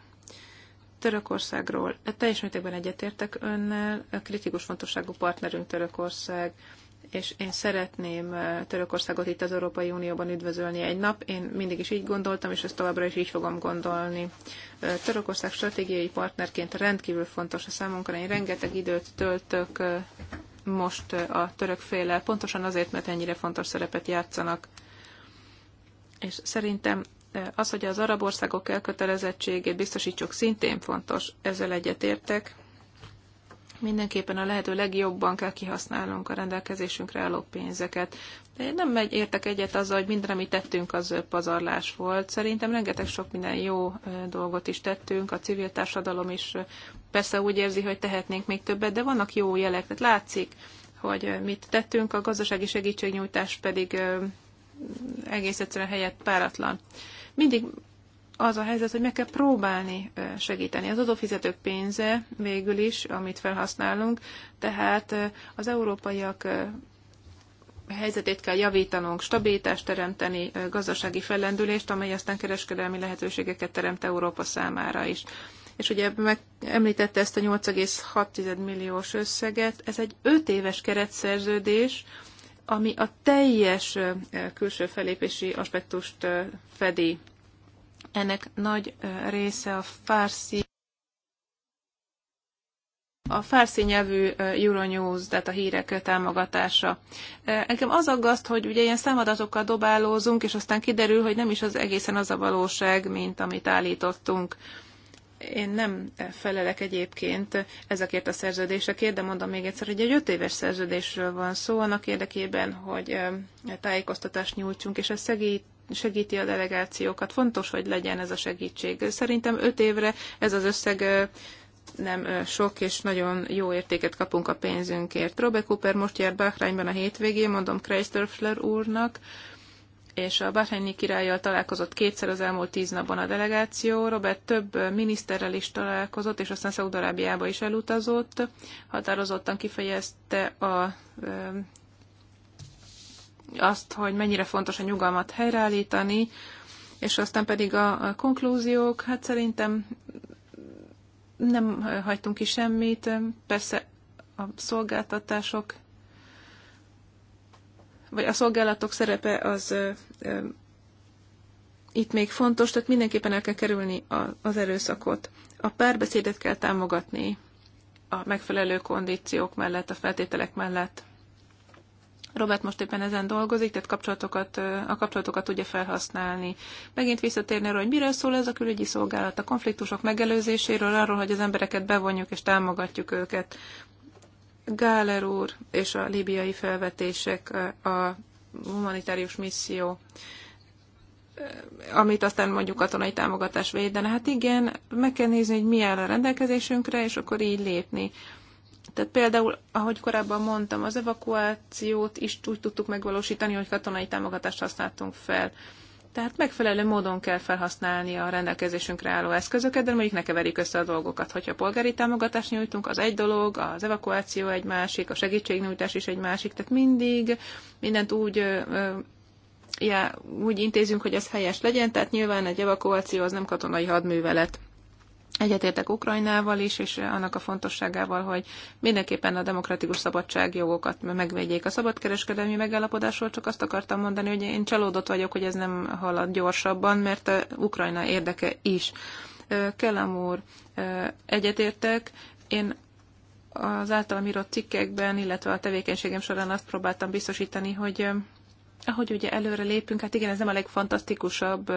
Törökországról. Teljes mértékben egyetértek önnel, a kritikus fontosságú partnerünk Törökország, és én szeretném Törökországot itt az Európai Unióban üdvözölni egy nap. Én mindig is így gondoltam, és ezt továbbra is így fogom gondolni. Törökország stratégiai partnerként rendkívül fontos a számunkra. Én rengeteg időt töltök most a török féle, pontosan azért, mert ennyire fontos szerepet játszanak. És szerintem az, hogy az arab országok elkötelezettségét biztosítsuk, szintén fontos, ezzel egyetértek. Mindenképpen a lehető legjobban kell kihasználnunk a rendelkezésünkre álló pénzeket. De én nem megy, értek egyet azzal, hogy minden, amit tettünk, az pazarlás volt. Szerintem rengeteg sok minden jó dolgot is tettünk, a civil társadalom is persze úgy érzi, hogy tehetnénk még többet, de vannak jó jelek, tehát látszik, hogy mit tettünk, a gazdasági segítségnyújtás pedig egész egyszerűen helyett páratlan. Mindig az a helyzet, hogy meg kell próbálni segíteni. Az adófizetők pénze végül is, amit felhasználunk, tehát az európaiak helyzetét kell javítanunk, stabilitást teremteni, gazdasági fellendülést, amely aztán kereskedelmi lehetőségeket teremt Európa számára is és ugye meg említette ezt a 8,6 milliós összeget, ez egy 5 éves keretszerződés, ami a teljes külső felépési aspektust fedi. Ennek nagy része a fárszi a fárszi nyelvű Euronews, tehát a hírek támogatása. Engem az aggaszt, hogy ugye ilyen számadatokkal dobálózunk, és aztán kiderül, hogy nem is az egészen az a valóság, mint amit állítottunk. Én nem felelek egyébként ezekért a szerződésekért, de mondom még egyszer, hogy egy öt éves szerződésről van szó annak érdekében, hogy tájékoztatást nyújtsunk, és ez segít segíti a delegációkat. Fontos, hogy legyen ez a segítség. Szerintem öt évre ez az összeg nem sok, és nagyon jó értéket kapunk a pénzünkért. Robert Cooper most jár Bahrányban a hétvégén, mondom Kreisdörfler úrnak, és a Bahreini királlyal találkozott kétszer az elmúlt tíz napban a delegáció, Robert több miniszterrel is találkozott, és aztán Szaudarábiába is elutazott, határozottan kifejezte a, azt, hogy mennyire fontos a nyugalmat helyreállítani, és aztán pedig a konklúziók, hát szerintem nem hagytunk ki semmit, persze a szolgáltatások vagy a szolgálatok szerepe az itt még fontos, tehát mindenképpen el kell kerülni az erőszakot. A párbeszédet kell támogatni a megfelelő kondíciók mellett, a feltételek mellett. Robert most éppen ezen dolgozik, tehát kapcsolatokat, a kapcsolatokat tudja felhasználni. Megint visszatérni arra, hogy miről szól ez a külügyi szolgálat, a konfliktusok megelőzéséről, arról, hogy az embereket bevonjuk és támogatjuk őket. Gáler úr és a libiai felvetések, a humanitárius misszió, amit aztán mondjuk katonai támogatás védene. Hát igen, meg kell nézni, hogy mi áll a rendelkezésünkre, és akkor így lépni. Tehát például, ahogy korábban mondtam, az evakuációt is úgy tudtuk megvalósítani, hogy katonai támogatást használtunk fel. Tehát megfelelő módon kell felhasználni a rendelkezésünkre álló eszközöket, de mondjuk ne keverjük össze a dolgokat. Hogyha polgári támogatást nyújtunk, az egy dolog, az evakuáció egy másik, a segítségnyújtás is egy másik, tehát mindig mindent úgy ja, úgy intézünk, hogy ez helyes legyen, tehát nyilván egy evakuáció az nem katonai hadművelet. Egyetértek Ukrajnával is, és annak a fontosságával, hogy mindenképpen a demokratikus szabadságjogokat megvédjék. A szabadkereskedelmi megállapodásról csak azt akartam mondani, hogy én csalódott vagyok, hogy ez nem halad gyorsabban, mert Ukrajna érdeke is. Kellem úr, egyetértek. Én az általam írott cikkekben, illetve a tevékenységem során azt próbáltam biztosítani, hogy ahogy ugye előre lépünk, hát igen, ez nem a legfantasztikusabb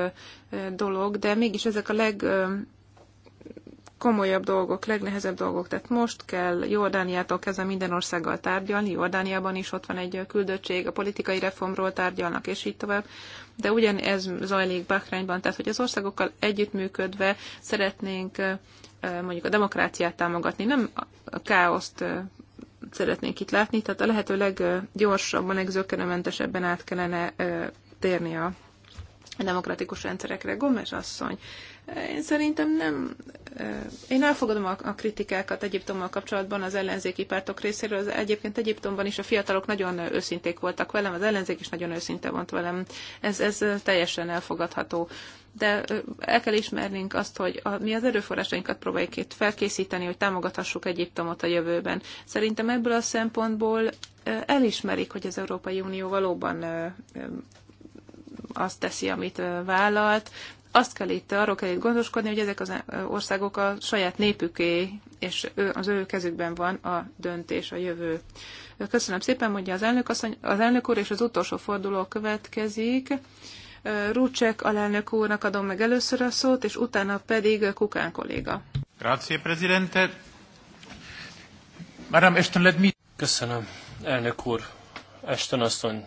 dolog, de mégis ezek a leg komolyabb dolgok, legnehezebb dolgok. Tehát most kell Jordániától kezdve minden országgal tárgyalni, Jordániában is ott van egy küldöttség, a politikai reformról tárgyalnak, és így tovább. De ugyanez zajlik Bahreinban, tehát hogy az országokkal együttműködve szeretnénk mondjuk a demokráciát támogatni, nem a káoszt szeretnénk itt látni, tehát a lehető leggyorsabban, legzökkenőmentesebben át kellene térni a demokratikus rendszerekre. Gomes asszony én szerintem nem. Én elfogadom a kritikákat Egyiptommal kapcsolatban az ellenzéki pártok részéről. Az egyébként Egyiptomban is a fiatalok nagyon őszinték voltak velem, az ellenzék is nagyon őszinte volt velem. Ez, ez teljesen elfogadható. De el kell ismernünk azt, hogy a, mi az erőforrásainkat próbáljuk itt felkészíteni, hogy támogathassuk Egyiptomot a jövőben. Szerintem ebből a szempontból elismerik, hogy az Európai Unió valóban azt teszi, amit vállalt, azt kell itt, arról kell itt gondoskodni, hogy ezek az e, országok a saját népüké, és az ő kezükben van a döntés, a jövő. Köszönöm szépen, mondja az elnök, asszony, az elnök úr, és az utolsó forduló következik. E, Rucsek alelnök úrnak adom meg először a szót, és utána pedig Kukán kolléga. Grazie, presidente. Madame Ashton, let me... Köszönöm, elnök úr. Ashton asszony,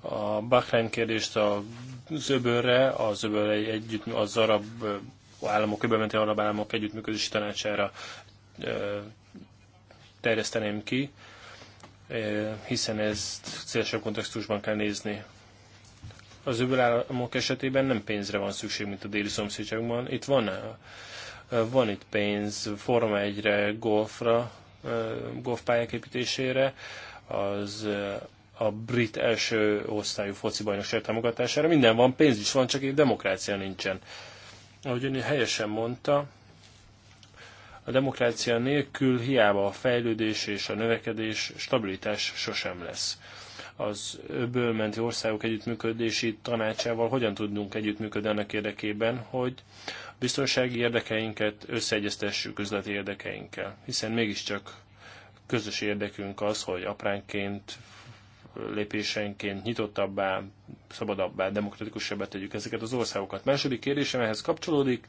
a Bahrein kérdést a zöbörre, a zöbölre együtt, az arab államok, öbölmenti arab államok együttműködési tanácsára terjeszteném ki, hiszen ezt szélesebb kontextusban kell nézni. Az államok esetében nem pénzre van szükség, mint a déli szomszédságban. Itt van, van itt pénz Forma 1-re, golfra, golfpályák építésére, az a brit első osztályú foci bajnokság támogatására. Minden van, pénz is van, csak egy demokrácia nincsen. Ahogy ön helyesen mondta, a demokrácia nélkül hiába a fejlődés és a növekedés, stabilitás sosem lesz. Az öbölmenti országok együttműködési tanácsával hogyan tudunk együttműködni annak érdekében, hogy biztonsági érdekeinket összeegyeztessük üzleti érdekeinkkel, hiszen mégiscsak közös érdekünk az, hogy apránként lépésenként nyitottabbá, szabadabbá, demokratikusabbá tegyük ezeket az országokat. Második kérdésem ehhez kapcsolódik.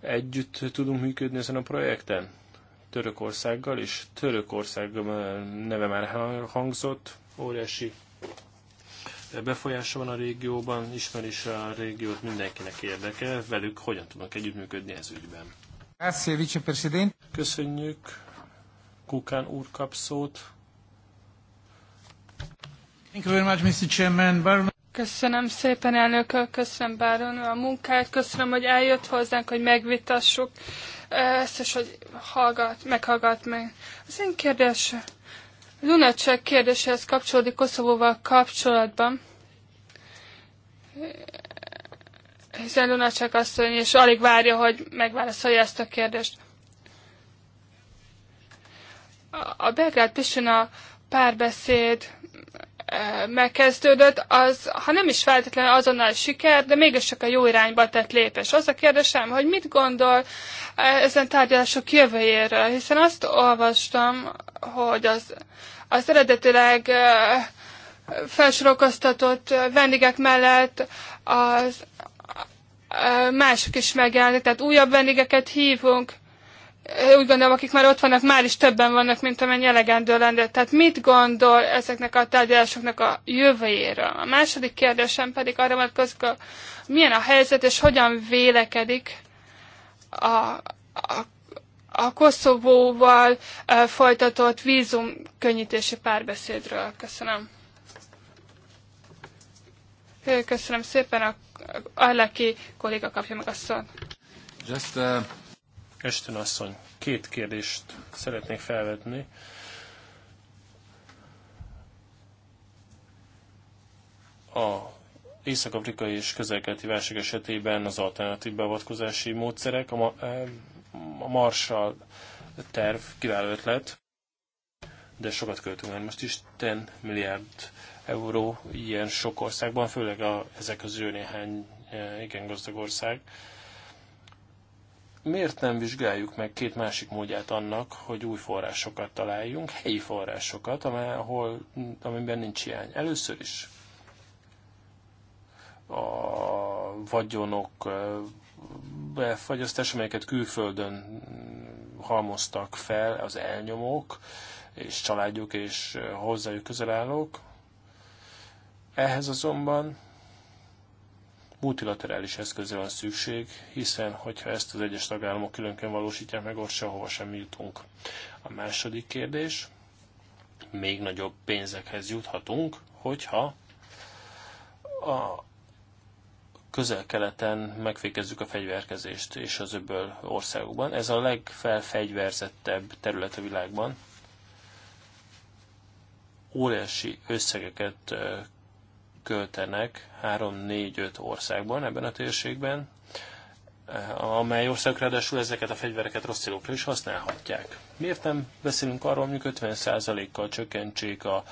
Együtt tudunk működni ezen a projekten? Törökországgal, és Törökország neve már hangzott, óriási befolyása van a régióban, ismerés a régiót mindenkinek érdekel, velük hogyan tudnak együttműködni ez ügyben. Köszönjük. Kukán úr kap szót. Köszönöm szépen, elnök, köszönöm Báron a munkát, köszönöm, hogy eljött hozzánk, hogy megvitassuk ezt, eh, és hogy hallgat, meghallgat meg. Az én kérdés, Lunacek kérdéséhez kapcsolódik Koszovóval kapcsolatban. Hiszen Lunacek mondja, és alig várja, hogy megválaszolja ezt a kérdést. A Belgrád Pisina párbeszéd megkezdődött, az, ha nem is feltétlenül azonnal siker, de mégis csak a jó irányba tett lépés. Az a kérdésem, hogy mit gondol ezen tárgyalások jövőjéről, hiszen azt olvastam, hogy az, az eredetileg felsorokoztatott vendégek mellett az mások is megjelennek, tehát újabb vendégeket hívunk, úgy gondolom, akik már ott vannak, már is többen vannak, mint amennyi elegendő lenne. Tehát mit gondol ezeknek a tárgyalásoknak a jövőjéről? A második kérdésem pedig arra vonatkozik, milyen a helyzet, és hogyan vélekedik a, a, a Koszovóval folytatott vízum könnyítési párbeszédről. Köszönöm. Köszönöm szépen, a, a, a kolléga kapja meg a szót. Just, uh... Esten asszony, két kérdést szeretnék felvetni. A észak-afrikai és közelkeleti válság esetében az alternatív beavatkozási módszerek, a, ma, eh, a Marshall terv kiváló ötlet, de sokat költünk el. Most is 10 milliárd euró ilyen sok országban, főleg a, ezek közül néhány eh, igen gazdag ország miért nem vizsgáljuk meg két másik módját annak, hogy új forrásokat találjunk, helyi forrásokat, amely, ahol, amiben nincs hiány. Először is a vagyonok befagyasztás, amelyeket külföldön halmoztak fel az elnyomók, és családjuk és hozzájuk közel állók. Ehhez azonban multilaterális eszközre van szükség, hiszen hogyha ezt az egyes tagállamok különken valósítják meg, ott sehova sem jutunk. A második kérdés, még nagyobb pénzekhez juthatunk, hogyha a közel-keleten megfékezzük a fegyverkezést és az öböl országokban. Ez a legfelfegyverzettebb terület a világban. Óriási összegeket költenek 3-4-5 országban ebben a térségben, eh, amely országok ráadásul ezeket a fegyvereket rossz célokra is használhatják. Miért nem beszélünk arról, hogy 50%-kal csökkentsék a,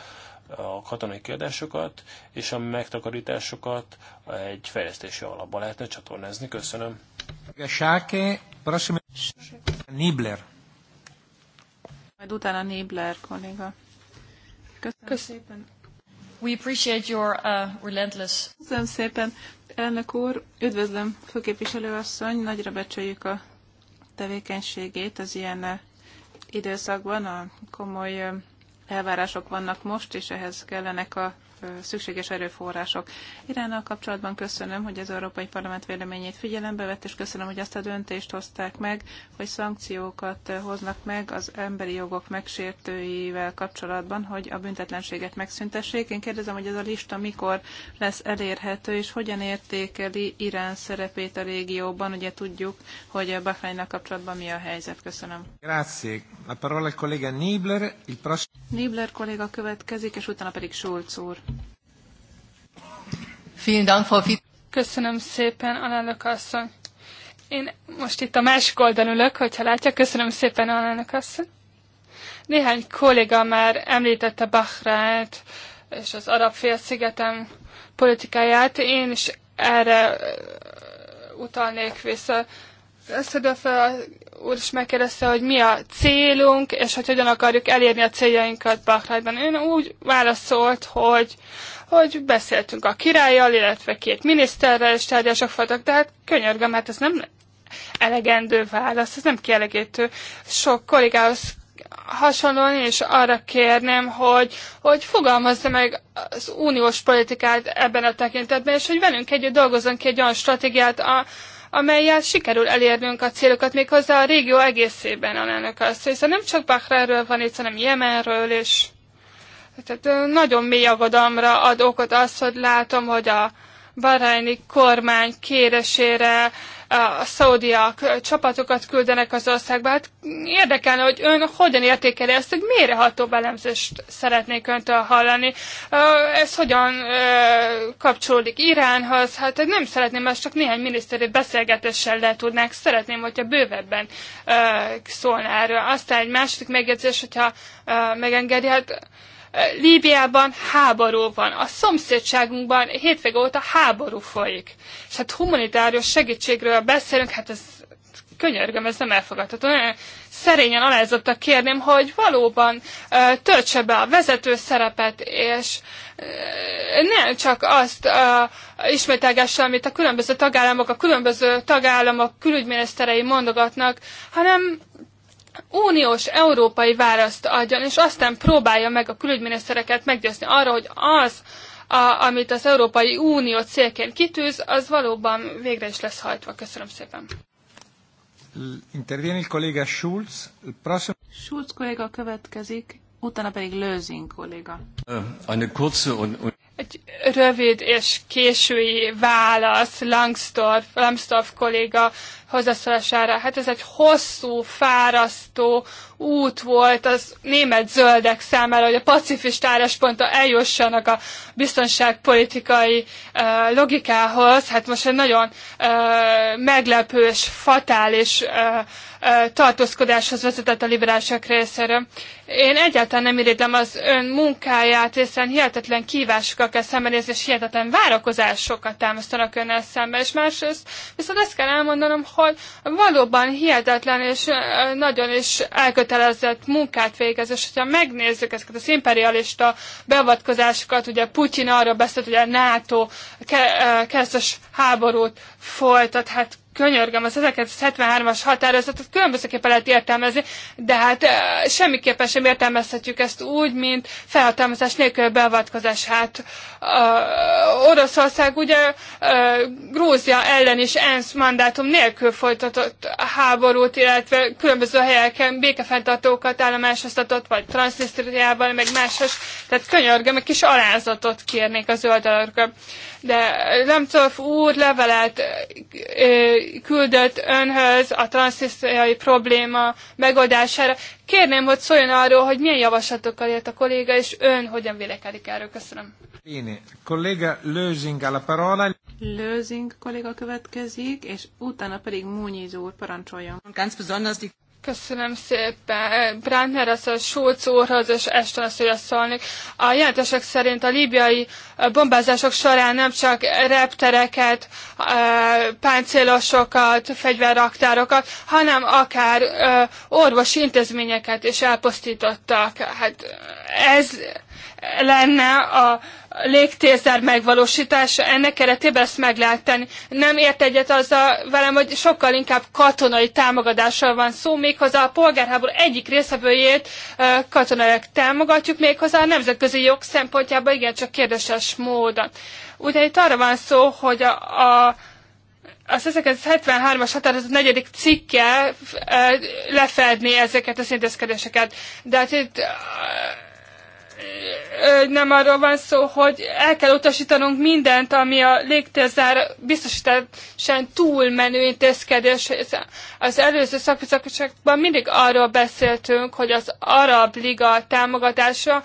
a katonai kiadásokat, és a megtakarításokat egy fejlesztési alapba lehetne csatornázni. Köszönöm. Sáke, Nibler. Majd utána Nibler kolléga. Köszönöm szépen. We appreciate your uh, relentless... Köszönöm szépen, elnök úr. Üdvözlöm, asszony, Nagyra becsüljük a tevékenységét az ilyen uh, időszakban. A komoly elvárások vannak most, és ehhez kellenek a szükséges erőforrások. Iránnal kapcsolatban köszönöm, hogy az Európai Parlament véleményét figyelembe vett, és köszönöm, hogy azt a döntést hozták meg, hogy szankciókat hoznak meg az emberi jogok megsértőivel kapcsolatban, hogy a büntetlenséget megszüntessék. Én kérdezem, hogy ez a lista mikor lesz elérhető, és hogyan értékeli Irán szerepét a régióban. Ugye tudjuk, hogy a Bahrainnal kapcsolatban mi a helyzet. Köszönöm. Grazie. La parola al collega Nibler. Il prossimo... Nibler kolléga következik, és utána pedig Schulz úr. Köszönöm szépen, alelnök asszony. Én most itt a másik oldalon ülök, hogyha látja. Köszönöm szépen, alelnök asszony. Néhány kolléga már említette Bahrát és az arab félszigetem politikáját. Én is erre utalnék vissza. Szedőfe úr is megkérdezte, hogy mi a célunk, és hogy hogyan akarjuk elérni a céljainkat Bahrajban. Én úgy válaszolt, hogy hogy beszéltünk a királlyal, illetve két miniszterrel és tárgyalások voltak, de hát könyörgöm, mert ez nem elegendő válasz, ez nem kielégítő. Sok kollégához hasonlóan és arra kérném, hogy, hogy fogalmazza meg az uniós politikát ebben a tekintetben, és hogy velünk együtt dolgozzon ki egy olyan stratégiát, a, amelyel sikerül elérnünk a célokat méghozzá a régió egészében, a elnök azt. Hiszen nem csak Bahreinről van itt, hanem Jemenről is. És tehát nagyon mély aggodalomra ad okot az, hogy látom, hogy a bahreini kormány kérésére a szaudiak csapatokat küldenek az országba. Hát érdekelne, hogy ön hogyan értékeli ezt, hogy mélyreható elemzést szeretnék öntől hallani. Ez hogyan kapcsolódik Iránhoz? Hát nem szeretném, ezt csak néhány miniszteri beszélgetéssel le tudnák. Szeretném, hogyha bővebben szólna erről. Aztán egy második megjegyzés, hogyha megengedi, hát Líbiában háború van, a szomszédságunkban hétvége óta háború folyik. És hát humanitárius segítségről beszélünk, hát ez könyörgöm, ez nem elfogadható. Nagyon szerényen alázottak kérném, hogy valóban ö, töltse be a vezető szerepet, és nem csak azt ö, ismételgesse, amit a különböző tagállamok, a különböző tagállamok külügyminiszterei mondogatnak, hanem uniós, európai választ adjon, és aztán próbálja meg a külügyminisztereket meggyőzni arra, hogy az, a, amit az Európai Unió célként kitűz, az valóban végre is lesz hajtva. Köszönöm szépen. Interviene il collega Schulz. Il prossimo... Schulz kolléga következik, utána pedig Lőzing kolléga. Eine kurze und egy rövid és késői válasz Langsdorff, Langsdorff kolléga hozzászólására. Hát ez egy hosszú, fárasztó út volt az német zöldek számára, hogy a pacifist álláspontra eljussanak a biztonságpolitikai uh, logikához. Hát most egy nagyon uh, meglepő és fatális uh, tartózkodáshoz vezetett a liberálisok részéről. Én egyáltalán nem irigylem az ön munkáját, hiszen hihetetlen kívásokkal kell szembenézni, és hihetetlen várakozásokat támasztanak önnel szembe. És másrészt viszont ezt kell elmondanom, hogy valóban hihetetlen és nagyon is elkötelezett munkát végez, és hogyha megnézzük ezeket az imperialista beavatkozásokat, ugye Putyin arra beszélt, hogy a NATO kezdes háborút folytat, hát könyörgöm, az 1973-as határozatot különbözőképpen lehet értelmezni, de hát e, semmiképpen sem értelmezhetjük ezt úgy, mint felhatalmazás nélkül beavatkozás. Hát e, Oroszország ugye e, Grúzia ellen is ENSZ mandátum nélkül folytatott háborút, illetve különböző helyeken békefenntartókat állomásoztatott, vagy Transnistriában, meg máshoz. tehát könyörgöm, egy kis alázatot kérnék az oldalakra. De Lemcov úr levelet küldött önhöz a transzisztriai probléma megoldására. Kérném, hogy szóljon arról, hogy milyen javaslatokkal élt a kolléga, és ön hogyan vélekedik erről. Köszönöm. Bene. Kolléga Lőzing a parola. Lőzing kolléga következik, és utána pedig Múnyi úr parancsoljon. Köszönöm szépen. Brandner, az a Schulz úrhoz és Eston azt szólnék. A jelentések szerint a líbiai bombázások során nem csak reptereket, páncélosokat, fegyverraktárokat, hanem akár orvosi intézményeket is elpusztítottak. Hát ez lenne a légtézer megvalósítása, ennek keretében ezt meg lehet tenni. Nem ért egyet azzal velem, hogy sokkal inkább katonai támogatással van szó, méghozzá a polgárháború egyik részevőjét katonaiak támogatjuk, méghozzá a nemzetközi jog szempontjából igencsak kérdéses módon. Ugye itt arra van szó, hogy a, a az 1973-as határozat negyedik cikke lefedni ezeket az szintézkedéseket. De hát itt nem arról van szó, hogy el kell utasítanunk mindent, ami a légtérzár biztosításán túlmenő intézkedés. Az előző szakbizottságban mindig arról beszéltünk, hogy az Arab Liga támogatása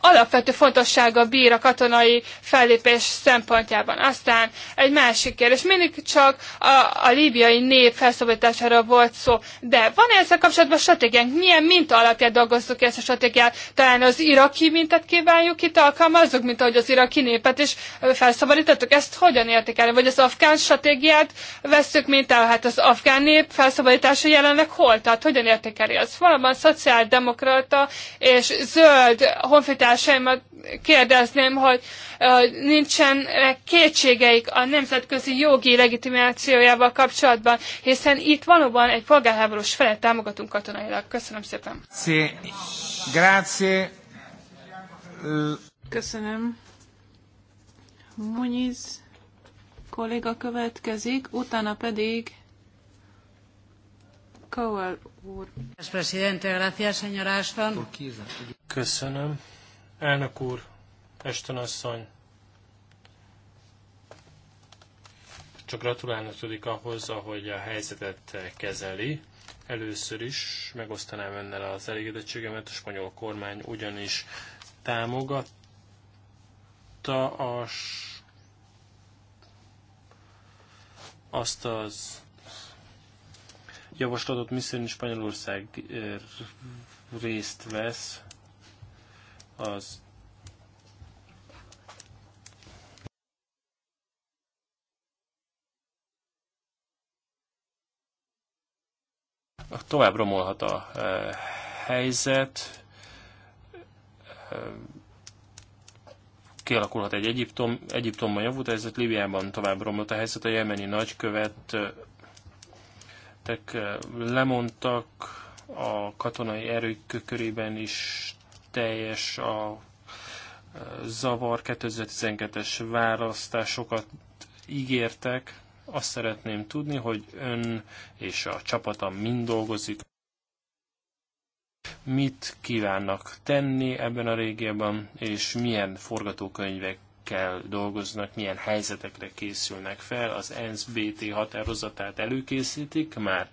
alapvető fontossága bír a katonai fellépés szempontjában. Aztán egy másik kérdés. Mindig csak a, a líbiai nép felszabadítására volt szó. De van -e ezzel kapcsolatban stratégiánk? Milyen minta alapján dolgozzuk ezt a stratégiát? Talán az iraki mintát kívánjuk itt alkalmazzuk, mint ahogy az iraki népet is felszabadítottuk. Ezt hogyan értékelni? Vagy az afgán stratégiát veszük mint Hát az afgán nép felszabadítása jelenleg hol? Tehát hogyan értékeli? Az valóban szociáldemokrata és zöld honfitársaimat kérdezném, hogy nincsen eh, kétségeik a nemzetközi jogi legitimációjával kapcsolatban, hiszen itt valóban egy polgárháborús felett támogatunk katonailag. Köszönöm szépen. Grazie. Köszönöm. Muniz kolléga következik, utána pedig Kowal úr. Köszönöm. Elnök úr, Esten asszony. Csak gratulálni tudik ahhoz, ahogy a helyzetet kezeli. Először is megosztanám önnel az elégedettségemet, a spanyol kormány ugyanis támogatta a azt az javaslatot, szerint Spanyolország részt vesz az tovább romolhat a helyzet, kialakulhat egy Egyiptom, Egyiptomban javult helyzet, Líbiában tovább romlott a helyzet, a jemeni nagykövet lettek, lemondtak, a katonai erők körében is teljes a e, zavar, 2012-es választásokat ígértek, azt szeretném tudni, hogy ön és a csapata mind dolgozik. Mit kívánnak tenni ebben a régióban, és milyen forgatókönyvek kell dolgoznak, milyen helyzetekre készülnek fel, az ENSZ-BT határozatát előkészítik már,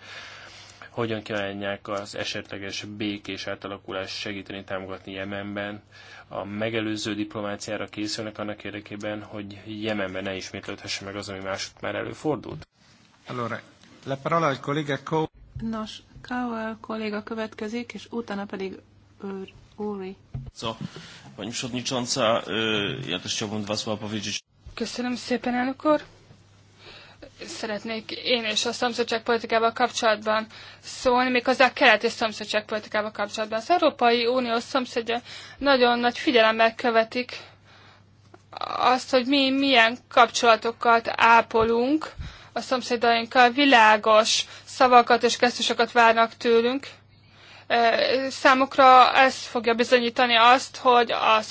hogyan kívánják az esetleges békés átalakulást segíteni, támogatni Jemenben, a megelőző diplomáciára készülnek annak érdekében, hogy Jemenben ne ismétlődhesse meg az, ami másút már előfordult? Allora, la parola al collega Nos, Cowell kolléga következik, és utána pedig őr Úri. Co? Pani Przewodnicząca, ja też chciałbym dwa słowa powiedzieć. Köszönöm szépen, elnök úr. Szeretnék én és a szomszédság politikával kapcsolatban szólni, méghozzá a kelet és politikával kapcsolatban. Az Európai Unió szomszédja nagyon nagy figyelemmel követik azt, hogy mi milyen kapcsolatokat ápolunk a szomszédainkkal, világos szavakat és gesztusokat várnak tőlünk számukra ez fogja bizonyítani azt, hogy a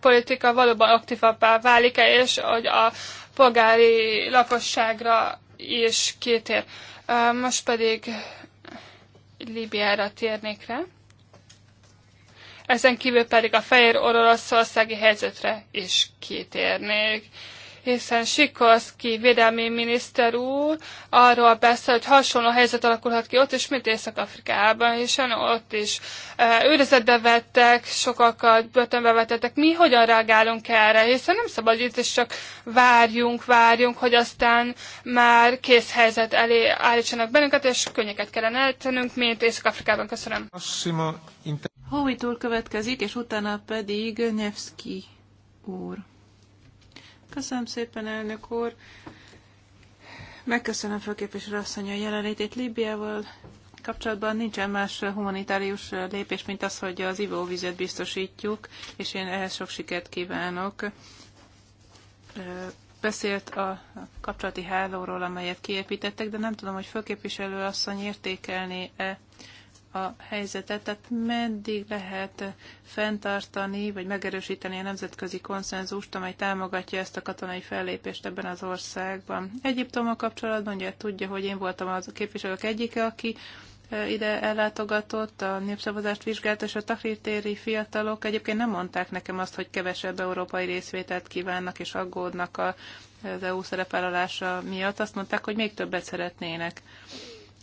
politika valóban aktívabbá válik-e, és hogy a polgári lakosságra is kitér. Most pedig Líbiára térnék rá. Ezen kívül pedig a fehér oroszországi helyzetre is kitérnék hiszen Sikorszki védelmi miniszter úr arról beszél, hogy hasonló helyzet alakulhat ki ott is, mint Észak-Afrikában, hiszen ott is eh, őrizetbe vettek, sokakat börtönbe vetettek. Mi hogyan reagálunk erre, hiszen nem szabad itt is csak várjunk, várjunk, hogy aztán már kész helyzet elé állítsanak bennünket, és könnyeket kellene eltenünk, mint Észak-Afrikában. Köszönöm. Howitt következik, és utána pedig Nevsky úr. Köszönöm szépen, elnök úr. Megköszönöm főképviselő asszony a jelenlétét Líbiával. Kapcsolatban nincsen más humanitárius lépés, mint az, hogy az ivóvizet biztosítjuk, és én ehhez sok sikert kívánok. Beszélt a kapcsolati hálóról, amelyet kiépítettek, de nem tudom, hogy főképviselő asszony értékelni-e a helyzetet, tehát meddig lehet fenntartani vagy megerősíteni a nemzetközi konszenzust, amely támogatja ezt a katonai fellépést ebben az országban. Egyiptommal kapcsolatban ugye tudja, hogy én voltam az a képviselők egyike, aki e, ide ellátogatott, a népszavazást vizsgált, és a tahrirtéri fiatalok egyébként nem mondták nekem azt, hogy kevesebb európai részvételt kívánnak és aggódnak az EU szerepállalása miatt. Azt mondták, hogy még többet szeretnének.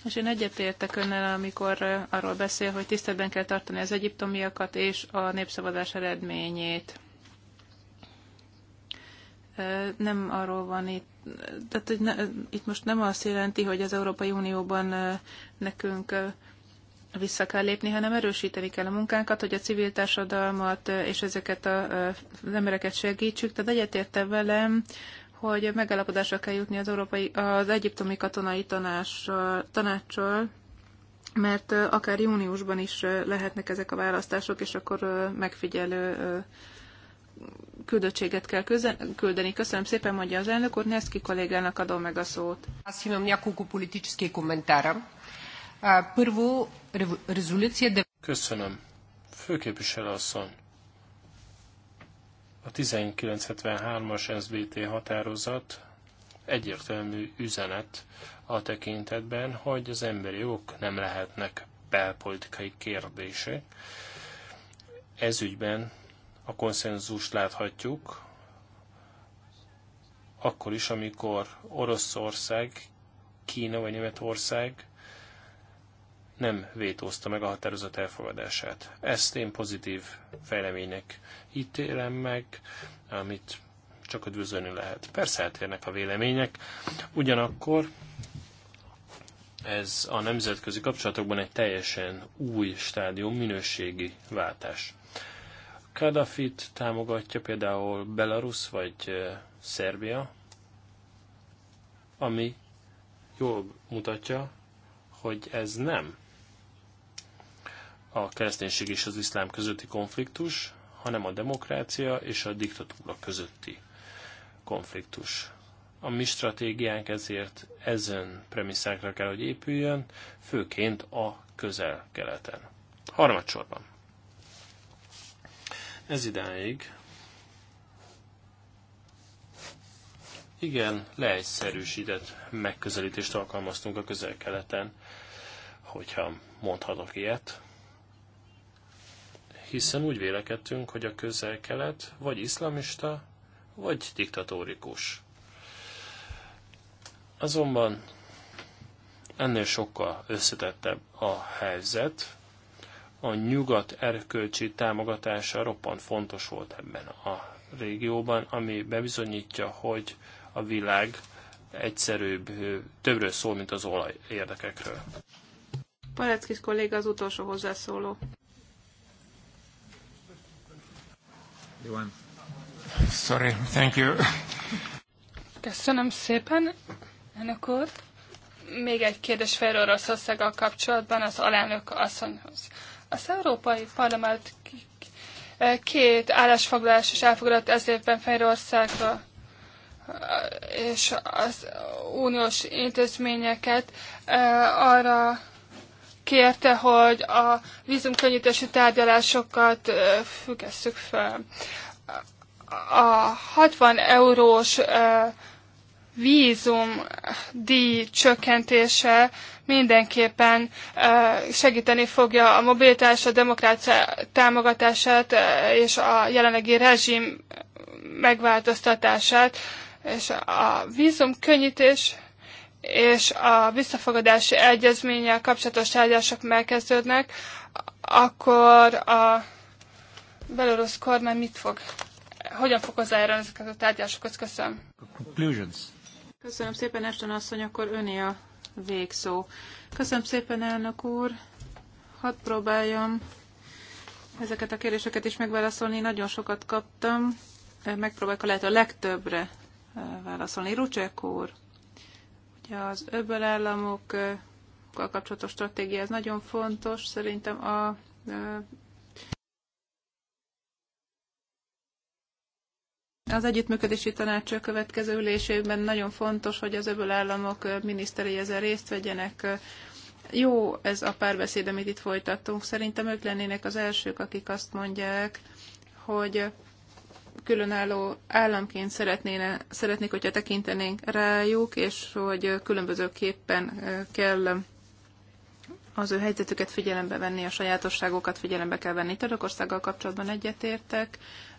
És én egyetértek önnel, amikor arról beszél, hogy tiszteletben kell tartani az egyiptomiakat és a népszavazás eredményét. Nem arról van itt, tehát hogy ne, itt most nem azt jelenti, hogy az Európai Unióban nekünk vissza kell lépni, hanem erősíteni kell a munkánkat, hogy a civil társadalmat és ezeket a, az embereket segítsük. Tehát egyetérte velem, hogy megállapodásra kell jutni az, európai, az egyiptomi katonai tanással, tanácssal, mert akár júniusban is lehetnek ezek a választások, és akkor megfigyelő küldöttséget kell küldeni. Köszönöm szépen, mondja az elnök úr. Neszki kollégának adom meg a szót. Аз имам няколко политически коментара. Първо, резолюция... Köszönöm. Főképviselő asszony, a 1973-as SBT határozat egyértelmű üzenet a tekintetben, hogy az emberi jogok nem lehetnek belpolitikai kérdések. Ez ügyben a konszenzust láthatjuk, akkor is, amikor Oroszország, Kína vagy Németország nem vétózta meg a határozat elfogadását. Ezt én pozitív fejleménynek ítélem meg, amit csak üdvözölni lehet. Persze eltérnek a vélemények, ugyanakkor ez a nemzetközi kapcsolatokban egy teljesen új stádium, minőségi váltás. Kadafit támogatja például Belarus vagy Szerbia, ami jól mutatja, hogy ez nem a kereszténység és az iszlám közötti konfliktus, hanem a demokrácia és a diktatúra közötti konfliktus. A mi stratégiánk ezért ezen premisszákra kell, hogy épüljön, főként a közel-keleten. Harmadsorban. Ez idáig igen, leegyszerűsített megközelítést alkalmaztunk a közel-keleten, hogyha mondhatok ilyet hiszen úgy vélekedtünk, hogy a közel-kelet vagy iszlamista, vagy diktatórikus. Azonban ennél sokkal összetettebb a helyzet. A nyugat erkölcsi támogatása roppant fontos volt ebben a régióban, ami bebizonyítja, hogy a világ egyszerűbb, többről szól, mint az olaj érdekekről. Paleckis kolléga az utolsó hozzászóló. Johan. Sorry, thank you. Köszönöm szépen, elnök úr. Még egy kérdés fél Oroszországgal kapcsolatban az alelnök asszonyhoz. Az Európai Parlament két állásfoglalás is elfogadott ez évben Fejrországra és az uniós intézményeket eh, arra kérte, hogy a vízumkönnyítési tárgyalásokat függesszük fel. A 60 eurós vízum díj csökkentése mindenképpen segíteni fogja a mobilitás, a demokrácia támogatását és a jelenlegi rezsim megváltoztatását, és a vízum könnyítés és a visszafogadási egyezménnyel kapcsolatos tárgyalások megkezdődnek, akkor a belorusz kormány mit fog, hogyan fog hozzájárulni ezeket a tárgyalásokhoz? Köszönöm. Conclusions. Köszönöm szépen, Eston asszony, akkor öné a végszó. Köszönöm szépen, elnök úr. Hadd próbáljam ezeket a kérdéseket is megválaszolni. Nagyon sokat kaptam. Megpróbálok a lehető legtöbbre eh, válaszolni. Rucsek úr az öböl államokkal kapcsolatos stratégia, ez nagyon fontos. Szerintem a Az együttműködési tanács következő ülésében nagyon fontos, hogy az öböl államok miniszterei ezzel részt vegyenek. Jó ez a párbeszéd, amit itt folytattunk. Szerintem ők lennének az elsők, akik azt mondják, hogy különálló államként szeretnéne, szeretnék, hogyha tekintenénk rájuk, és hogy különbözőképpen kell az ő helyzetüket figyelembe venni, a sajátosságokat figyelembe kell venni. Törökországgal kapcsolatban egyetértek.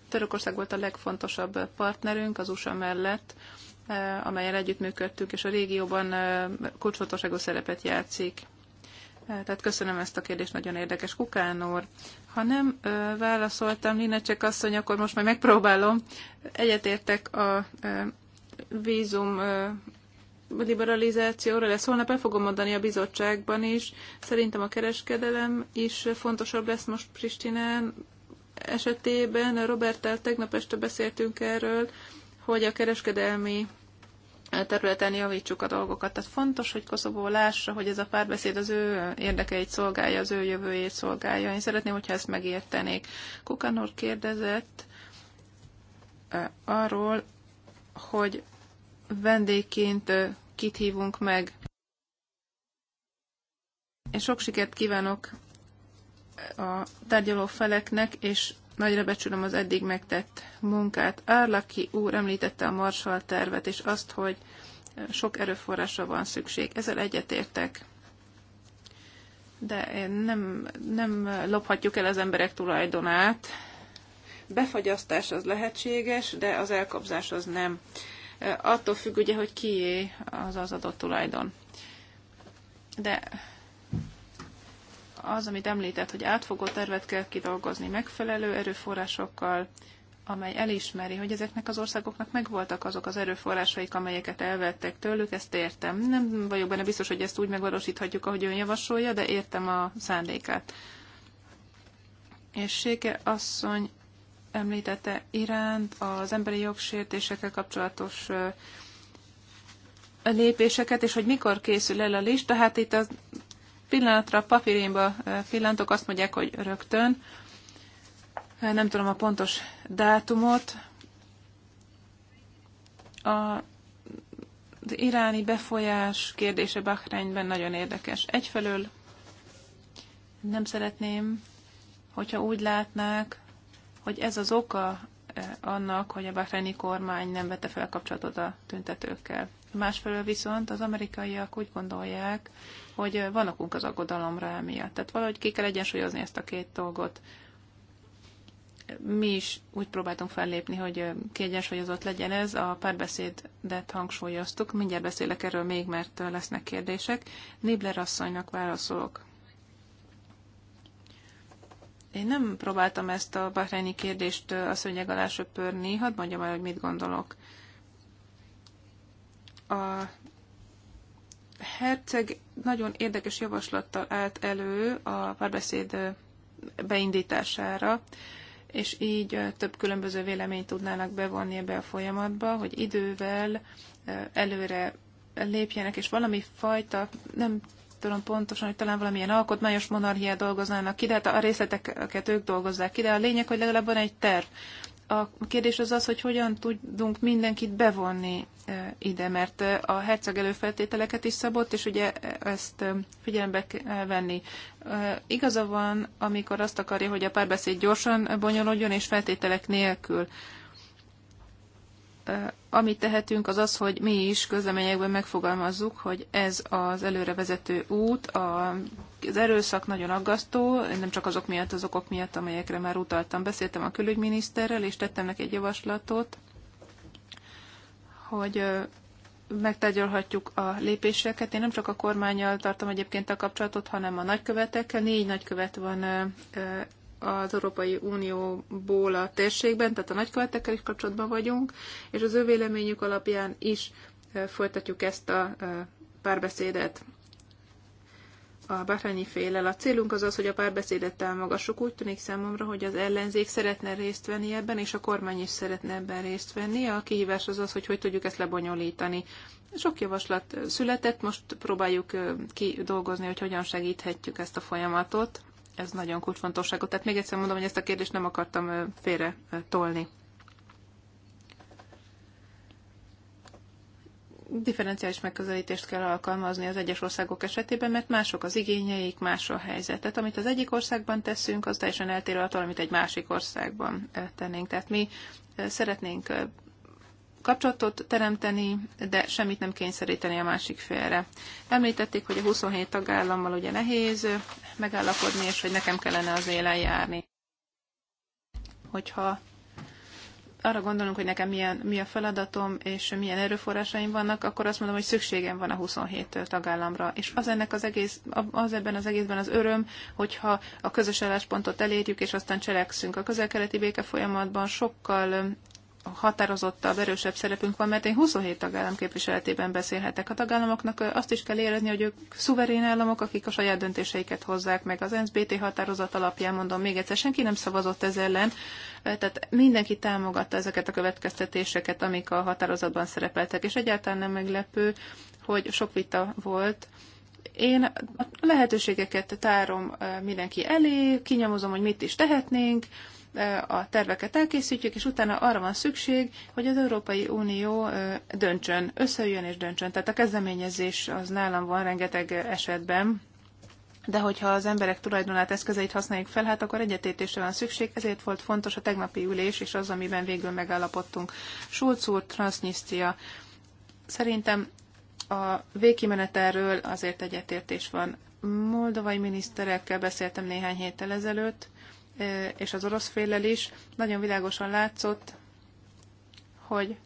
Törökország volt a legfontosabb partnerünk az USA mellett, amelyen együttműködtünk, és a régióban kulcsfontosságú szerepet játszik. Tehát köszönöm ezt a kérdést, nagyon érdekes. kukánor. Ha nem ö, válaszoltam, Lina csak asszony, akkor most majd megpróbálom. Egyetértek a ö, vízum ö, liberalizációra lesz. Holnap el fogom mondani a bizottságban is. Szerintem a kereskedelem is fontosabb lesz most Pristinán esetében. Robert tegnap este beszéltünk erről, hogy a kereskedelmi területen javítsuk a dolgokat. Tehát fontos, hogy Koszovó lássa, hogy ez a párbeszéd az ő érdekeit szolgálja, az ő jövőjét szolgálja. Én szeretném, hogyha ezt megértenék. Kukanor kérdezett arról, hogy vendégként kit hívunk meg. Én sok sikert kívánok a tárgyaló feleknek, és Nagyra becsülöm az eddig megtett munkát. Árlaki úr említette a Marshall tervet, és azt, hogy sok erőforrásra van szükség. Ezzel egyetértek. De nem, nem lophatjuk el az emberek tulajdonát. Befagyasztás az lehetséges, de az elkobzás az nem. Attól függ ugye, hogy kié az az adott tulajdon. De az, amit említett, hogy átfogó tervet kell kidolgozni megfelelő erőforrásokkal, amely elismeri, hogy ezeknek az országoknak megvoltak azok az erőforrásaik, amelyeket elvettek tőlük, ezt értem. Nem vagyok benne biztos, hogy ezt úgy megvalósíthatjuk, ahogy ön javasolja, de értem a szándékát. És Séke asszony említette Iránt az emberi jogsértésekkel kapcsolatos lépéseket, és hogy mikor készül el a lista, hát itt az pillanatra a pillantok, azt mondják, hogy rögtön. Nem tudom a pontos dátumot. A az iráni befolyás kérdése Bahreinben nagyon érdekes. Egyfelől nem szeretném, hogyha úgy látnák, hogy ez az oka annak, hogy a bahreini kormány nem vette fel kapcsolatot a tüntetőkkel. Másfelől viszont az amerikaiak úgy gondolják, hogy van okunk az aggodalomra emiatt. Tehát valahogy ki kell egyensúlyozni ezt a két dolgot. Mi is úgy próbáltunk fellépni, hogy kiegyensúlyozott legyen ez. A párbeszédet hangsúlyoztuk. Mindjárt beszélek erről még, mert lesznek kérdések. Nibler asszonynak válaszolok. Én nem próbáltam ezt a bahreini kérdést a szőnyeg alá söpörni. Hadd mondjam el, hogy mit gondolok. A herceg nagyon érdekes javaslattal állt elő a párbeszéd beindítására, és így több különböző véleményt tudnának bevonni ebbe a folyamatba, hogy idővel előre lépjenek, és valami fajta, nem tudom pontosan, hogy talán valamilyen alkotmányos monarchiát dolgoznának ki, de hát a részleteket ők dolgozzák ki, de a lényeg, hogy legalább van egy terv a kérdés az az, hogy hogyan tudunk mindenkit bevonni ide, mert a herceg előfeltételeket is szabott, és ugye ezt figyelembe kell venni. Igaza van, amikor azt akarja, hogy a párbeszéd gyorsan bonyolodjon, és feltételek nélkül. Amit tehetünk, az az, hogy mi is közleményekben megfogalmazzuk, hogy ez az előrevezető út, a az erőszak nagyon aggasztó, nem csak azok miatt, az okok miatt, amelyekre már utaltam. Beszéltem a külügyminiszterrel, és tettem neki egy javaslatot, hogy megtárgyalhatjuk a lépéseket. Én nem csak a kormányjal tartom egyébként a kapcsolatot, hanem a nagykövetekkel. Négy nagykövet van az Európai Unióból a térségben, tehát a nagykövetekkel is kapcsolatban vagyunk, és az ő véleményük alapján is folytatjuk ezt a párbeszédet a Bahrányi félel. A célunk az az, hogy a párbeszédet támogassuk. Úgy tűnik számomra, hogy az ellenzék szeretne részt venni ebben, és a kormány is szeretne ebben részt venni. A kihívás az az, hogy hogy tudjuk ezt lebonyolítani. Sok javaslat született, most próbáljuk kidolgozni, hogy hogyan segíthetjük ezt a folyamatot. Ez nagyon kulcsfontosságú. Tehát még egyszer mondom, hogy ezt a kérdést nem akartam félre tolni. differenciális megközelítést kell alkalmazni az egyes országok esetében, mert mások az igényeik, más a helyzet. Tehát amit az egyik országban teszünk, az teljesen eltérő attól, amit egy másik országban tennénk. Tehát mi szeretnénk kapcsolatot teremteni, de semmit nem kényszeríteni a másik félre. Említették, hogy a 27 tagállammal ugye nehéz megállapodni, és hogy nekem kellene az élen járni. Hogyha arra gondolunk, hogy nekem milyen, mi a feladatom, és milyen erőforrásaim vannak, akkor azt mondom, hogy szükségem van a 27 tagállamra. És az ennek az egész, az ebben az egészben az öröm, hogyha a közös álláspontot elérjük, és aztán cselekszünk. A közel-keleti béke folyamatban sokkal határozottabb, erősebb szerepünk van, mert én 27 tagállam képviseletében beszélhetek. A tagállamoknak azt is kell érezni, hogy ők szuverén államok, akik a saját döntéseiket hozzák meg. Az NSBT határozat alapján mondom még egyszer, senki nem szavazott ez ellen, tehát mindenki támogatta ezeket a következtetéseket, amik a határozatban szerepeltek, és egyáltalán nem meglepő, hogy sok vita volt, én a lehetőségeket tárom mindenki elé, kinyomozom, hogy mit is tehetnénk, a terveket elkészítjük, és utána arra van szükség, hogy az Európai Unió döntsön, összejön és döntsön. Tehát a kezdeményezés az nálam van rengeteg esetben, de hogyha az emberek tulajdonát eszközeit használjuk fel, hát akkor egyetértésre van szükség, ezért volt fontos a tegnapi ülés és az, amiben végül megállapodtunk. Schulz úr, Transnistria. Szerintem a végkimenetelről azért egyetértés van. Moldovai miniszterekkel beszéltem néhány héttel ezelőtt, és az orosz féllel is nagyon világosan látszott, hogy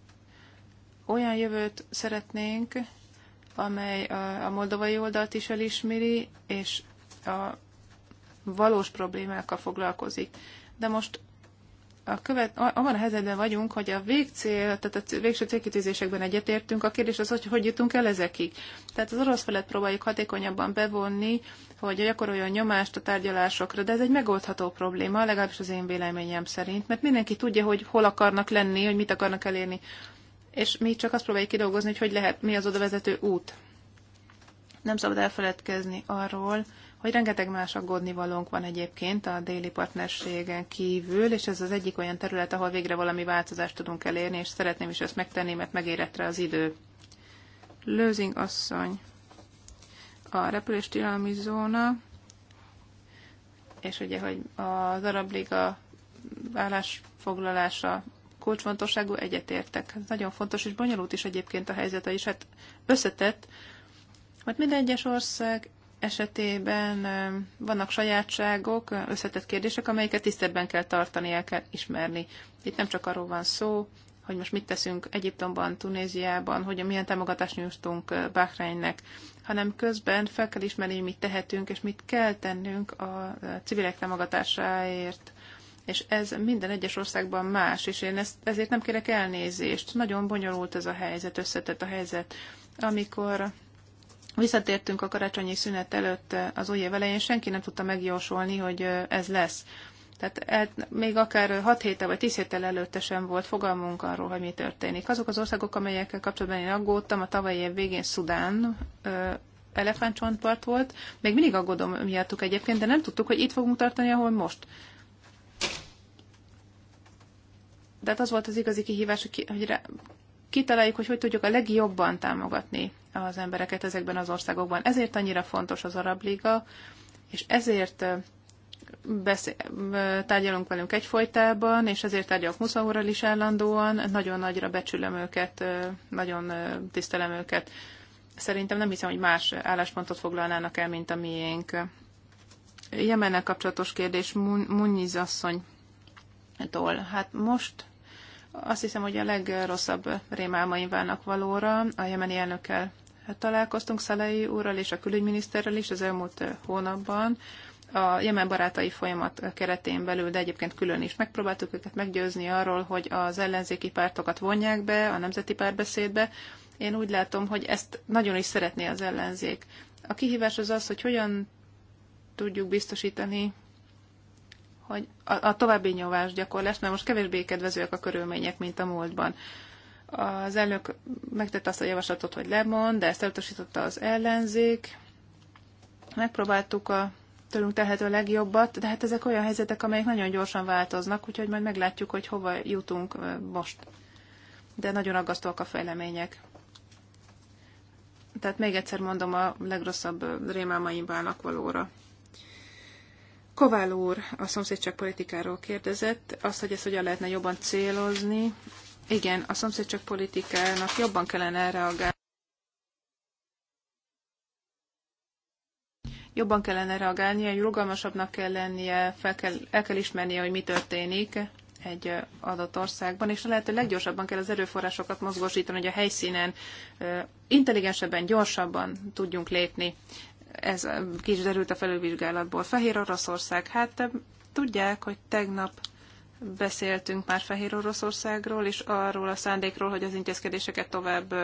olyan jövőt szeretnénk, amely a moldovai oldalt is elismeri, és a valós problémákkal foglalkozik. De most a követ, abban a helyzetben vagyunk, hogy a végcél, tehát a végső célkitűzésekben egyetértünk, a kérdés az, hogy hogy jutunk el ezekig. Tehát az orosz felett próbáljuk hatékonyabban bevonni, hogy gyakoroljon nyomást a tárgyalásokra, de ez egy megoldható probléma, legalábbis az én véleményem szerint, mert mindenki tudja, hogy hol akarnak lenni, hogy mit akarnak elérni, és mi csak azt próbáljuk kidolgozni, hogy hogy lehet, mi az oda vezető út. Nem szabad elfeledkezni arról, hogy rengeteg más aggódnivalónk van egyébként a déli partnerségen kívül, és ez az egyik olyan terület, ahol végre valami változást tudunk elérni, és szeretném is ezt megtenni, mert megérett az idő. Lőzing asszony, a tilalmi zóna, és ugye, hogy az Arab Liga állásfoglalása kulcsfontosságú, egyetértek. Ez nagyon fontos, és bonyolult is egyébként a helyzete is, hát összetett, mert minden egyes ország esetében vannak sajátságok, összetett kérdések, amelyeket tisztetben kell tartani, el kell ismerni. Itt nem csak arról van szó, hogy most mit teszünk Egyiptomban, Tunéziában, hogy milyen támogatást nyújtunk Bahreinnek, hanem közben fel kell ismerni, hogy mit tehetünk, és mit kell tennünk a civilek támogatásáért. És ez minden egyes országban más, és én ezt, ezért nem kérek elnézést. Nagyon bonyolult ez a helyzet, összetett a helyzet. Amikor visszatértünk a karácsonyi szünet előtt eh, az új év elején, senki nem tudta megjósolni, hogy eh, ez lesz. Tehát el, még akár 6 héttel vagy 10 héttel előtte sem volt fogalmunk arról, hogy mi történik. Azok az országok, amelyekkel kapcsolatban én aggódtam, a tavalyi év végén Szudán eh, elefántcsontpart volt. Még mindig aggódom miattuk egyébként, de nem tudtuk, hogy itt fogunk tartani, ahol most. Tehát az volt az igazi kihívás, hogy, ki, hogy rá, kitaláljuk, hogy hogy tudjuk a legjobban támogatni az embereket ezekben az országokban. Ezért annyira fontos az Arab Liga, és ezért beszél, tárgyalunk velünk egyfolytában, és ezért tárgyalok Muszaurral is állandóan. Nagyon nagyra becsülöm őket, nagyon tisztelem őket. Szerintem nem hiszem, hogy más álláspontot foglalnának el, mint a miénk. Jemennel kapcsolatos kérdés Munyiz asszonytól. Hát most azt hiszem, hogy a legrosszabb rémálmaim válnak valóra a jemeni elnökkel találkoztunk Szalai úrral és a külügyminiszterrel is az elmúlt hónapban, a Jemen barátai folyamat keretén belül, de egyébként külön is megpróbáltuk őket meggyőzni arról, hogy az ellenzéki pártokat vonják be a nemzeti párbeszédbe. Én úgy látom, hogy ezt nagyon is szeretné az ellenzék. A kihívás az az, hogy hogyan tudjuk biztosítani hogy a, a további nyomás gyakorlás, mert most kevésbé kedvezőek a körülmények, mint a múltban. Az elnök megtette azt a javaslatot, hogy lemond, de ezt elutasította az ellenzék. Megpróbáltuk a tőlünk tehető legjobbat, de hát ezek olyan helyzetek, amelyek nagyon gyorsan változnak, úgyhogy majd meglátjuk, hogy hova jutunk most. De nagyon aggasztóak a fejlemények. Tehát még egyszer mondom, a legrosszabb rémámaim válnak valóra. Kovál úr a szomszédság politikáról kérdezett, azt, hogy ezt hogyan lehetne jobban célozni. Igen, a szomszédság politikának jobban kellene reagálni. Jobban kellene reagálnia, rugalmasabbnak kell lennie, fel kell, el kell ismernie, hogy mi történik egy adott országban, és a lehető leggyorsabban kell az erőforrásokat mozgósítani, hogy a helyszínen intelligensebben, gyorsabban tudjunk lépni. Ez kis derült a felülvizsgálatból. Fehér Oroszország, hát tudják, hogy tegnap Beszéltünk már Fehér Oroszországról, és arról a szándékról, hogy az intézkedéseket tovább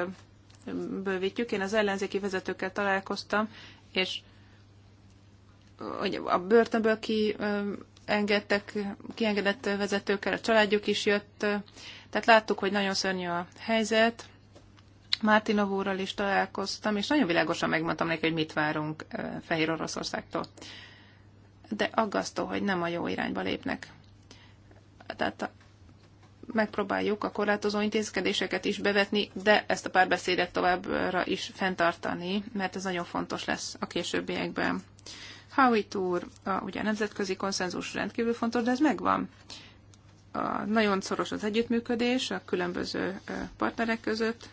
bővítjük. Én az ellenzéki vezetőkkel találkoztam, és hogy a börtönből ki engedtek, kiengedett vezetőkkel, a családjuk is jött. Tehát láttuk, hogy nagyon szörnyű a helyzet. Mártinov úrral is találkoztam, és nagyon világosan megmondtam neki, hogy mit várunk Fehér Oroszországtól. De aggasztó, hogy nem a jó irányba lépnek tehát megpróbáljuk a korlátozó intézkedéseket is bevetni, de ezt a párbeszédet továbbra is fenntartani, mert ez nagyon fontos lesz a későbbiekben. Howitt úr, a, ugye a nemzetközi konszenzus rendkívül fontos, de ez megvan. A, nagyon szoros az együttműködés a különböző partnerek között,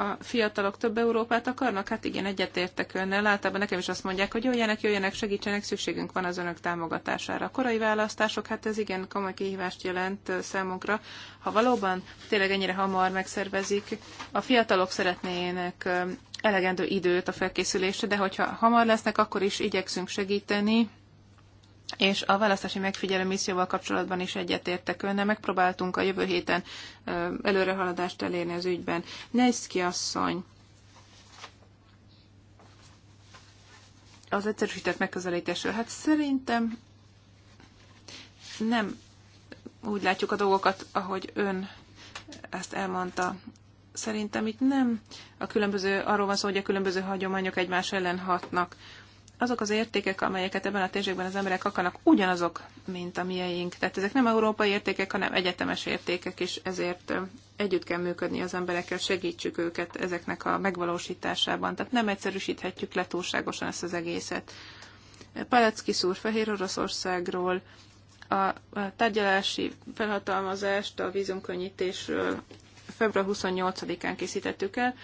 a fiatalok több Európát akarnak? Hát igen, egyetértek önnel. Általában nekem is azt mondják, hogy jöjjenek, jöjjenek, segítsenek, szükségünk van az önök támogatására. A korai választások, hát ez igen komoly kihívást jelent számunkra. Ha valóban tényleg ennyire hamar megszervezik, a fiatalok szeretnének elegendő időt a felkészülésre, de hogyha hamar lesznek, akkor is igyekszünk segíteni és a választási megfigyelő misszióval kapcsolatban is egyetértek önne, megpróbáltunk a jövő héten előrehaladást elérni az ügyben. ki, asszony, az egyszerűsített megközelítésről, hát szerintem nem úgy látjuk a dolgokat, ahogy ön ezt elmondta. Szerintem itt nem a különböző, arról van szó, hogy a különböző hagyományok egymás ellen hatnak azok az értékek, amelyeket ebben a térségben az emberek akarnak, ugyanazok, mint a mieink. Tehát ezek nem európai értékek, hanem egyetemes értékek, és ezért együtt kell működni az emberekkel, segítsük őket ezeknek a megvalósításában. Tehát nem egyszerűsíthetjük le túlságosan ezt az egészet. Palacki szúr Fehér Oroszországról, a tárgyalási felhatalmazást a vízumkönnyítésről február 28-án készítettük el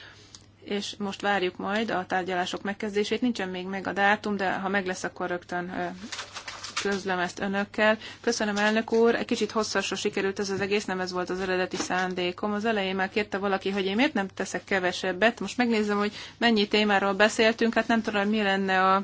és most várjuk majd a tárgyalások megkezdését. Nincsen még meg a dátum, de ha meg lesz, akkor rögtön közlöm ezt önökkel. Köszönöm, elnök úr. Egy kicsit hosszasra sikerült ez az egész, nem ez volt az eredeti szándékom. Az elején már kérte valaki, hogy én miért nem teszek kevesebbet. Most megnézem, hogy mennyi témáról beszéltünk. Hát nem tudom, mi lenne a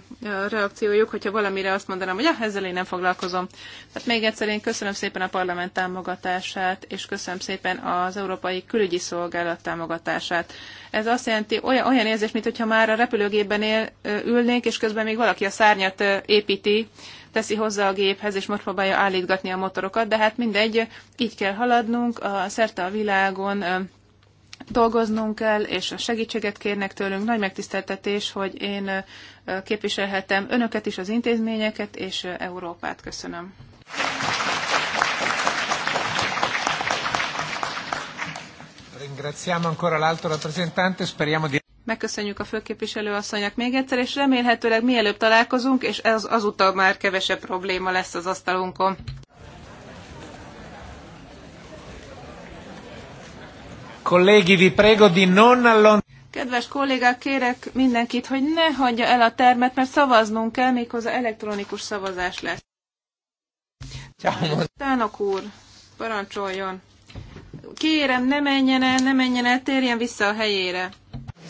reakciójuk, hogyha valamire azt mondanám, hogy ah, ezzel én nem foglalkozom. hát még egyszer én köszönöm szépen a parlament támogatását, és köszönöm szépen az Európai Külügyi Szolgálat támogatását. Ez azt jelenti, olyan, olyan érzés, mintha már a repülőgépben él, ülnénk, és közben még valaki a szárnyat építi, teszi hozzá a géphez, és most próbálja állítgatni a motorokat, de hát mindegy, így kell haladnunk, a szerte a világon dolgoznunk kell, és a segítséget kérnek tőlünk. Nagy megtiszteltetés, hogy én képviselhetem önöket is, az intézményeket, és Európát. Köszönöm. Ringraziamo ancora l'alto rappresentante, speriamo di... Megköszönjük a főképviselő asszonyak még egyszer, és remélhetőleg mielőbb találkozunk, és ez azóta már kevesebb probléma lesz az asztalunkon. Colleghi, vi prego di non allontanarvi. Kedves kollégák, kérek mindenkit, hogy ne hagyja el a termet, mert szavaznunk kell, méghozzá elektronikus szavazás lesz. Tánok úr, parancsoljon. Kérem, ne menjen el, ne menjen el, térjen vissza a helyére.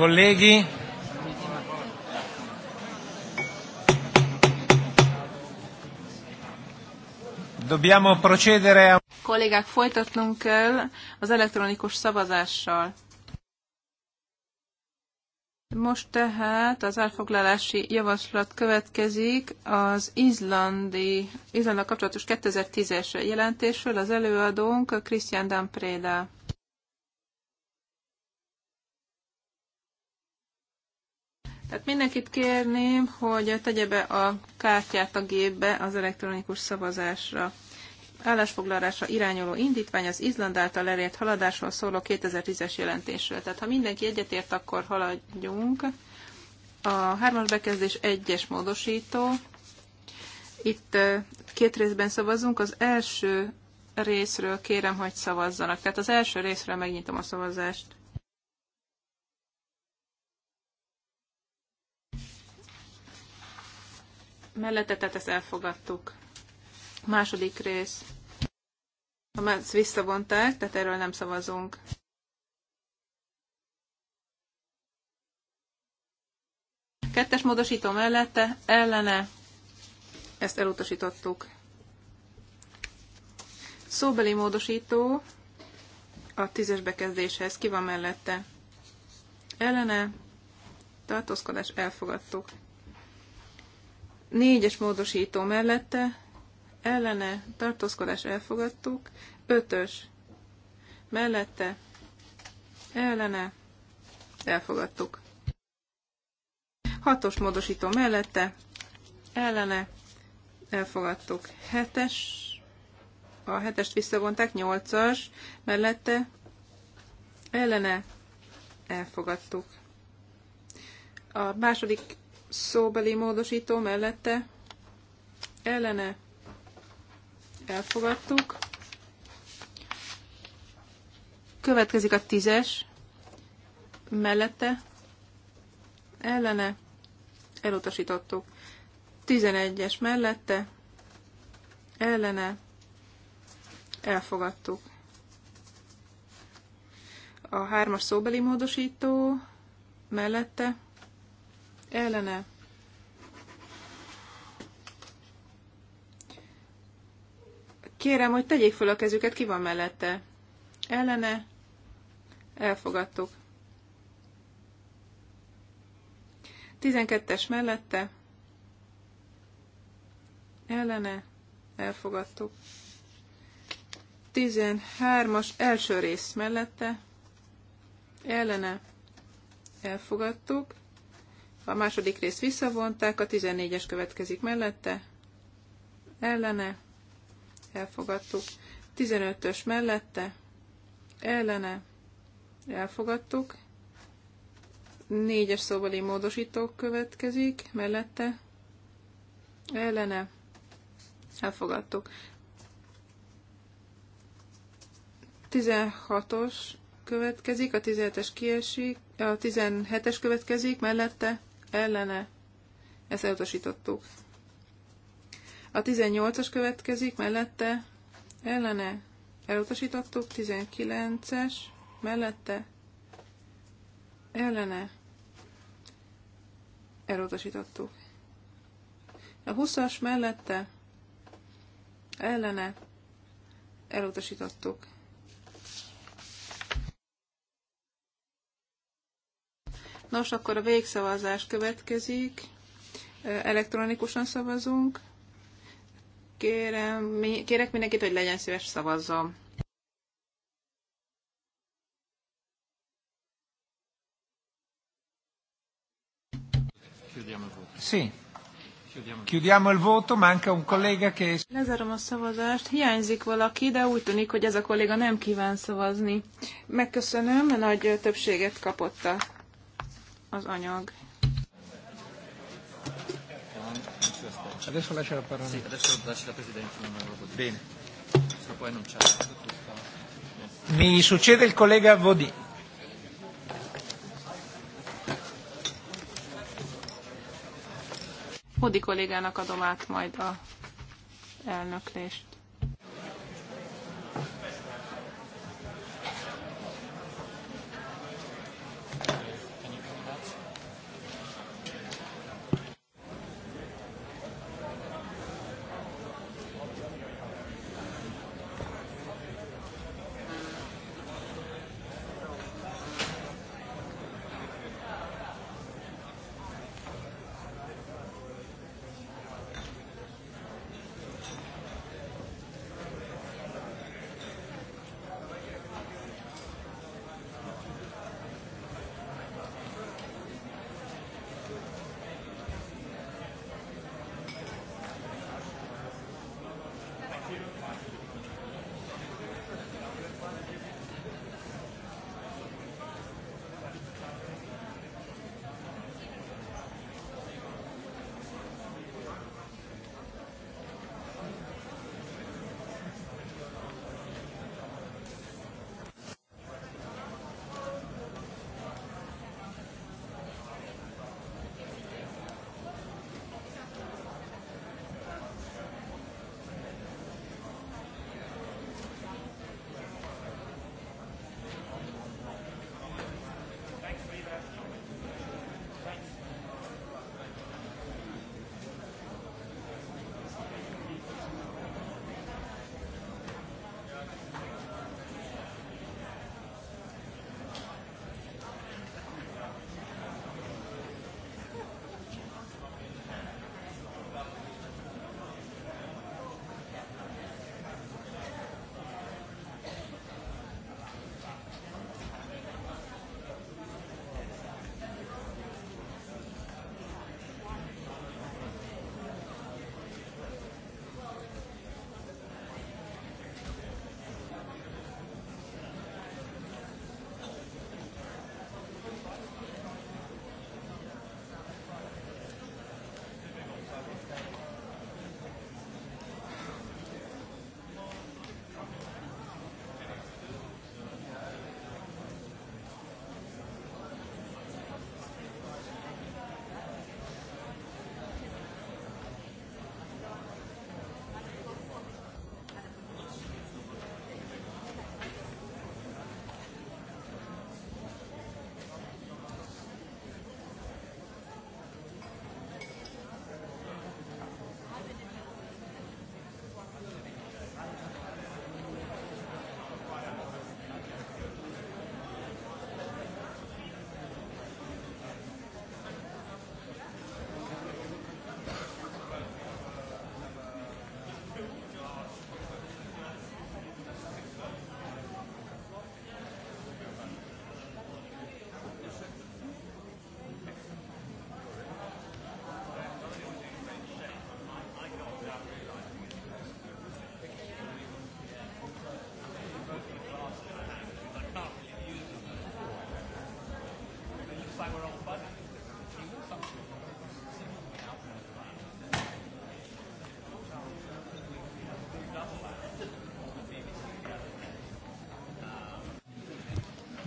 colleghi. Dobbiamo procedere a... Kollégák, folytatnunk kell az elektronikus szavazással. Most tehát az elfoglalási javaslat következik az izlandi, izlandi kapcsolatos 2010-es jelentésről az előadónk Christian Dan Tehát mindenkit kérném, hogy tegye be a kártyát a gépbe az elektronikus szavazásra. Állásfoglalásra irányuló indítvány az Izland által elért haladásról szóló 2010-es jelentésről. Tehát ha mindenki egyetért, akkor haladjunk. A hármas bekezdés egyes módosító. Itt két részben szavazunk. Az első részről kérem, hogy szavazzanak. Tehát az első részről megnyitom a szavazást. mellette, tehát ezt elfogadtuk. A második rész. Ha ezt visszavonták, tehát erről nem szavazunk. Kettes módosító mellette, ellene, ezt elutasítottuk. Szóbeli módosító a tízes bekezdéshez ki van mellette. Ellene, tartózkodás elfogadtuk. Négyes módosító mellette ellene tartózkodás elfogadtuk. Ötös mellette ellene elfogadtuk. Hatos módosító mellette ellene elfogadtuk. Hetes a hetest visszavonták, nyolcas mellette ellene elfogadtuk. A második szóbeli módosító mellette ellene elfogadtuk. Következik a tízes mellette ellene elutasítottuk. Tizenegyes mellette ellene elfogadtuk. A hármas szóbeli módosító mellette ellene Kérem, hogy tegyék föl a kezüket, ki van mellette? Ellene? Elfogadtuk. 12-es mellette? Ellene? Elfogadtuk. 13-as első rész mellette? Ellene? Elfogadtuk. A második részt visszavonták, a 14-es következik mellette, ellene, elfogadtuk. 15-ös mellette, ellene, elfogadtuk. 4-es szóbeli módosító következik, mellette, ellene, elfogadtuk. 16-os következik, a 17-es kiesik, a 17-es következik, mellette, ellene, ezt elutasítottuk. A 18-as következik, mellette, ellene, elutasítottuk, 19-es, mellette, ellene, elutasítottuk. A 20-as mellette, ellene, elutasítottuk. Nos, akkor a végszavazás következik. Elektronikusan szavazunk. Kérem, kérek mindenkit, hogy legyen szíves, szavazzam. Sì. Chiudiamo il voto, manca un collega che... Lezárom a szavazást. Hiányzik valaki, de úgy tűnik, hogy ez a kolléga nem kíván szavazni. Megköszönöm, nagy többséget kapott a az anyag. Adesso lascia la parola. Sì, adesso lascia la Presidenza. Bene. Poi non Mi succede il collega Vodì. Vodì kollégának adom át majd a elnöklést.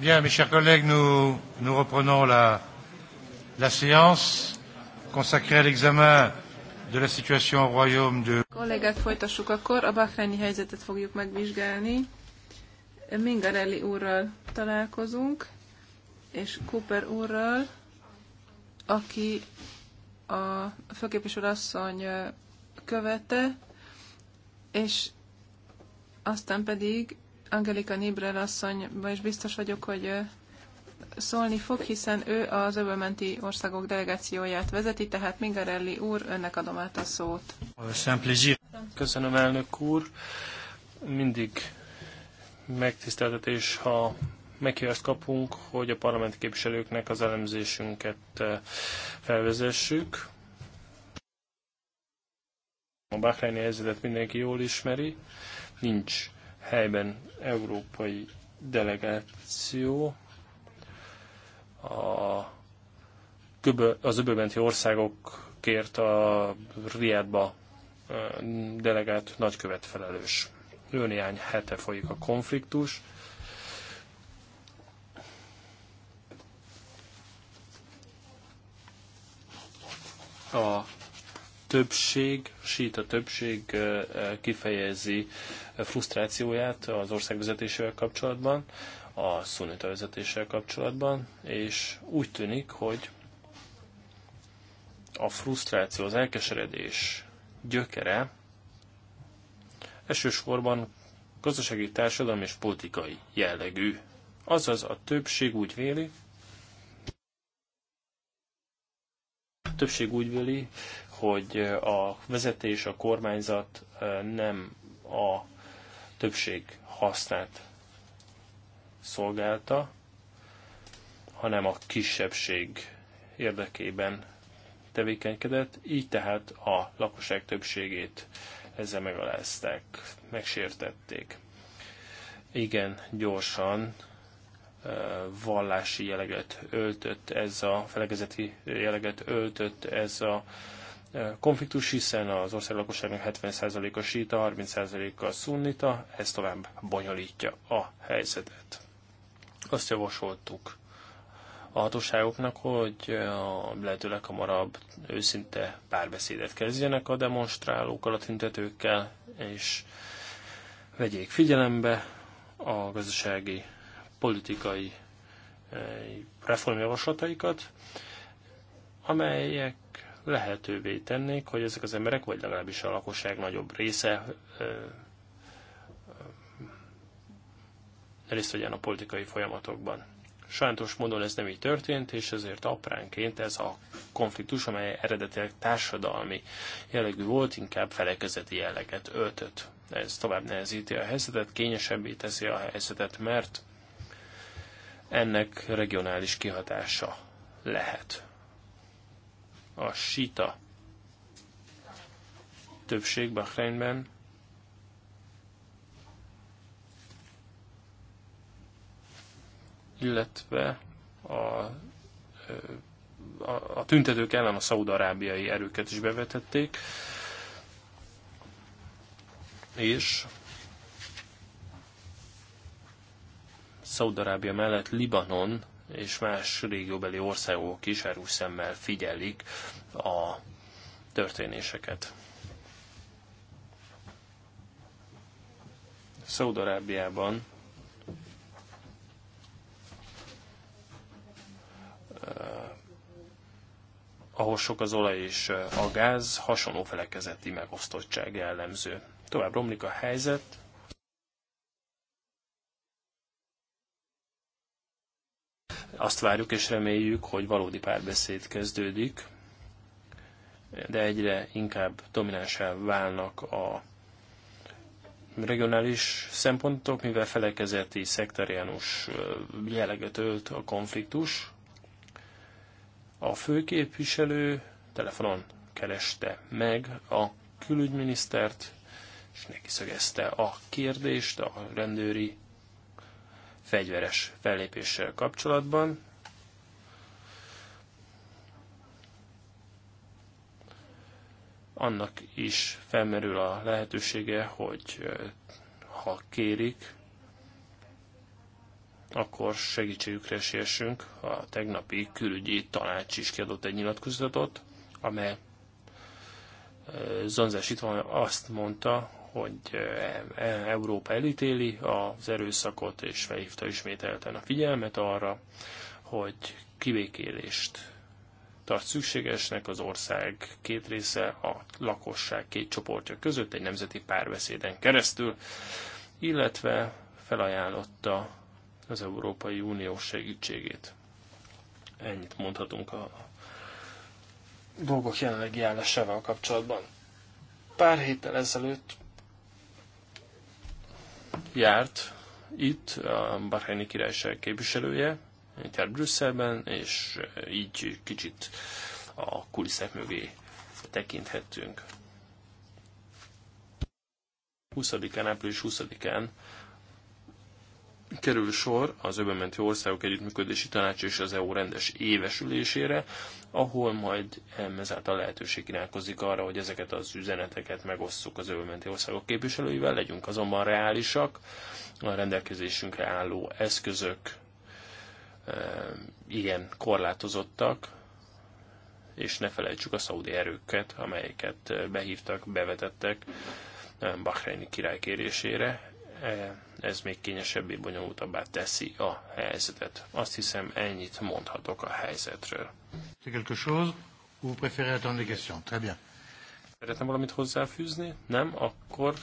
Bien, mes chers collègues, nous, nous reprenons la, la séance consacrée à l'examen de la situation au royaume de... Kollégák, folytassuk akkor, a bahreini helyzetet fogjuk megvizsgálni. Mingarelli úrral találkozunk, és Cooper úrral, aki a főképviselő asszony követe, és aztán pedig Angelika Nibrel asszony, vagyis biztos vagyok, hogy szólni fog, hiszen ő az öbölmenti országok delegációját vezeti, tehát Mingarelli úr, önnek adom át a szót. Köszönöm, elnök úr. Mindig megtiszteltetés, ha meghívást kapunk, hogy a parlamenti képviselőknek az elemzésünket felvezessük. A Bahreini helyzetet mindenki jól ismeri. Nincs helyben európai delegáció a az öbölmenti országokért a Riadba delegált nagykövet felelős. Ő néhány hete folyik a konfliktus. A többség, síta többség kifejezi frusztrációját az ország vezetésével kapcsolatban, a szunita vezetéssel kapcsolatban, és úgy tűnik, hogy a frusztráció, az elkeseredés gyökere elsősorban gazdasági, társadalmi és politikai jellegű. Azaz a többség úgy véli, a többség úgy véli, hogy a vezetés, a kormányzat nem a többség hasznát szolgálta, hanem a kisebbség érdekében tevékenykedett, így tehát a lakosság többségét ezzel megalázták, megsértették. Igen, gyorsan vallási jeleget öltött ez a, felegezeti jeleget öltött ez a konfliktus, hiszen az ország lakosságnak 70%-a síta, 30%-a szunnita, ez tovább bonyolítja a helyzetet. Azt javasoltuk a hatóságoknak, hogy a lehetőleg hamarabb őszinte párbeszédet kezdjenek a demonstrálókkal, a tüntetőkkel, és vegyék figyelembe a gazdasági, politikai eh, reformjavaslataikat, amelyek lehetővé tennék, hogy ezek az emberek, vagy legalábbis a lakosság nagyobb része részt vegyen a politikai folyamatokban. Sajnos módon ez nem így történt, és ezért apránként ez a konfliktus, amely eredetileg társadalmi jellegű volt, inkább felekezeti jelleget öltött. Ez tovább nehezíti a helyzetet, kényesebbé teszi a helyzetet, mert ennek regionális kihatása lehet a sita többség Bahreinben illetve a, a, a tüntetők ellen a szaudarábiai erőket is bevetették, és Szaudarábia mellett Libanon és más régióbeli országok is erős szemmel figyelik a történéseket. Szaudarábiában eh, ahol sok az olaj és eh, a gáz, hasonló felekezeti megosztottság jellemző. Tovább romlik a helyzet, Azt várjuk és reméljük, hogy valódi párbeszéd kezdődik, de egyre inkább dominánsá válnak a regionális szempontok, mivel felekezeti szektariánus jelleget ölt a konfliktus. A főképviselő telefonon kereste meg a külügyminisztert, és neki szögezte a kérdést a rendőri fegyveres fellépéssel kapcsolatban. Annak is felmerül a lehetősége, hogy ha kérik, akkor segítségükre siessünk. A tegnapi külügyi tanács is kiadott egy nyilatkozatot, amely Zonzás itt van, azt mondta, hogy e, e, Európa elítéli az erőszakot, és felhívta ismételten a figyelmet arra, hogy kivékélést tart szükségesnek az ország két része, a lakosság két csoportja között egy nemzeti párbeszéden keresztül, illetve felajánlotta az Európai Unió segítségét. Ennyit mondhatunk a dolgok jelenlegi állásával kapcsolatban. Pár héttel ezelőtt járt itt, a Bahreini Királyság képviselője, itt járt Brüsszelben, és így kicsit a kulisszák mögé tekinthettünk. 20-án, április 20-án kerül sor az öbölmenti országok együttműködési tanács és az EU rendes évesülésére, ahol majd ezáltal lehetőség kínálkozik arra, hogy ezeket az üzeneteket megosszuk az öbölmenti országok képviselőivel, legyünk azonban reálisak, a rendelkezésünkre álló eszközök igen korlátozottak, és ne felejtsük a szaudi erőket, amelyeket eh, behívtak, bevetettek Bahreini király kérésére, E, ez még kényesebbé, bonyolultabbá teszi a helyzetet. Azt hiszem, ennyit mondhatok a helyzetről. Szeretném valamit hozzáfűzni? Nem? Akkor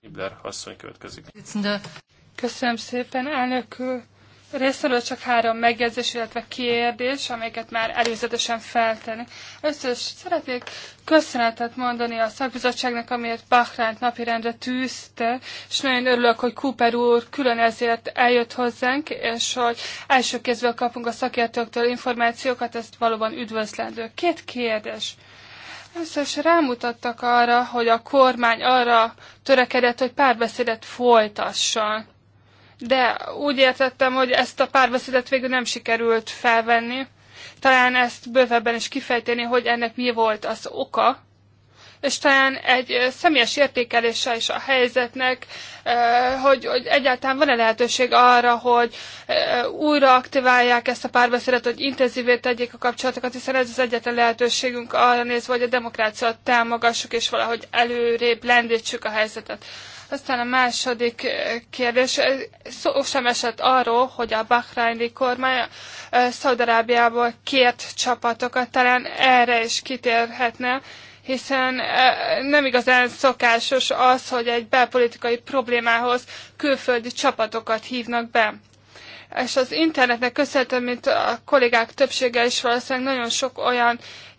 Ibler asszony következik. Köszönöm szépen, elnök úr. Részről csak három megjegyzés, illetve kérdés, amelyeket már előzetesen feltenni. Összes szeretnék köszönetet mondani a szakbizottságnak, amiért Bachránt napirendre tűzte, és nagyon örülök, hogy Cooper úr külön ezért eljött hozzánk, és hogy első kézből kapunk a szakértőktől információkat, ezt valóban üdvözlendő. Két kérdés. Először is rámutattak arra, hogy a kormány arra törekedett, hogy párbeszédet folytasson de úgy értettem, hogy ezt a párbeszédet végül nem sikerült felvenni. Talán ezt bővebben is kifejteni, hogy ennek mi volt az oka, és talán egy személyes értékelése is a helyzetnek, hogy, hogy egyáltalán van-e lehetőség arra, hogy újra aktiválják ezt a párbeszédet, hogy intenzívé tegyék a kapcsolatokat, hiszen ez az egyetlen lehetőségünk arra nézve, hogy a demokráciát támogassuk, és valahogy előrébb lendítsük a helyzetet. Aztán a második eh, kérdés, eh, szó sem esett arról, hogy a Bahreini kormány eh, Szaudarábiából kért csapatokat, talán erre is kitérhetne, hiszen nem igazán szokásos az, hogy egy belpolitikai problémához külföldi csapatokat hívnak be és az internetnek köszönhetően, mint a kollégák többsége is valószínűleg nagyon sok olyan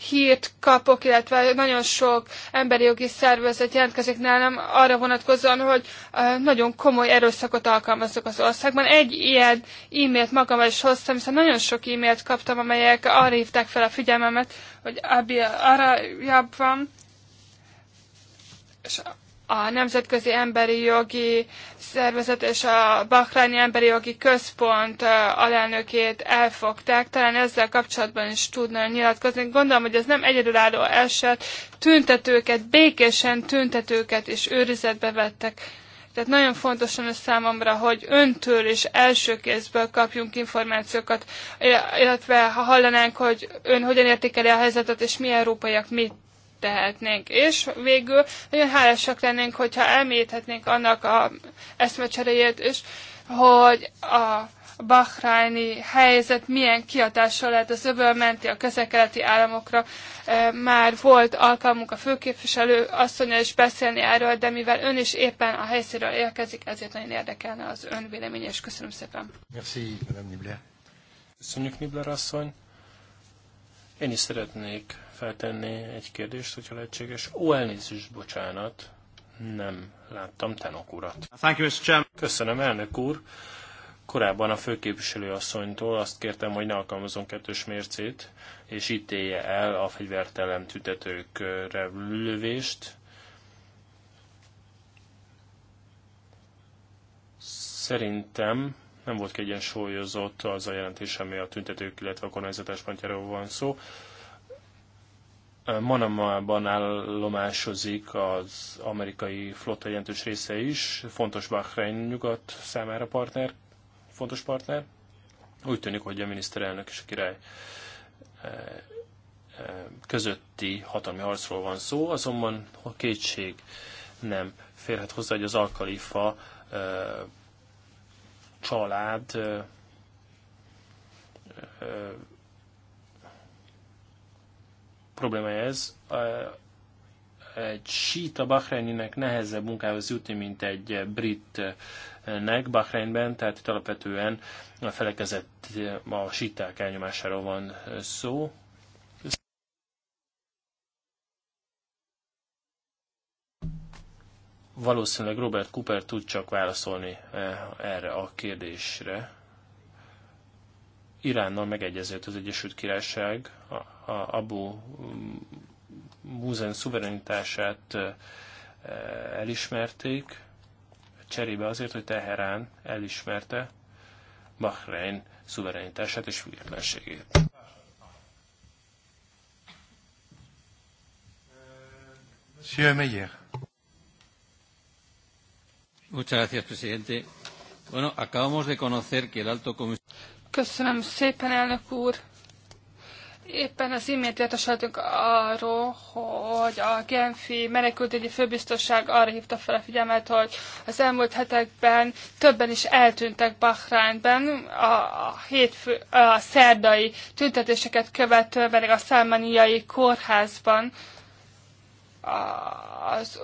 hírt kapok, illetve nagyon sok emberi jogi szervezet jelentkezik nálam arra vonatkozóan, hogy nagyon komoly erőszakot alkalmazok az országban. Egy ilyen e-mailt magammal is hoztam, hiszen nagyon sok e-mailt kaptam, amelyek arra hívták fel a figyelmemet, hogy Abi arra jobb van, és a Nemzetközi Emberi Jogi Szervezet és a Bahráni Emberi Jogi Központ alelnökét elfogták. Talán ezzel kapcsolatban is tudna nyilatkozni. Gondolom, hogy ez nem egyedülálló eset. Tüntetőket, békésen tüntetőket is őrizetbe vettek. Tehát nagyon fontos ez számomra, hogy öntől és első kézből kapjunk információkat, illetve ha hallanánk, hogy ön hogyan értékeli a helyzetet, és mi európaiak mit tehetnénk. És végül nagyon hálásak lennénk, hogyha elmélyíthetnénk annak a eszmecseréjét is, hogy a bahrájni helyzet milyen kiadással lehet az öböl menti a közelkeleti államokra. E, már volt alkalmunk a főképviselő asszonya is beszélni erről, de mivel ön is éppen a helyszínről érkezik, ezért nagyon érdekelne az ön véleménye, és köszönöm szépen. Merci, Madame Nibler. Köszönjük, Nibler asszony. Én is szeretnék feltenni egy kérdést, hogyha lehetséges. Ó, elnézést, bocsánat, nem láttam Tenok urat. Thank you, Mr. Chairman. Köszönöm, elnök úr. Korábban a főképviselő asszonytól azt kértem, hogy ne alkalmazom kettős mércét, és ítélje el a fegyvertelen tüntetőkre lövést. Szerintem nem volt kiegyensúlyozott az a jelentés, ami a tüntetők, illetve a kormányzatás pontjáról van szó. Manamában állomásozik az amerikai flotta jelentős része is, fontos Bahrein nyugat számára partner, fontos partner. Úgy tűnik, hogy a miniszterelnök és a király eh, eh, közötti hatalmi harcról van szó, azonban a kétség nem férhet hozzá, hogy az alkalifa eh, család problémája ez. Egy síta bahreininek nehezebb munkához jutni, mint egy britnek Bahreinben, tehát itt alapvetően a felekezett a síták elnyomásáról van szó. Valószínűleg Robert Cooper tud csak válaszolni eh, erre a kérdésre. Iránnal megegyezett az Egyesült Királyság a, a Abu mm, Muzen szuverenitását elismerték, cserébe azért, hogy Teherán elismerte Bahrein szuverenitását és függetlenségét. Monsieur Meyer. Muchas gracias, presidente. Bueno, acabamos de conocer que el alto comisionado Köszönöm szépen, elnök úr! Éppen az imént értesültünk arról, hogy a Genfi menekültügyi főbiztosság arra hívta fel a figyelmet, hogy az elmúlt hetekben többen is eltűntek Bahreinben a, hétfő, a szerdai tüntetéseket követően pedig a szálmaniai kórházban az,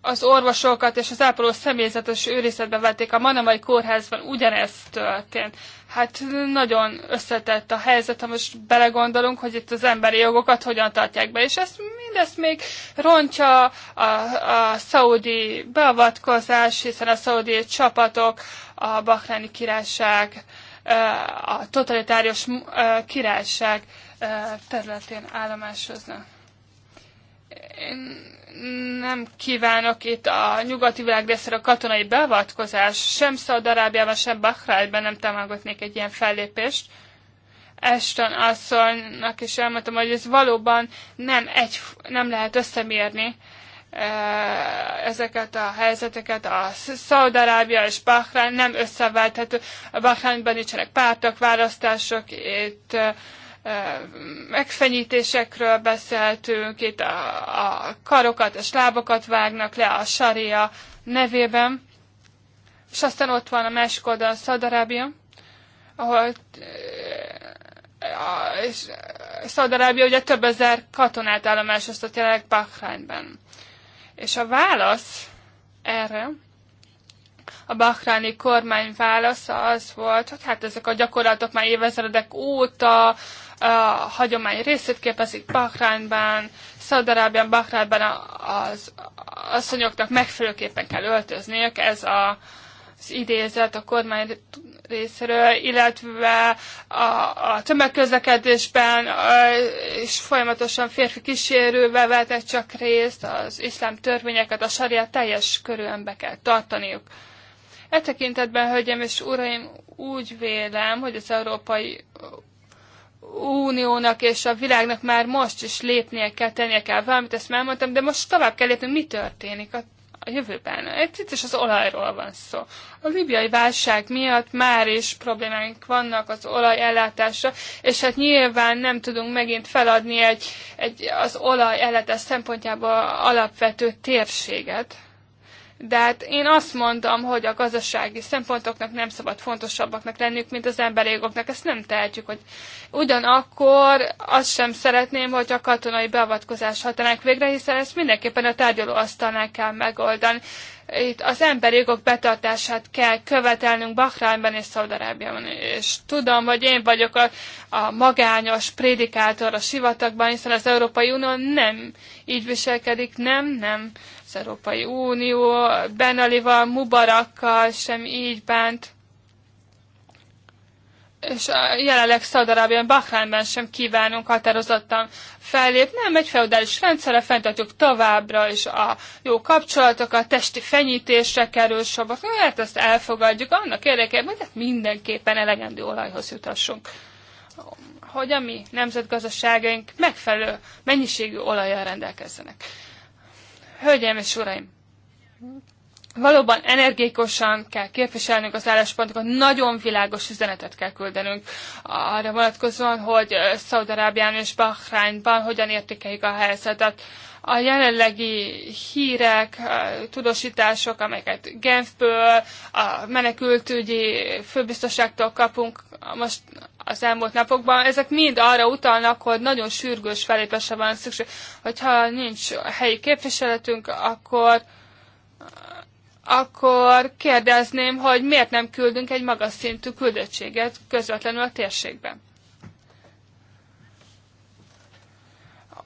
az orvosokat és az ápoló személyzetet őrizetbe vették. A Manamai kórházban ugyanez történt. Hát nagyon összetett a helyzet, ha most belegondolunk, hogy itt az emberi jogokat hogyan tartják be, és ezt mindezt még rontja a, a szaudi beavatkozás, hiszen a szaudi csapatok, a bakráni királyság, a totalitárius királyság területén állomásoznak nem kívánok itt a nyugati világ részére a katonai beavatkozás, sem Szaudarábiában, sem Bahrajnban nem támogatnék egy ilyen fellépést. Eston asszonynak is elmondtam, hogy ez valóban nem, egy, nem lehet összemérni eh, ezeket a helyzeteket. A Szaudarábia és Bahrain nem összeválthető. A Bahreinben nincsenek pártok, választások, itt eh, megfenyítésekről beszéltünk, itt a, a karokat és lábakat vágnak le a saria nevében, és aztán ott van a másik oldal a Szadarábia, ahol és Szaudarábia ugye több ezer katonát állomásoztat jelenleg Bahreinben. És a válasz erre, a bahráni kormány válasza az volt, hogy hát ezek a gyakorlatok már évezredek óta a hagyomány részét képezik Bahrányban, Szaudarábián, Bahrányban az asszonyoknak megfelelőképpen kell öltözniük, ez a, az idézet a kormány részéről, illetve a, a tömegközlekedésben a, és folyamatosan férfi kísérővel vettek csak részt, az iszlám törvényeket, a sarja teljes körülön be kell tartaniuk. E tekintetben, hölgyem és uraim, úgy vélem, hogy az Európai Uniónak és a világnak már most is lépnie kell, tennie kell valamit, ezt már mondtam, de most tovább kell lépni, mi történik a, a jövőben. Itt, itt is az olajról van szó. A libiai válság miatt már is problémáink vannak az olaj ellátása, és hát nyilván nem tudunk megint feladni egy, egy az olaj ellátás szempontjából alapvető térséget de hát én azt mondom, hogy a gazdasági szempontoknak nem szabad fontosabbaknak lenniük, mint az emberi jogoknak. Ezt nem tehetjük, hogy ugyanakkor azt sem szeretném, hogy a katonai beavatkozás hatanák végre, hiszen ezt mindenképpen a tárgyalóasztalnál kell megoldani. Itt az emberi jogok betartását kell követelnünk Bahrányban és Szaudarábiában. És tudom, hogy én vagyok a, a magányos prédikátor a sivatagban, hiszen az Európai Unió nem így viselkedik, nem, nem az Európai Unió Benalival, Mubarakkal sem így bánt. És a jelenleg Szaudarábian, Bahránben sem kívánunk határozottan fellép. Nem egy feudális rendszerre, fenntartjuk továbbra is a jó kapcsolatokat, a testi fenyítésre kerül sobak. Hát ezt elfogadjuk annak érdekében, hogy hát mindenképpen elegendő olajhoz jutassunk hogy a mi nemzetgazdaságaink megfelelő mennyiségű olajjal rendelkezzenek. Hölgyeim és uraim! valóban energikusan kell képviselnünk az álláspontokat, nagyon világos üzenetet kell küldenünk arra vonatkozóan, hogy Szaudarábián és Bahrányban hogyan értékeljük a helyzetet. A jelenlegi hírek, tudósítások, amelyeket Genfből, a menekültügyi főbiztosságtól kapunk most az elmúlt napokban, ezek mind arra utalnak, hogy nagyon sürgős felépésre van szükség. Hogyha nincs helyi képviseletünk, akkor akkor kérdezném, hogy miért nem küldünk egy magas szintű küldöttséget közvetlenül a térségben.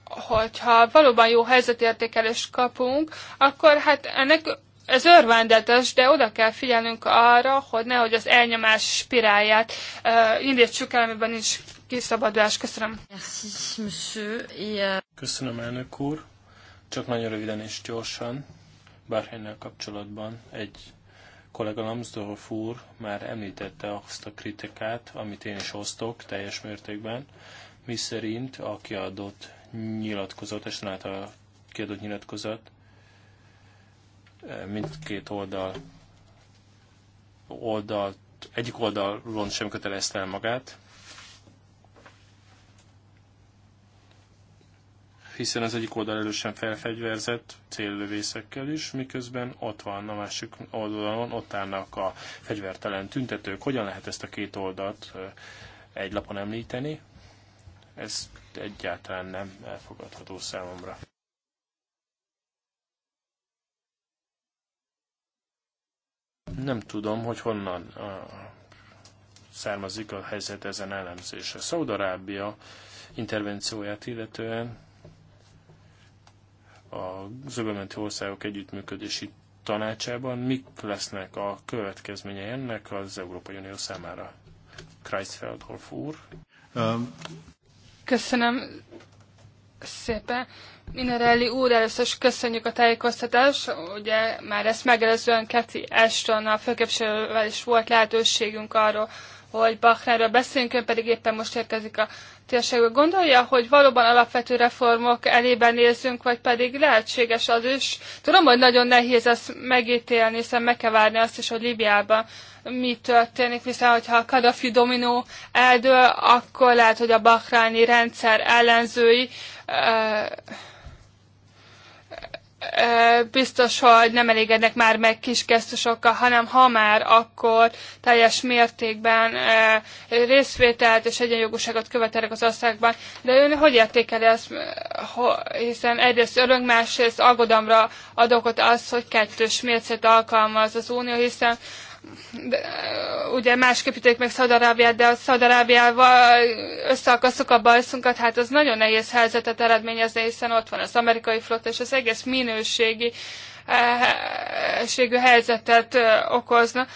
Hogyha valóban jó helyzetértékelést kapunk, akkor hát ennek ez örvendetes, de oda kell figyelnünk arra, hogy nehogy az elnyomás spirálját uh, indítsuk el, amiben is kiszabadulás. Köszönöm. Euh, Köszönöm, elnök úr. Csak nagyon röviden és gyorsan Bahreinnel kapcsolatban egy kollega Lambsdorff úr már említette azt a kritikát, amit én is osztok teljes mértékben, mi szerint a kiadott nyilatkozat, és a kiadott nyilatkozat eh, mindkét oldal oldalt, egyik oldalon sem kötelezte el magát, hiszen az egyik oldal erősen felfegyverzett céllövészekkel is, miközben ott van a másik oldalon, ott állnak a fegyvertelen tüntetők. Hogyan lehet ezt a két oldalt egy lapon említeni? Ez egyáltalán nem elfogadható számomra. Nem tudom, hogy honnan származik a helyzet ezen elemzése. Szaudarábia intervencióját illetően a zöbömenti országok együttműködési tanácsában mik lesznek a következménye ennek az Európai Unió számára? Kreisfeldorf úr. Um. Köszönöm szépen. Minerelli úr, először is köszönjük a tájékoztatást. Ugye már ezt megelőzően Keti a főképviselővel is volt lehetőségünk arról, hogy Bachnerről beszélünk, ön pedig éppen most érkezik a térségbe. Gondolja, hogy valóban alapvető reformok elében nézünk, vagy pedig lehetséges az is? Tudom, hogy nagyon nehéz ezt megítélni, hiszen meg kell várni azt is, hogy Libiában mi történik, hiszen hogyha a Kadhafi dominó eldől, akkor lehet, hogy a bahráni rendszer ellenzői uh, biztos, hogy nem elégednek már meg kiskesztusokkal, hanem ha már, akkor teljes mértékben részvételt és egyenjogúságot követelek az országban. De ön hogy értékeli ezt, hiszen egyrészt örök, másrészt aggodamra ad okot az, hogy kettős mércét alkalmaz az Unió, hiszen de, ugye másképp ítélik meg Szaudarábiát, de a Szaudarábiával összeakasztok a bajszunkat, hát az nagyon nehéz helyzetet eredményezni, hiszen ott van az amerikai flotta, és az egész minőségi eh, helyzetet eh, okozna.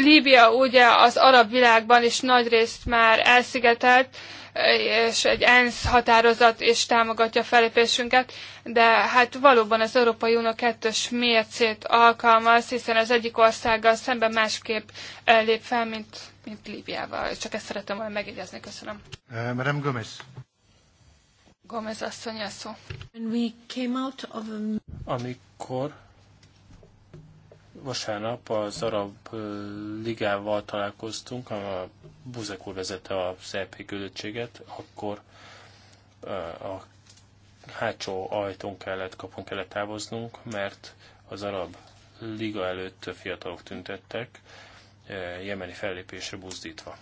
Líbia ugye az arab világban is nagyrészt már elszigetelt, eh, és egy ENSZ határozat is támogatja a felépésünket, de hát valóban az Európai Unió kettős mércét alkalmaz, hiszen az egyik országgal szemben másképp eh, lép fel, mint, mint Líbiával. Csak ezt szeretem volna megjegyezni. Köszönöm. Eh, Madame Gomez. Gomez asszony a szó. Amikor vasárnap az Arab Ligával találkoztunk, a Buzek úr vezette a szerb küldöttséget, akkor a hátsó ajtón kellett, kapon kellett távoznunk, mert az Arab Liga előtt fiatalok tüntettek, jemeni fellépésre buzdítva.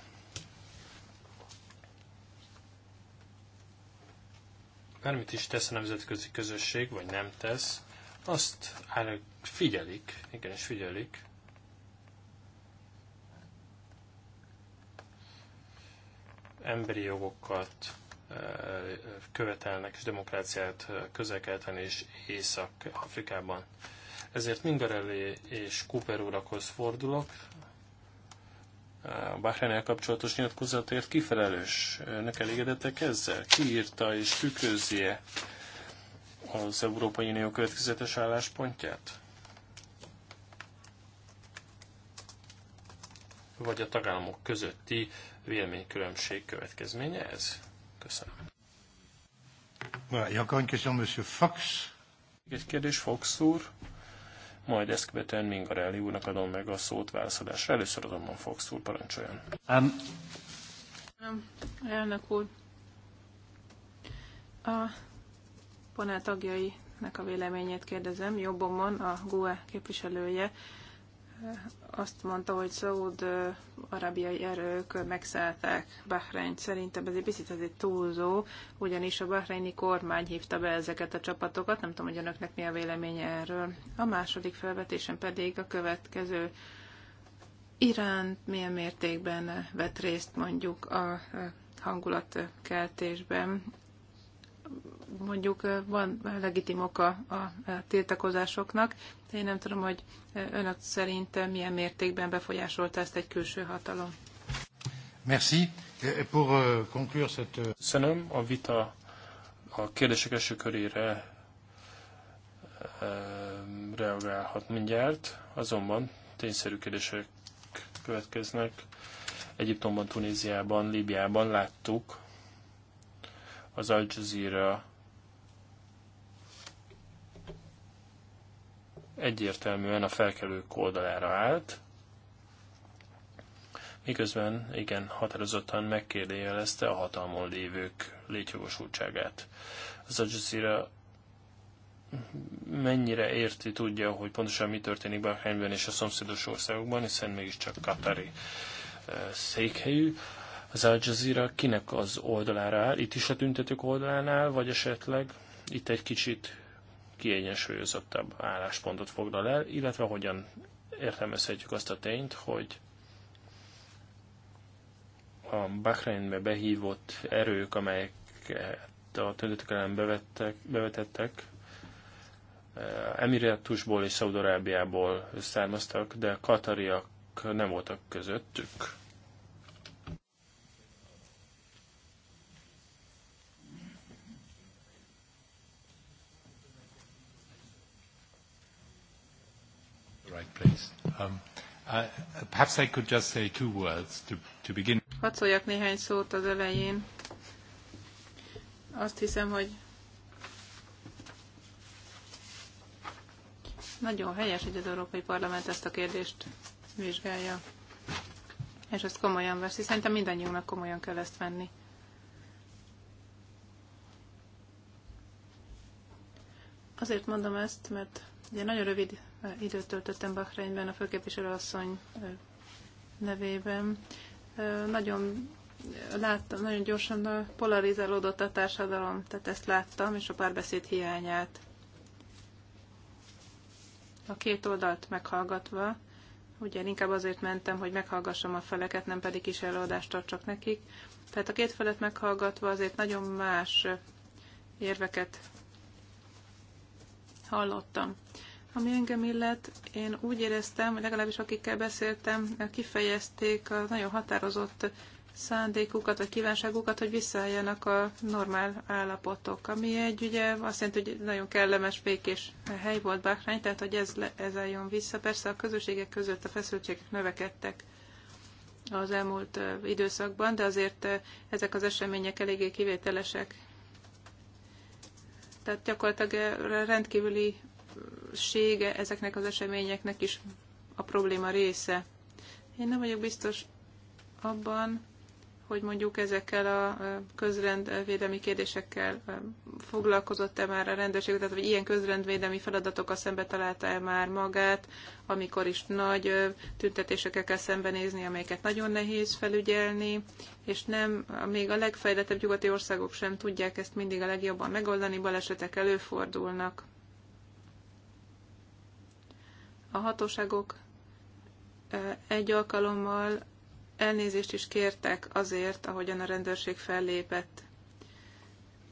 Mármit is tesz a nemzetközi közösség, vagy nem tesz, azt állít Figyelik, igenis figyelik. Emberi jogokat követelnek, és demokráciát közel és Észak-Afrikában. Ezért Mingarelli és Cooper urakhoz fordulok. A Bahreinel kapcsolatos nyilatkozatért kifelelős. Önök elégedettek ezzel? Ki írta és tükrözi -e az Európai Unió következetes álláspontját? vagy a tagállamok közötti véleménykülönbség következménye ez? Köszönöm. Egy kérdés Fox úr, majd ezt követően Mingarelli úrnak adom meg a szót válaszadásra. Először azonban Fox úr parancsoljon. Um. Elnök úr, a panel tagjainak a véleményét kérdezem. Jobbomon a GUE képviselője azt mondta, hogy Szaúd arabiai erők megszállták Bahrein. Szerintem ez egy picit azért túlzó, ugyanis a bahreini kormány hívta be ezeket a csapatokat. Nem tudom, hogy önöknek mi a véleménye erről. A második felvetésem pedig a következő. Irán milyen mértékben vett részt mondjuk a hangulatkeltésben, mondjuk van legitim oka a tiltakozásoknak, de én nem tudom, hogy önök szerint milyen mértékben befolyásolta ezt egy külső hatalom. Merci. Pour euh, conclure cette... Euh, Köszönöm a vita a kérdések első körére reagálhat mindjárt, azonban tényszerű kérdések következnek. Egyiptomban, Tunéziában, Líbiában láttuk az Al Jazeera egyértelműen a felkelők oldalára állt, miközben igen határozottan megkérdőjelezte a hatalmon lévők létjogosultságát. Az ajazira mennyire érti, tudja, hogy pontosan mi történik Bahreinben és a szomszédos országokban, hiszen mégiscsak Katari eh, székhelyű. Az Al Jazeera kinek az oldalára áll? Itt is a tüntetők oldalán áll, vagy esetleg itt egy kicsit kiegyensúlyozottabb álláspontot foglal el, illetve hogyan értelmezhetjük azt a tényt, hogy a Bahreinbe behívott erők, amelyeket a tüntetők ellen bevettek, bevetettek, eh, Emirátusból és Szaudarábiából származtak, de katariak nem voltak közöttük. right place. Um, uh, perhaps I could just say two words to, to begin. Hadd szóljak néhány szót az elején. Azt hiszem, hogy nagyon helyes, hogy az Európai Parlament ezt a kérdést vizsgálja. És ezt komolyan veszi. Szerintem mindannyiunknak komolyan kell ezt venni. Azért mondom ezt, mert ugye nagyon rövid időt töltöttem Bahreinben a főképviselőasszony nevében. Nagyon láttam, nagyon gyorsan polarizálódott a társadalom, tehát ezt láttam, és a párbeszéd hiányát. A két oldalt meghallgatva, ugye inkább azért mentem, hogy meghallgassam a feleket, nem pedig is előadást tartsak nekik. Tehát a két felet meghallgatva azért nagyon más érveket hallottam. Ami engem illet, én úgy éreztem, hogy legalábbis akikkel beszéltem, kifejezték a nagyon határozott szándékukat, vagy kívánságukat, hogy visszaálljanak a normál állapotok, ami egy ugye azt jelenti, hogy nagyon kellemes, békés hely volt Bákrány, tehát hogy ez, ez álljon vissza. Persze a közösségek között a feszültségek növekedtek az elmúlt időszakban, de azért ezek az események eléggé kivételesek. Tehát gyakorlatilag rendkívüli minősége ezeknek az eseményeknek is a probléma része. Én nem vagyok biztos abban, hogy mondjuk ezekkel a közrendvédelmi kérdésekkel foglalkozott-e már a rendőrség, tehát hogy ilyen közrendvédelmi feladatokkal szembe találta-e már magát, amikor is nagy tüntetésekkel kell szembenézni, amelyeket nagyon nehéz felügyelni, és nem, még a legfejlettebb nyugati országok sem tudják ezt mindig a legjobban megoldani, balesetek előfordulnak. A hatóságok egy alkalommal elnézést is kértek azért, ahogyan a rendőrség fellépett.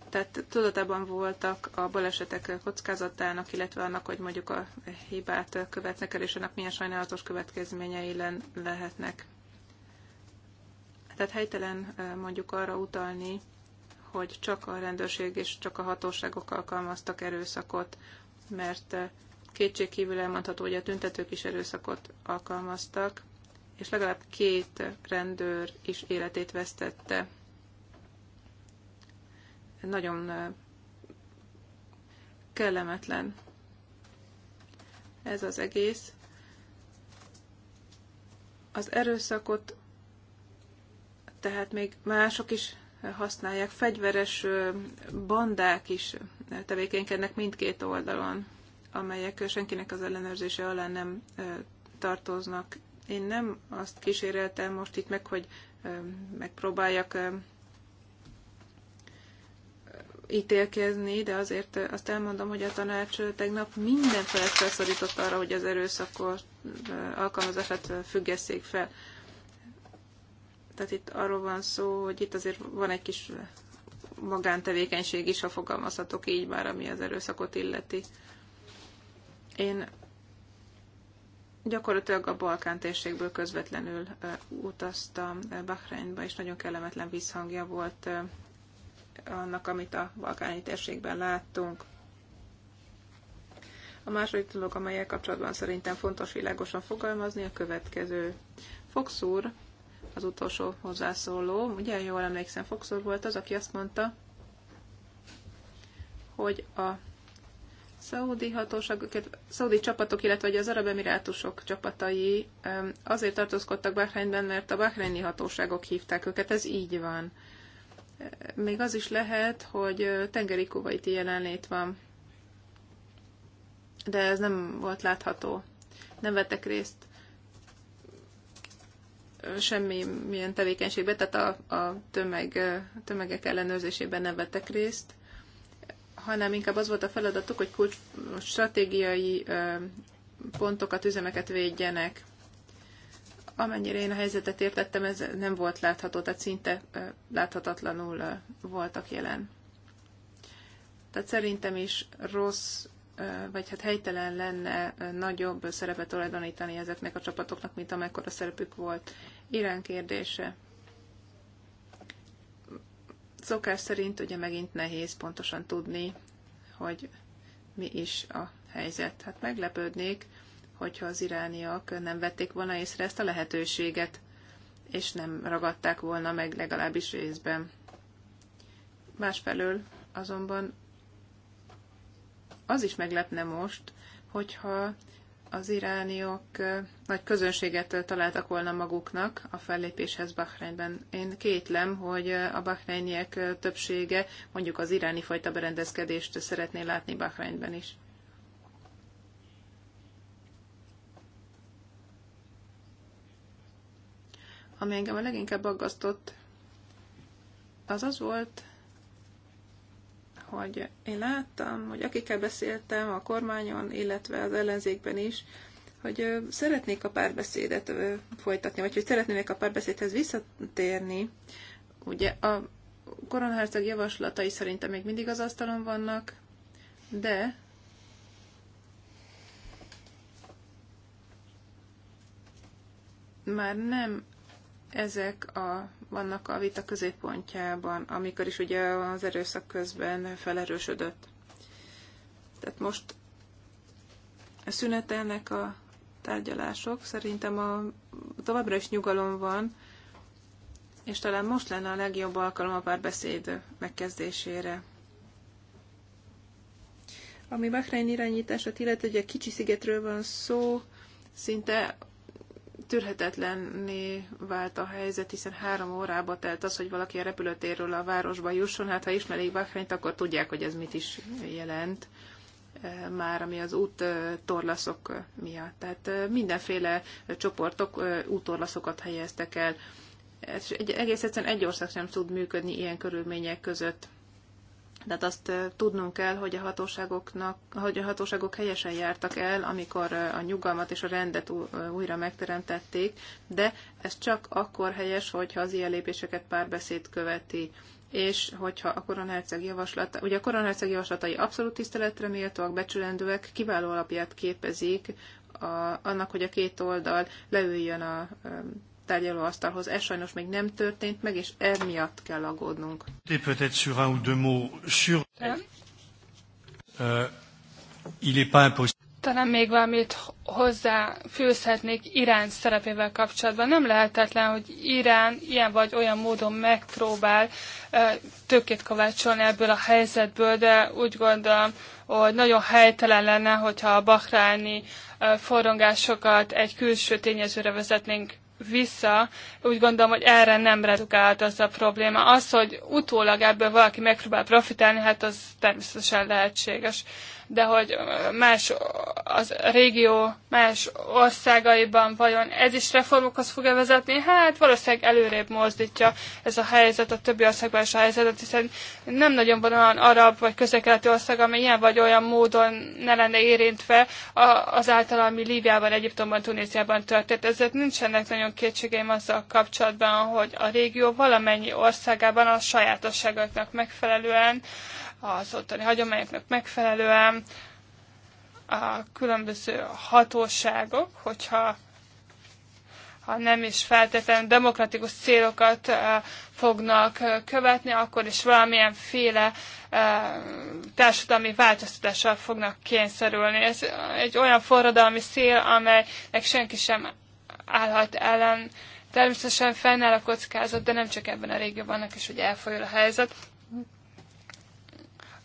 Tehát tudatában voltak a balesetek kockázatának, illetve annak, hogy mondjuk a hibát követnek el, és annak milyen sajnálatos következményei lehetnek. Tehát helytelen mondjuk arra utalni, hogy csak a rendőrség és csak a hatóságok alkalmaztak erőszakot, mert Kétségkívül elmondható, hogy a tüntetők is erőszakot alkalmaztak, és legalább két rendőr is életét vesztette. Nagyon kellemetlen ez az egész. Az erőszakot tehát még mások is használják, fegyveres bandák is tevékenykednek mindkét oldalon amelyek senkinek az ellenőrzése alá nem tartoznak. Én nem azt kíséreltem most itt meg, hogy megpróbáljak ítélkezni, de azért azt elmondom, hogy a tanács tegnap minden felett felszorított arra, hogy az erőszakot alkalmazását függesszék fel. Tehát itt arról van szó, hogy itt azért van egy kis magántevékenység is, ha fogalmazhatok így már, ami az erőszakot illeti. Én gyakorlatilag a Balkán térségből közvetlenül utaztam Bahreinba, és nagyon kellemetlen visszhangja volt annak, amit a balkáni térségben láttunk. A második dolog, amelyek kapcsolatban szerintem fontos világosan fogalmazni, a következő. Fox úr, az utolsó hozzászóló, ugye jól emlékszem, Fox úr volt az, aki azt mondta, hogy a szaudi hatóság, szaudi csapatok, illetve az arab emirátusok csapatai azért tartózkodtak Bahreinben, mert a bahreini hatóságok hívták őket, ez így van. E, még az is lehet, hogy tengeri kuvaiti jelenlét van, de ez nem volt látható. Nem vettek részt semmi milyen tevékenységbe, tehát a, a tömeg, tömegek ellenőrzésében nem vettek részt hanem inkább az volt a feladatuk, hogy kulcs stratégiai pontokat, üzemeket védjenek. Amennyire én a helyzetet értettem, ez nem volt látható, tehát szinte láthatatlanul voltak jelen. Tehát szerintem is rossz, vagy hát helytelen lenne nagyobb szerepet tulajdonítani ezeknek a csapatoknak, mint amekkora szerepük volt. Irán kérdése. Szokás szerint ugye megint nehéz pontosan tudni, hogy mi is a helyzet. Hát meglepődnék, hogyha az irániak nem vették volna észre ezt a lehetőséget, és nem ragadták volna meg legalábbis részben. Másfelől azonban az is meglepne most, hogyha az irániok nagy közönséget találtak volna maguknak a fellépéshez Bahreinben. Én kétlem, hogy a bahreiniek többsége mondjuk az iráni fajta berendezkedést szeretné látni Bahreinben is. Ami engem a leginkább aggasztott, az az volt, hogy én láttam, hogy akikkel beszéltem a kormányon, illetve az ellenzékben is, hogy szeretnék a párbeszédet folytatni, vagy hogy szeretnének a párbeszédhez visszatérni. Ugye a koronherceg javaslatai szerintem még mindig az asztalon vannak, de már nem ezek a, vannak a vita középpontjában, amikor is ugye az erőszak közben felerősödött. Tehát most a szünetelnek a tárgyalások, szerintem a, továbbra is nyugalom van, és talán most lenne a legjobb alkalom a párbeszéd megkezdésére. Ami Bahrein irányítását illetve, hogy a kicsi szigetről van szó, szinte tűrhetetlenné vált a helyzet, hiszen három órába telt az, hogy valaki a repülőtérről a városba jusson. Hát ha ismerik Bahreint, akkor tudják, hogy ez mit is jelent eh, már, ami az út eh, torlaszok eh, miatt. Tehát mindenféle csoportok útorlaszokat helyeztek el. Egy egész egyszerűen egy ország sem tud működni ilyen körülmények között. Tehát azt tudnunk kell, hogy a, hatóságoknak, hogy a hatóságok helyesen jártak el, amikor a nyugalmat és a rendet újra megteremtették, de ez csak akkor helyes, hogyha az ilyen lépéseket párbeszéd követi és hogyha a koronherceg javaslata, ugye a koronherceg javaslatai abszolút tiszteletre méltóak, becsülendőek, kiváló alapját képezik a, annak, hogy a két oldal leüljön a tárgyalóasztalhoz. Ez sajnos még nem történt meg, és emiatt kell aggódnunk. Talán még valamit hozzá fűzhetnék Irán szerepével kapcsolatban. Nem lehetetlen, hogy Irán ilyen vagy olyan módon megpróbál tökét kovácsolni ebből a helyzetből, de úgy gondolom, hogy nagyon helytelen lenne, hogyha a bahráni forrongásokat egy külső tényezőre vezetnénk vissza, úgy gondolom, hogy erre nem redukált az a probléma. Az, hogy utólag ebből valaki megpróbál profitálni, hát az természetesen lehetséges de hogy más az régió más országaiban vajon ez is reformokhoz fog -e vezetni? Hát valószínűleg előrébb mozdítja ez a helyzet, a többi országban is a helyzetet, hiszen nem nagyon van olyan arab vagy közelkeleti ország, ami ilyen vagy olyan módon ne lenne érintve az által, ami Líbiában, Egyiptomban, Tunéziában történt. Ezért nincsenek nagyon kétségeim azzal kapcsolatban, hogy a régió valamennyi országában a sajátosságoknak megfelelően az ottani hagyományoknak megfelelően a különböző hatóságok, hogyha ha nem is feltétlenül demokratikus célokat fognak követni, akkor is valamilyen féle társadalmi változtatással fognak kényszerülni. Ez egy olyan forradalmi szél, amelynek senki sem állhat ellen. Természetesen fennáll a kockázat, de nem csak ebben a régióban, vannak is, hogy elfolyul a helyzet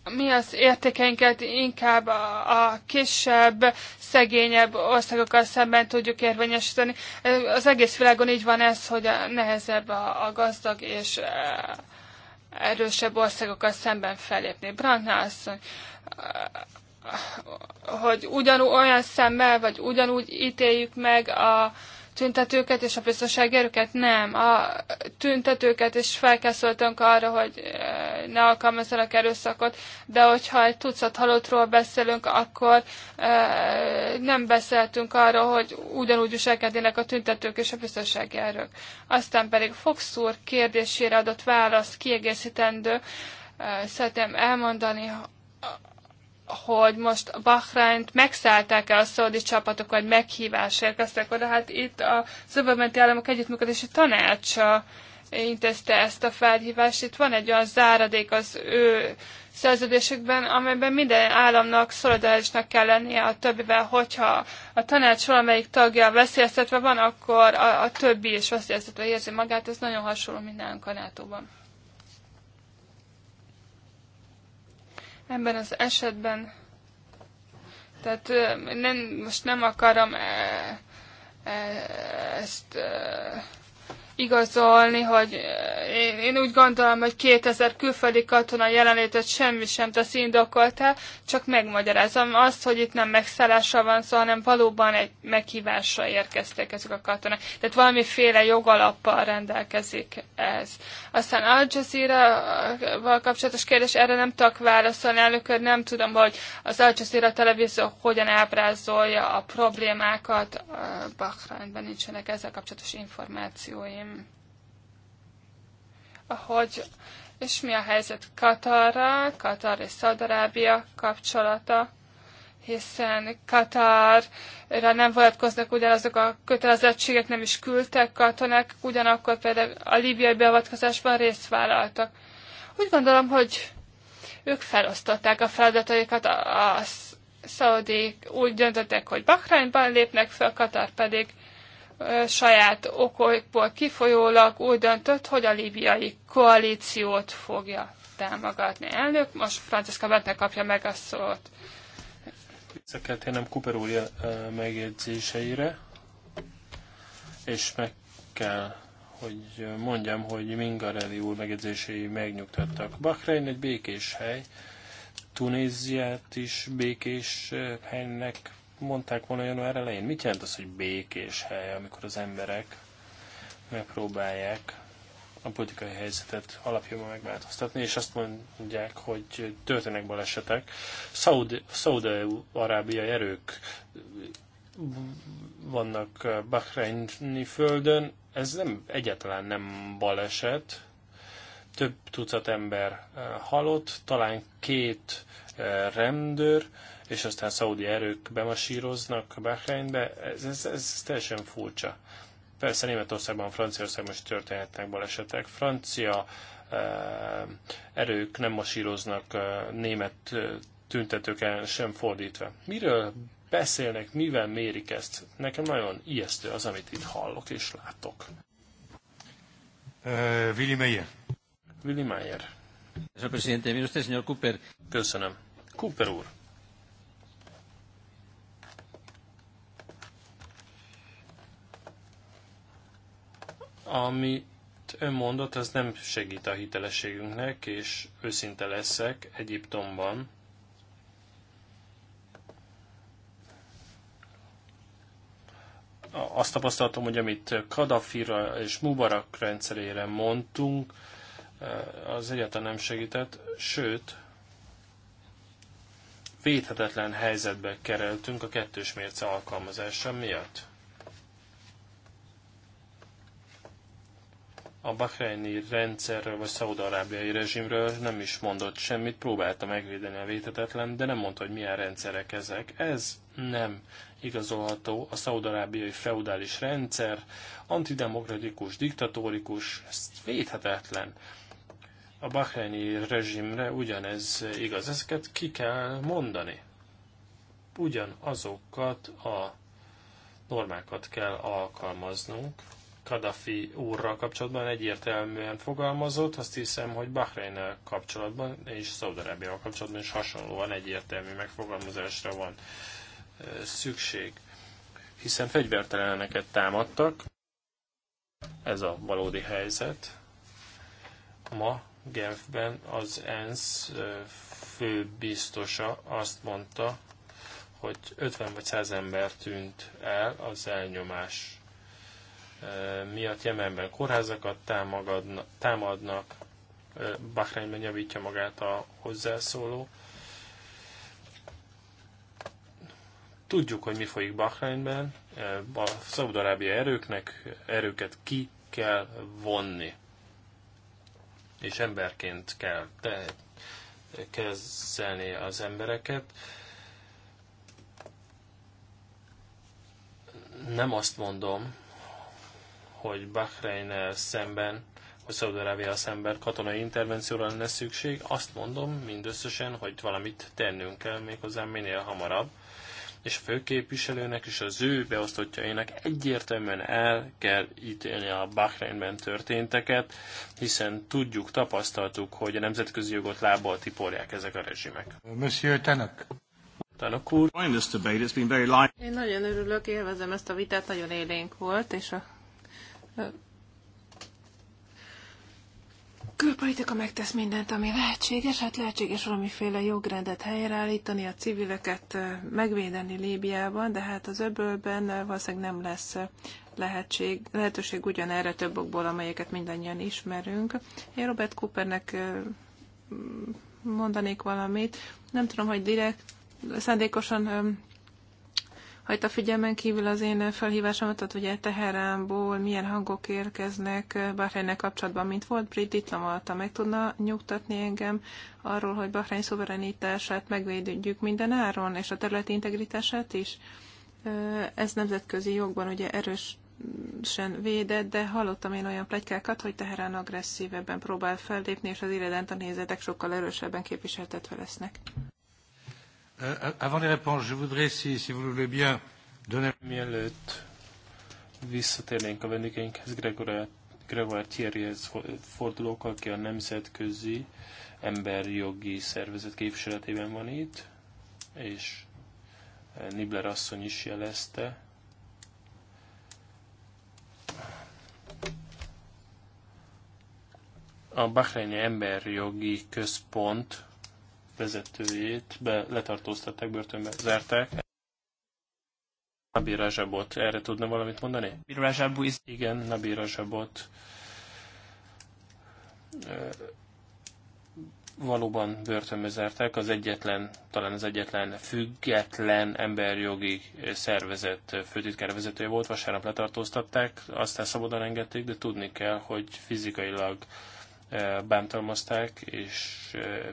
mi az értékeinket inkább a, a kisebb, szegényebb országokkal szemben tudjuk érvényesíteni. Az egész világon így van ez, hogy a, nehezebb a, a gazdag és e, erősebb országokkal szemben felépni. Brandnál e, hogy ugyanúgy olyan szemmel, vagy ugyanúgy ítéljük meg a, tüntetőket és a biztonsági erőket? Nem. A tüntetőket is felkészültünk arra, hogy ne alkalmazzanak erőszakot, de hogyha egy tucat halottról beszélünk, akkor nem beszéltünk arra, hogy ugyanúgy viselkednének a tüntetők és a biztonsági erők. Aztán pedig Fox úr kérdésére adott válasz kiegészítendő. Szeretném elmondani, hogy most a Bahrányt megszállták-e a szaudi csapatok, vagy meghívás érkeztek oda. Hát itt a Zöbölmenti Államok Együttműködési Tanácsa intézte ezt a felhívást. Itt van egy olyan záradék az ő szerződésükben, amelyben minden államnak szolidárisnak kell lennie a többivel, hogyha a tanács valamelyik tagja veszélyeztetve van, akkor a, a többi is veszélyeztetve érzi magát. Ez nagyon hasonló mint nálunk a nato -ban. ebben az esetben. Tehát nem, most nem akarom ezt igazolni, hogy én, én úgy gondolom, hogy 2000 külföldi katona jelenlétet semmi sem tesz indokoltá, csak megmagyarázom azt, hogy itt nem megszállásra van szó, hanem valóban egy meghívásra érkeztek ezek a katonák. Tehát valamiféle jogalappal rendelkezik ez. Aztán Al Jazeera-val kapcsolatos kérdés, erre nem tudok válaszolni, előkör nem tudom, hogy az Al Jazeera televízió hogyan ábrázolja a problémákat. Bahrainben nincsenek ezzel kapcsolatos információim. Ahogy és mi a helyzet Katarra, Katar és Szaudarábia kapcsolata? hiszen Katarra nem vonatkoznak ugyanazok a kötelezettségek, nem is küldtek katonák, ugyanakkor például a libiai beavatkozásban részt vállaltak. Úgy gondolom, hogy ők felosztották a feladataikat, a, a szaudék úgy döntöttek, hogy Bahrainban lépnek fel, Katar pedig ö, saját okokból kifolyólag úgy döntött, hogy a libiai koalíciót fogja támogatni. Elnök, most Francesca Bentner kapja meg a szót. Vissza kell térnem Cooper úr eh, megjegyzéseire, és meg kell, hogy mondjam, hogy Mingarelli úr megjegyzései megnyugtattak. Bahrein egy békés hely, Tunéziát is békés eh, helynek mondták volna január elején. Mit jelent az, hogy békés hely, amikor az emberek megpróbálják a politikai helyzetet alapjában megváltoztatni, és azt mondják, hogy történnek balesetek. Szaud-arábiai erők vannak Bahreini földön, ez nem egyáltalán nem baleset, több tucat ember eh, halott, talán két eh, rendőr, és aztán szaudi erők bemasíroznak Bahreinbe, ez, ez, ez teljesen furcsa. Persze Németországban, Franciaországban is történhetnek balesetek. Francia eh, erők nem masíroznak eh, német eh, tüntetők ellen sem fordítva. Miről beszélnek, mivel mérik ezt? Nekem nagyon ijesztő az, amit itt hallok és látok. Uh, Willy Meyer. Willy Meyer. Köszönöm. Cooper úr. amit ön mondott, az nem segít a hitelességünknek, és őszinte leszek, Egyiptomban azt tapasztaltam, hogy amit Kadafira és Mubarak rendszerére mondtunk, az egyáltalán nem segített, sőt, védhetetlen helyzetbe kereltünk a kettős mérce alkalmazása miatt. a bahreini rendszerről vagy szaudarábiai rezsimről nem is mondott semmit, próbálta megvédeni a vétetetlen, de nem mondta, hogy milyen rendszerek ezek. Ez nem igazolható a szaudarábiai feudális rendszer, antidemokratikus, diktatórikus, védhetetlen. A bahreini rezsimre ugyanez igaz, ezeket ki kell mondani. Ugyanazokat a normákat kell alkalmaznunk, Kadafi úrral kapcsolatban egyértelműen fogalmazott, azt hiszem, hogy bahrein kapcsolatban és Szaudarábiával kapcsolatban is hasonlóan egyértelmű megfogalmazásra van szükség, hiszen fegyverteleneket támadtak, ez a valódi helyzet. Ma Genfben az ENSZ biztosa azt mondta, hogy 50 vagy 100 ember tűnt el az elnyomás miatt Jemenben kórházakat támadnak, Bahreinben javítja magát a hozzászóló. Tudjuk, hogy mi folyik Bahreinben, a Szaudarábia erőknek erőket ki kell vonni, és emberként kell te kezelni az embereket. Nem azt mondom, hogy bahrein szemben, hogy Szaudarábia szemben katonai intervencióra lenne szükség, azt mondom mindösszesen, hogy valamit tennünk kell méghozzá minél hamarabb, és a főképviselőnek és az ő beosztottjainak egyértelműen el kell ítélni a Bahreinben történteket, hiszen tudjuk, tapasztaltuk, hogy a nemzetközi jogot lábbal tiporják ezek a rezsimek. Monsieur Tanak. Tanak úr. Én nagyon örülök, élvezem ezt a vitát, nagyon élénk volt, és a külpolitika megtesz mindent, ami lehetséges, hát lehetséges valamiféle jogrendet helyreállítani, a civileket megvédeni Líbiában, de hát az öbölben valószínűleg nem lesz lehetség, lehetőség ugyanerre több okból, amelyeket mindannyian ismerünk. Én Robert Coopernek mondanék valamit, nem tudom, hogy direkt szándékosan hagyta figyelmen kívül az én felhívásomat, tehát ugye Teheránból milyen hangok érkeznek eh, Bahreinnek kapcsolatban, mint volt brit diplomata, meg tudna nyugtatni engem arról, hogy Bahrein szuverenitását megvédjük minden áron, és a területi integritását is. Eh, ez nemzetközi jogban ugye erős sen védett, de hallottam én olyan plegykákat, hogy Teherán agresszívebben próbál fellépni, és az irredent a nézetek sokkal erősebben képviseltetve lesznek. Euh, avant les réponses, je voudrais, si, si vous le voulez bien, donner... Mielőtt visszatérnénk a vendégeinkhez, Gregor, Thierryhez fordulok, aki a Nemzetközi Emberjogi Szervezet képviseletében van itt, és eh, Nibler asszony is jelezte. A Bahreini Emberjogi Központ vezetőjét be, letartóztatták, börtönbe zárták. Nabi Rajabot, erre tudna valamit mondani? Nabi Rajabot. is... Igen, Nabi Rajabot valóban börtönbe zárták, az egyetlen, talán az egyetlen független emberjogi szervezet főtitkára vezetője volt, vasárnap letartóztatták, aztán szabadon engedték, de tudni kell, hogy fizikailag bántalmazták, és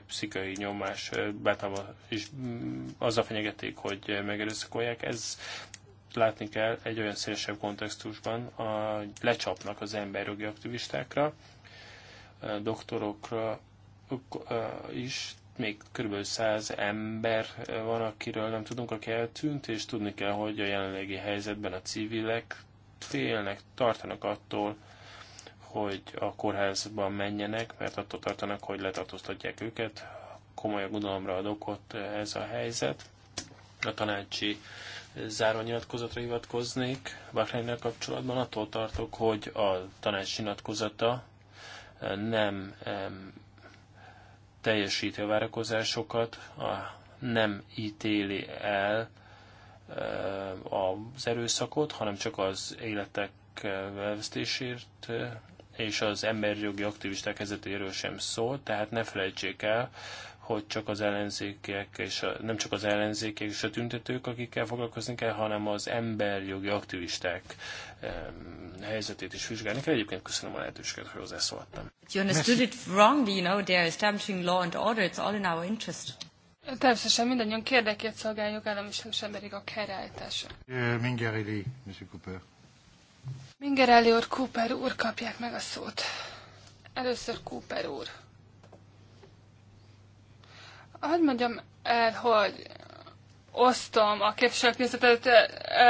pszichai nyomás bántalma, és mm, azzal fenyegették, hogy megerőszakolják. Ez látni kell egy olyan szélesebb kontextusban, a, lecsapnak az emberjogi aktivistákra, doktorokra is, még kb. 100 ember van, akiről nem tudunk, aki eltűnt, és tudni kell, hogy a jelenlegi helyzetben a civilek félnek, tartanak attól, hogy a kórházban menjenek, mert attól tartanak, hogy letartóztatják őket. Komoly aggodalomra ad okot ez a helyzet. A tanácsi zárónyilatkozatra hivatkoznék Bahreinnel kapcsolatban. Attól tartok, hogy a tanács nyilatkozata nem teljesíti a várakozásokat, a, nem ítéli el az erőszakot, hanem csak az életek eh, elvesztésért eh, és az emberi jogi aktivisták helyzetéről sem szól, tehát ne felejtsék el, hogy csak az ellenzékiek, és a, nem csak az ellenzékiek és a tüntetők, akikkel foglalkozni kell, hanem az emberjogi aktivisták um, helyzetét is vizsgálni kell. Egyébként köszönöm a lehetőséget, hogy hozzászóltam. You understood it wrongly, you know, they are establishing law and order, it's all in our interest. Természetesen mindannyian kérdekét szolgáljuk, állam és emberi a helyreállítása. Mindjárt, Mr. Cooper. Mingerelli úr, Cooper úr kapják meg a szót. Először Cooper úr. Hogy mondjam el, hogy osztom a nézetet,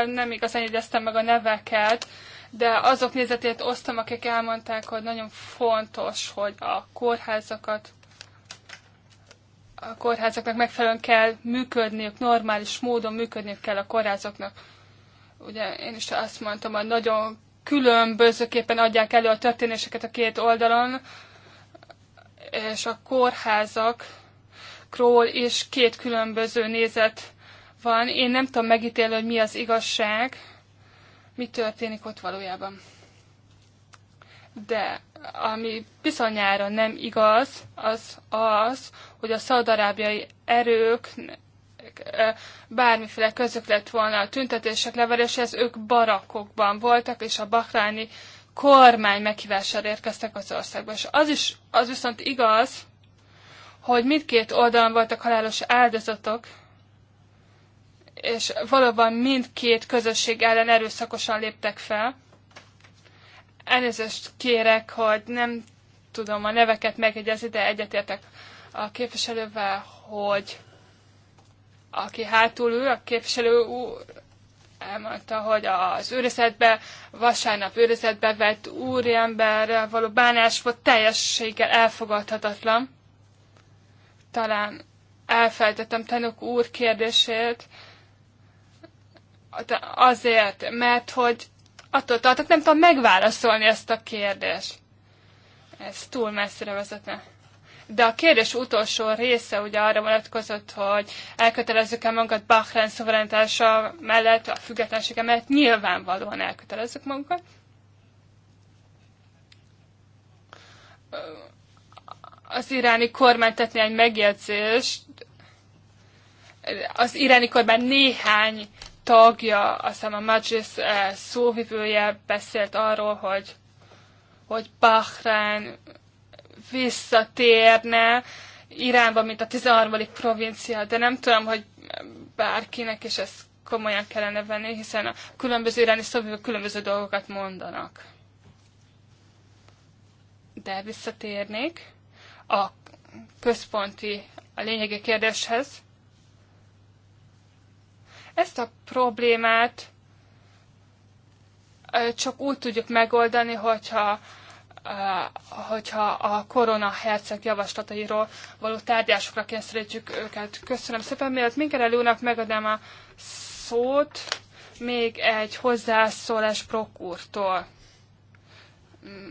nem igazán jegyeztem meg a neveket, de azok nézetét osztom, akik elmondták, hogy nagyon fontos, hogy a kórházakat a kórházaknak megfelelően kell működniük, normális módon működniük kell a kórházaknak. Ugye én is azt mondtam, hogy nagyon különbözőképpen adják elő a történéseket a két oldalon, és a kórházakról is két különböző nézet van. Én nem tudom megítélni, hogy mi az igazság, mi történik ott valójában. De ami bizonyára nem igaz, az az, hogy a szaudarábiai erők bármiféle közük lett volna a tüntetések leveréséhez, ők barakokban voltak, és a bakráni kormány meghívására érkeztek az országba. És az is, az viszont igaz, hogy mindkét oldalon voltak halálos áldozatok, és valóban mindkét közösség ellen erőszakosan léptek fel. Elnézést kérek, hogy nem tudom a neveket megjegyezni, de egyetértek a képviselővel, hogy aki hátul ül, a képviselő úr, elmondta, hogy az őrizetbe, vasárnap őrizetbe vett úriember való bánás volt teljességgel elfogadhatatlan. Talán elfelejtettem tanuk úr kérdését, azért, mert hogy attól tartok, nem tudom megválaszolni ezt a kérdést. Ez túl messzire vezetne de a kérdés utolsó része ugye arra vonatkozott, hogy elkötelezzük-e magunkat Bahrein szuverenitása mellett, a függetlensége mellett, nyilvánvalóan elkötelezzük magunkat. Az iráni kormány tett néhány megjegyzést, az iráni kormány néhány tagja, aztán a Majlis eh, szóvivője beszélt arról, hogy, hogy Bahrein visszatérne Iránba, mint a 13. provincia, de nem tudom, hogy bárkinek is ezt komolyan kellene venni, hiszen a különböző iráni szóvivők különböző dolgokat mondanak. De visszatérnék a központi, a lényegi kérdéshez. Ezt a problémát csak úgy tudjuk megoldani, hogyha hogyha a korona herceg javaslatairól való tárgyásokra kényszerítjük őket. Köszönöm szépen, mielőtt minket előnek megadnám a szót, még egy hozzászólás prokúrtól.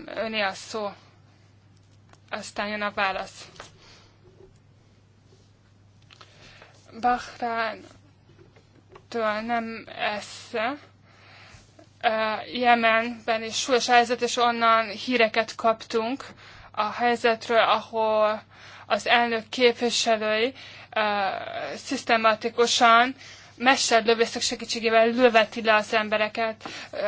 Öné a szó. Aztán jön a válasz. től nem esze Jemenben is súlyos helyzet, és onnan híreket kaptunk a helyzetről, ahol az elnök képviselői uh, szisztematikusan lövészek segítségével löveti le az embereket. Uh,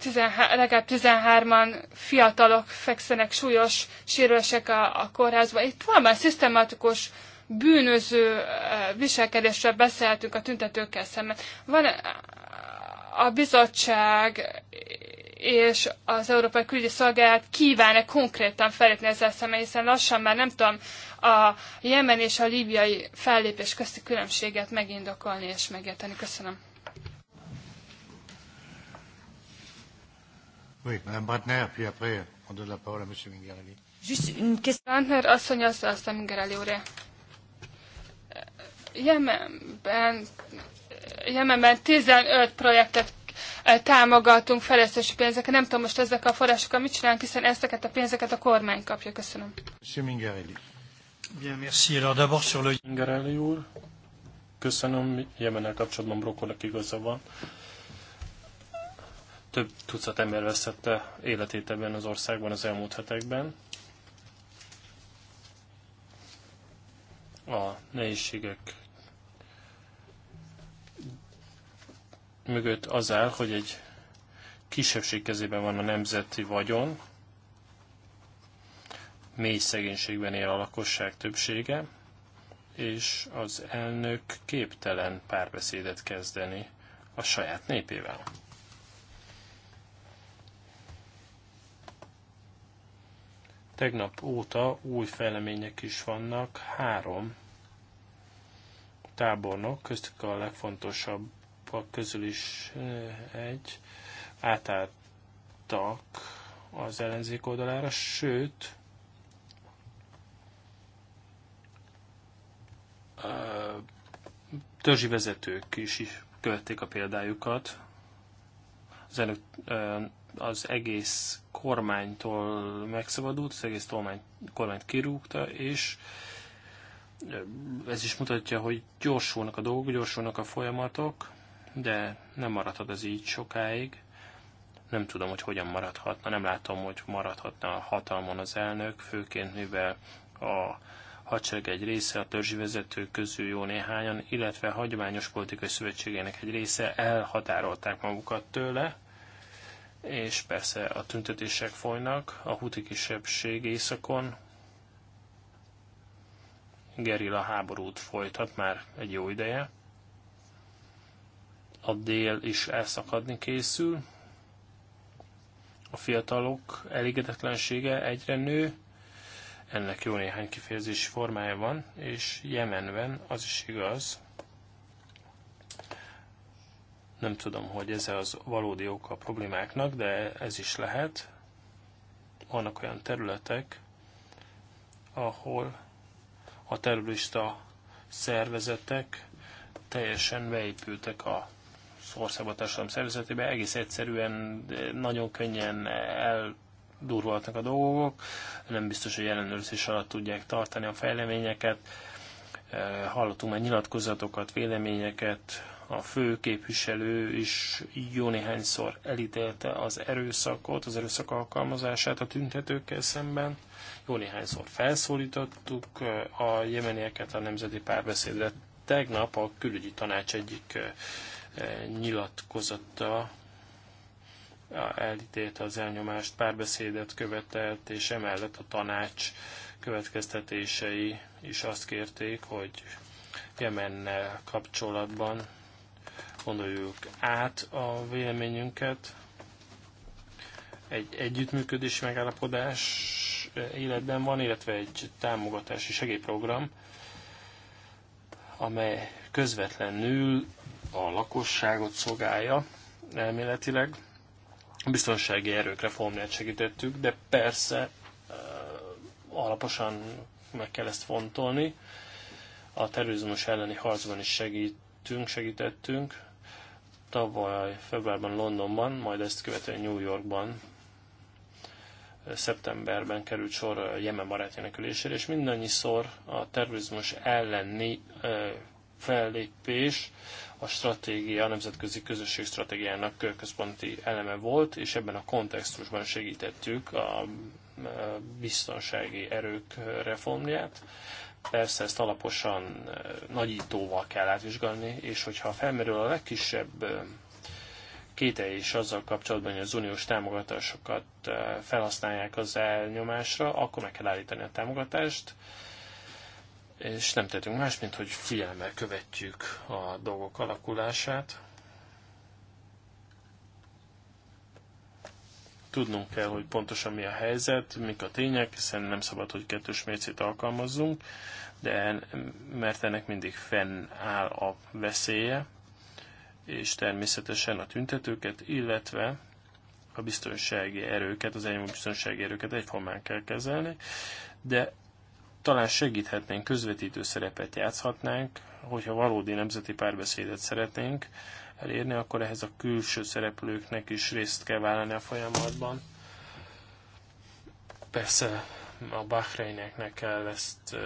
tizen, legalább 13-an fiatalok fekszenek súlyos sérülések a, a kórházban. Itt valami szisztematikus bűnöző uh, viselkedésről beszélhetünk a tüntetőkkel szemben. Van a bizottság és az Európai Külügyi Szolgálat kíván konkrétan felépni ezzel szemben, hiszen lassan már nem tudom a jemen és a líbiai fellépés közti különbséget megindokolni és megérteni. Köszönöm. Oui, Madame Brantner, puis après, on donne la parole à Monsieur Mingarelli. Juste une question. Brantner asszony, aztán Mingarelli úr. Jemenben Jemenben 15 projektet támogatunk fejlesztési pénzeket. Nem tudom most ezek a forrásokkal mit csinálunk, hiszen ezeket a pénzeket a kormány kapja. Köszönöm. Bien, merci. Alors d'abord sur le... Mingarelli úr, köszönöm. Jemenel kapcsolatban Brokkolnak igaza van. Több tucat ember veszette életét ebben az országban az elmúlt hetekben. A nehézségek mögött az áll, hogy egy kisebbség kezében van a nemzeti vagyon, mély szegénységben él a lakosság többsége, és az elnök képtelen párbeszédet kezdeni a saját népével. Tegnap óta új fejlemények is vannak, három tábornok, köztük a legfontosabb falak közül is eh, egy, átálltak az ellenzék oldalára, sőt, eh, törzsi vezetők is, is követték a példájukat. Az, elő, eh, az egész kormánytól megszabadult, az egész tolmány, kormányt kirúgta, és ez is mutatja, hogy gyorsulnak a dolgok, gyorsulnak a folyamatok de nem maradhat az így sokáig. Nem tudom, hogy hogyan maradhatna, nem látom, hogy maradhatna a hatalmon az elnök, főként mivel a hadsereg egy része, a törzsi vezetők közül jó néhányan, illetve a hagyományos politikai szövetségének egy része elhatárolták magukat tőle, és persze a tüntetések folynak, a huti kisebbség északon gerilla háborút folytat már egy jó ideje a dél is elszakadni készül, a fiatalok elégedetlensége egyre nő, ennek jó néhány kifejezési formája van, és Jemenben az is igaz, nem tudom, hogy ez az valódi oka a problémáknak, de ez is lehet. Vannak olyan területek, ahol a terrorista szervezetek teljesen beépültek a országba szervezetében szervezetébe, egész egyszerűen nagyon könnyen el durvoltak a dolgok, nem biztos, hogy ellenőrzés alatt tudják tartani a fejleményeket. Hallottunk már nyilatkozatokat, véleményeket, a fő képviselő is jó néhányszor elítélte az erőszakot, az erőszak alkalmazását a tüntetőkkel szemben. Jó néhányszor felszólítottuk a jemenieket a nemzeti párbeszédre. Tegnap a külügyi tanács egyik nyilatkozata elítélte az elnyomást, párbeszédet követelt, és emellett a tanács következtetései is azt kérték, hogy Jemennel kapcsolatban gondoljuk át a véleményünket. Egy együttműködési megállapodás életben van, illetve egy támogatási segélyprogram, amely közvetlenül a lakosságot szolgálja elméletileg. A biztonsági erők reformját segítettük, de persze alaposan meg kell ezt fontolni. A terrorizmus elleni harcban is segítünk, segítettünk. Tavaly februárban Londonban, majd ezt követően New Yorkban szeptemberben került sor Jemen barátjának ülésére, és mindannyiszor a terrorizmus elleni fellépés a stratégia, a nemzetközi közösség stratégiának központi eleme volt, és ebben a kontextusban segítettük a biztonsági erők reformját. Persze ezt alaposan e, nagyítóval kell átvizsgálni, és hogyha felmerül a legkisebb e, kéte is azzal kapcsolatban, hogy az uniós támogatásokat e, felhasználják az elnyomásra, akkor meg kell állítani a támogatást, és nem tettünk más, mint hogy figyelemmel követjük a dolgok alakulását. Tudnunk kell, hogy pontosan mi a helyzet, mik a tények, hiszen nem szabad, hogy kettős mércét alkalmazzunk, de mert ennek mindig fennáll a veszélye, és természetesen a tüntetőket, illetve a biztonsági erőket, az enyém biztonsági erőket egyformán kell kezelni, de talán segíthetnénk, közvetítő szerepet játszhatnánk, hogyha valódi nemzeti párbeszédet szeretnénk elérni, akkor ehhez a külső szereplőknek is részt kell vállalni a folyamatban. Persze a Bahreineknek kell ezt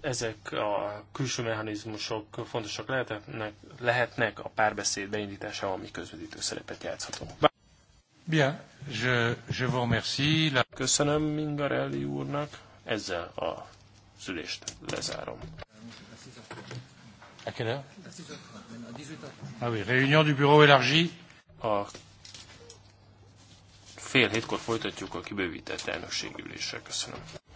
ezek a külső mechanizmusok fontosak lehetnek, lehetnek a párbeszéd beindításával, ami közvetítő szerepet játszhatunk. Bien, je, je vous remercie. La... Köszönöm Mingarelli úrnak, ezzel a szülést lezárom. À quelle heure Ah oui, réunion du bureau élargi. A fél hétkor folytatjuk a kibővített elnökségülésre. Köszönöm.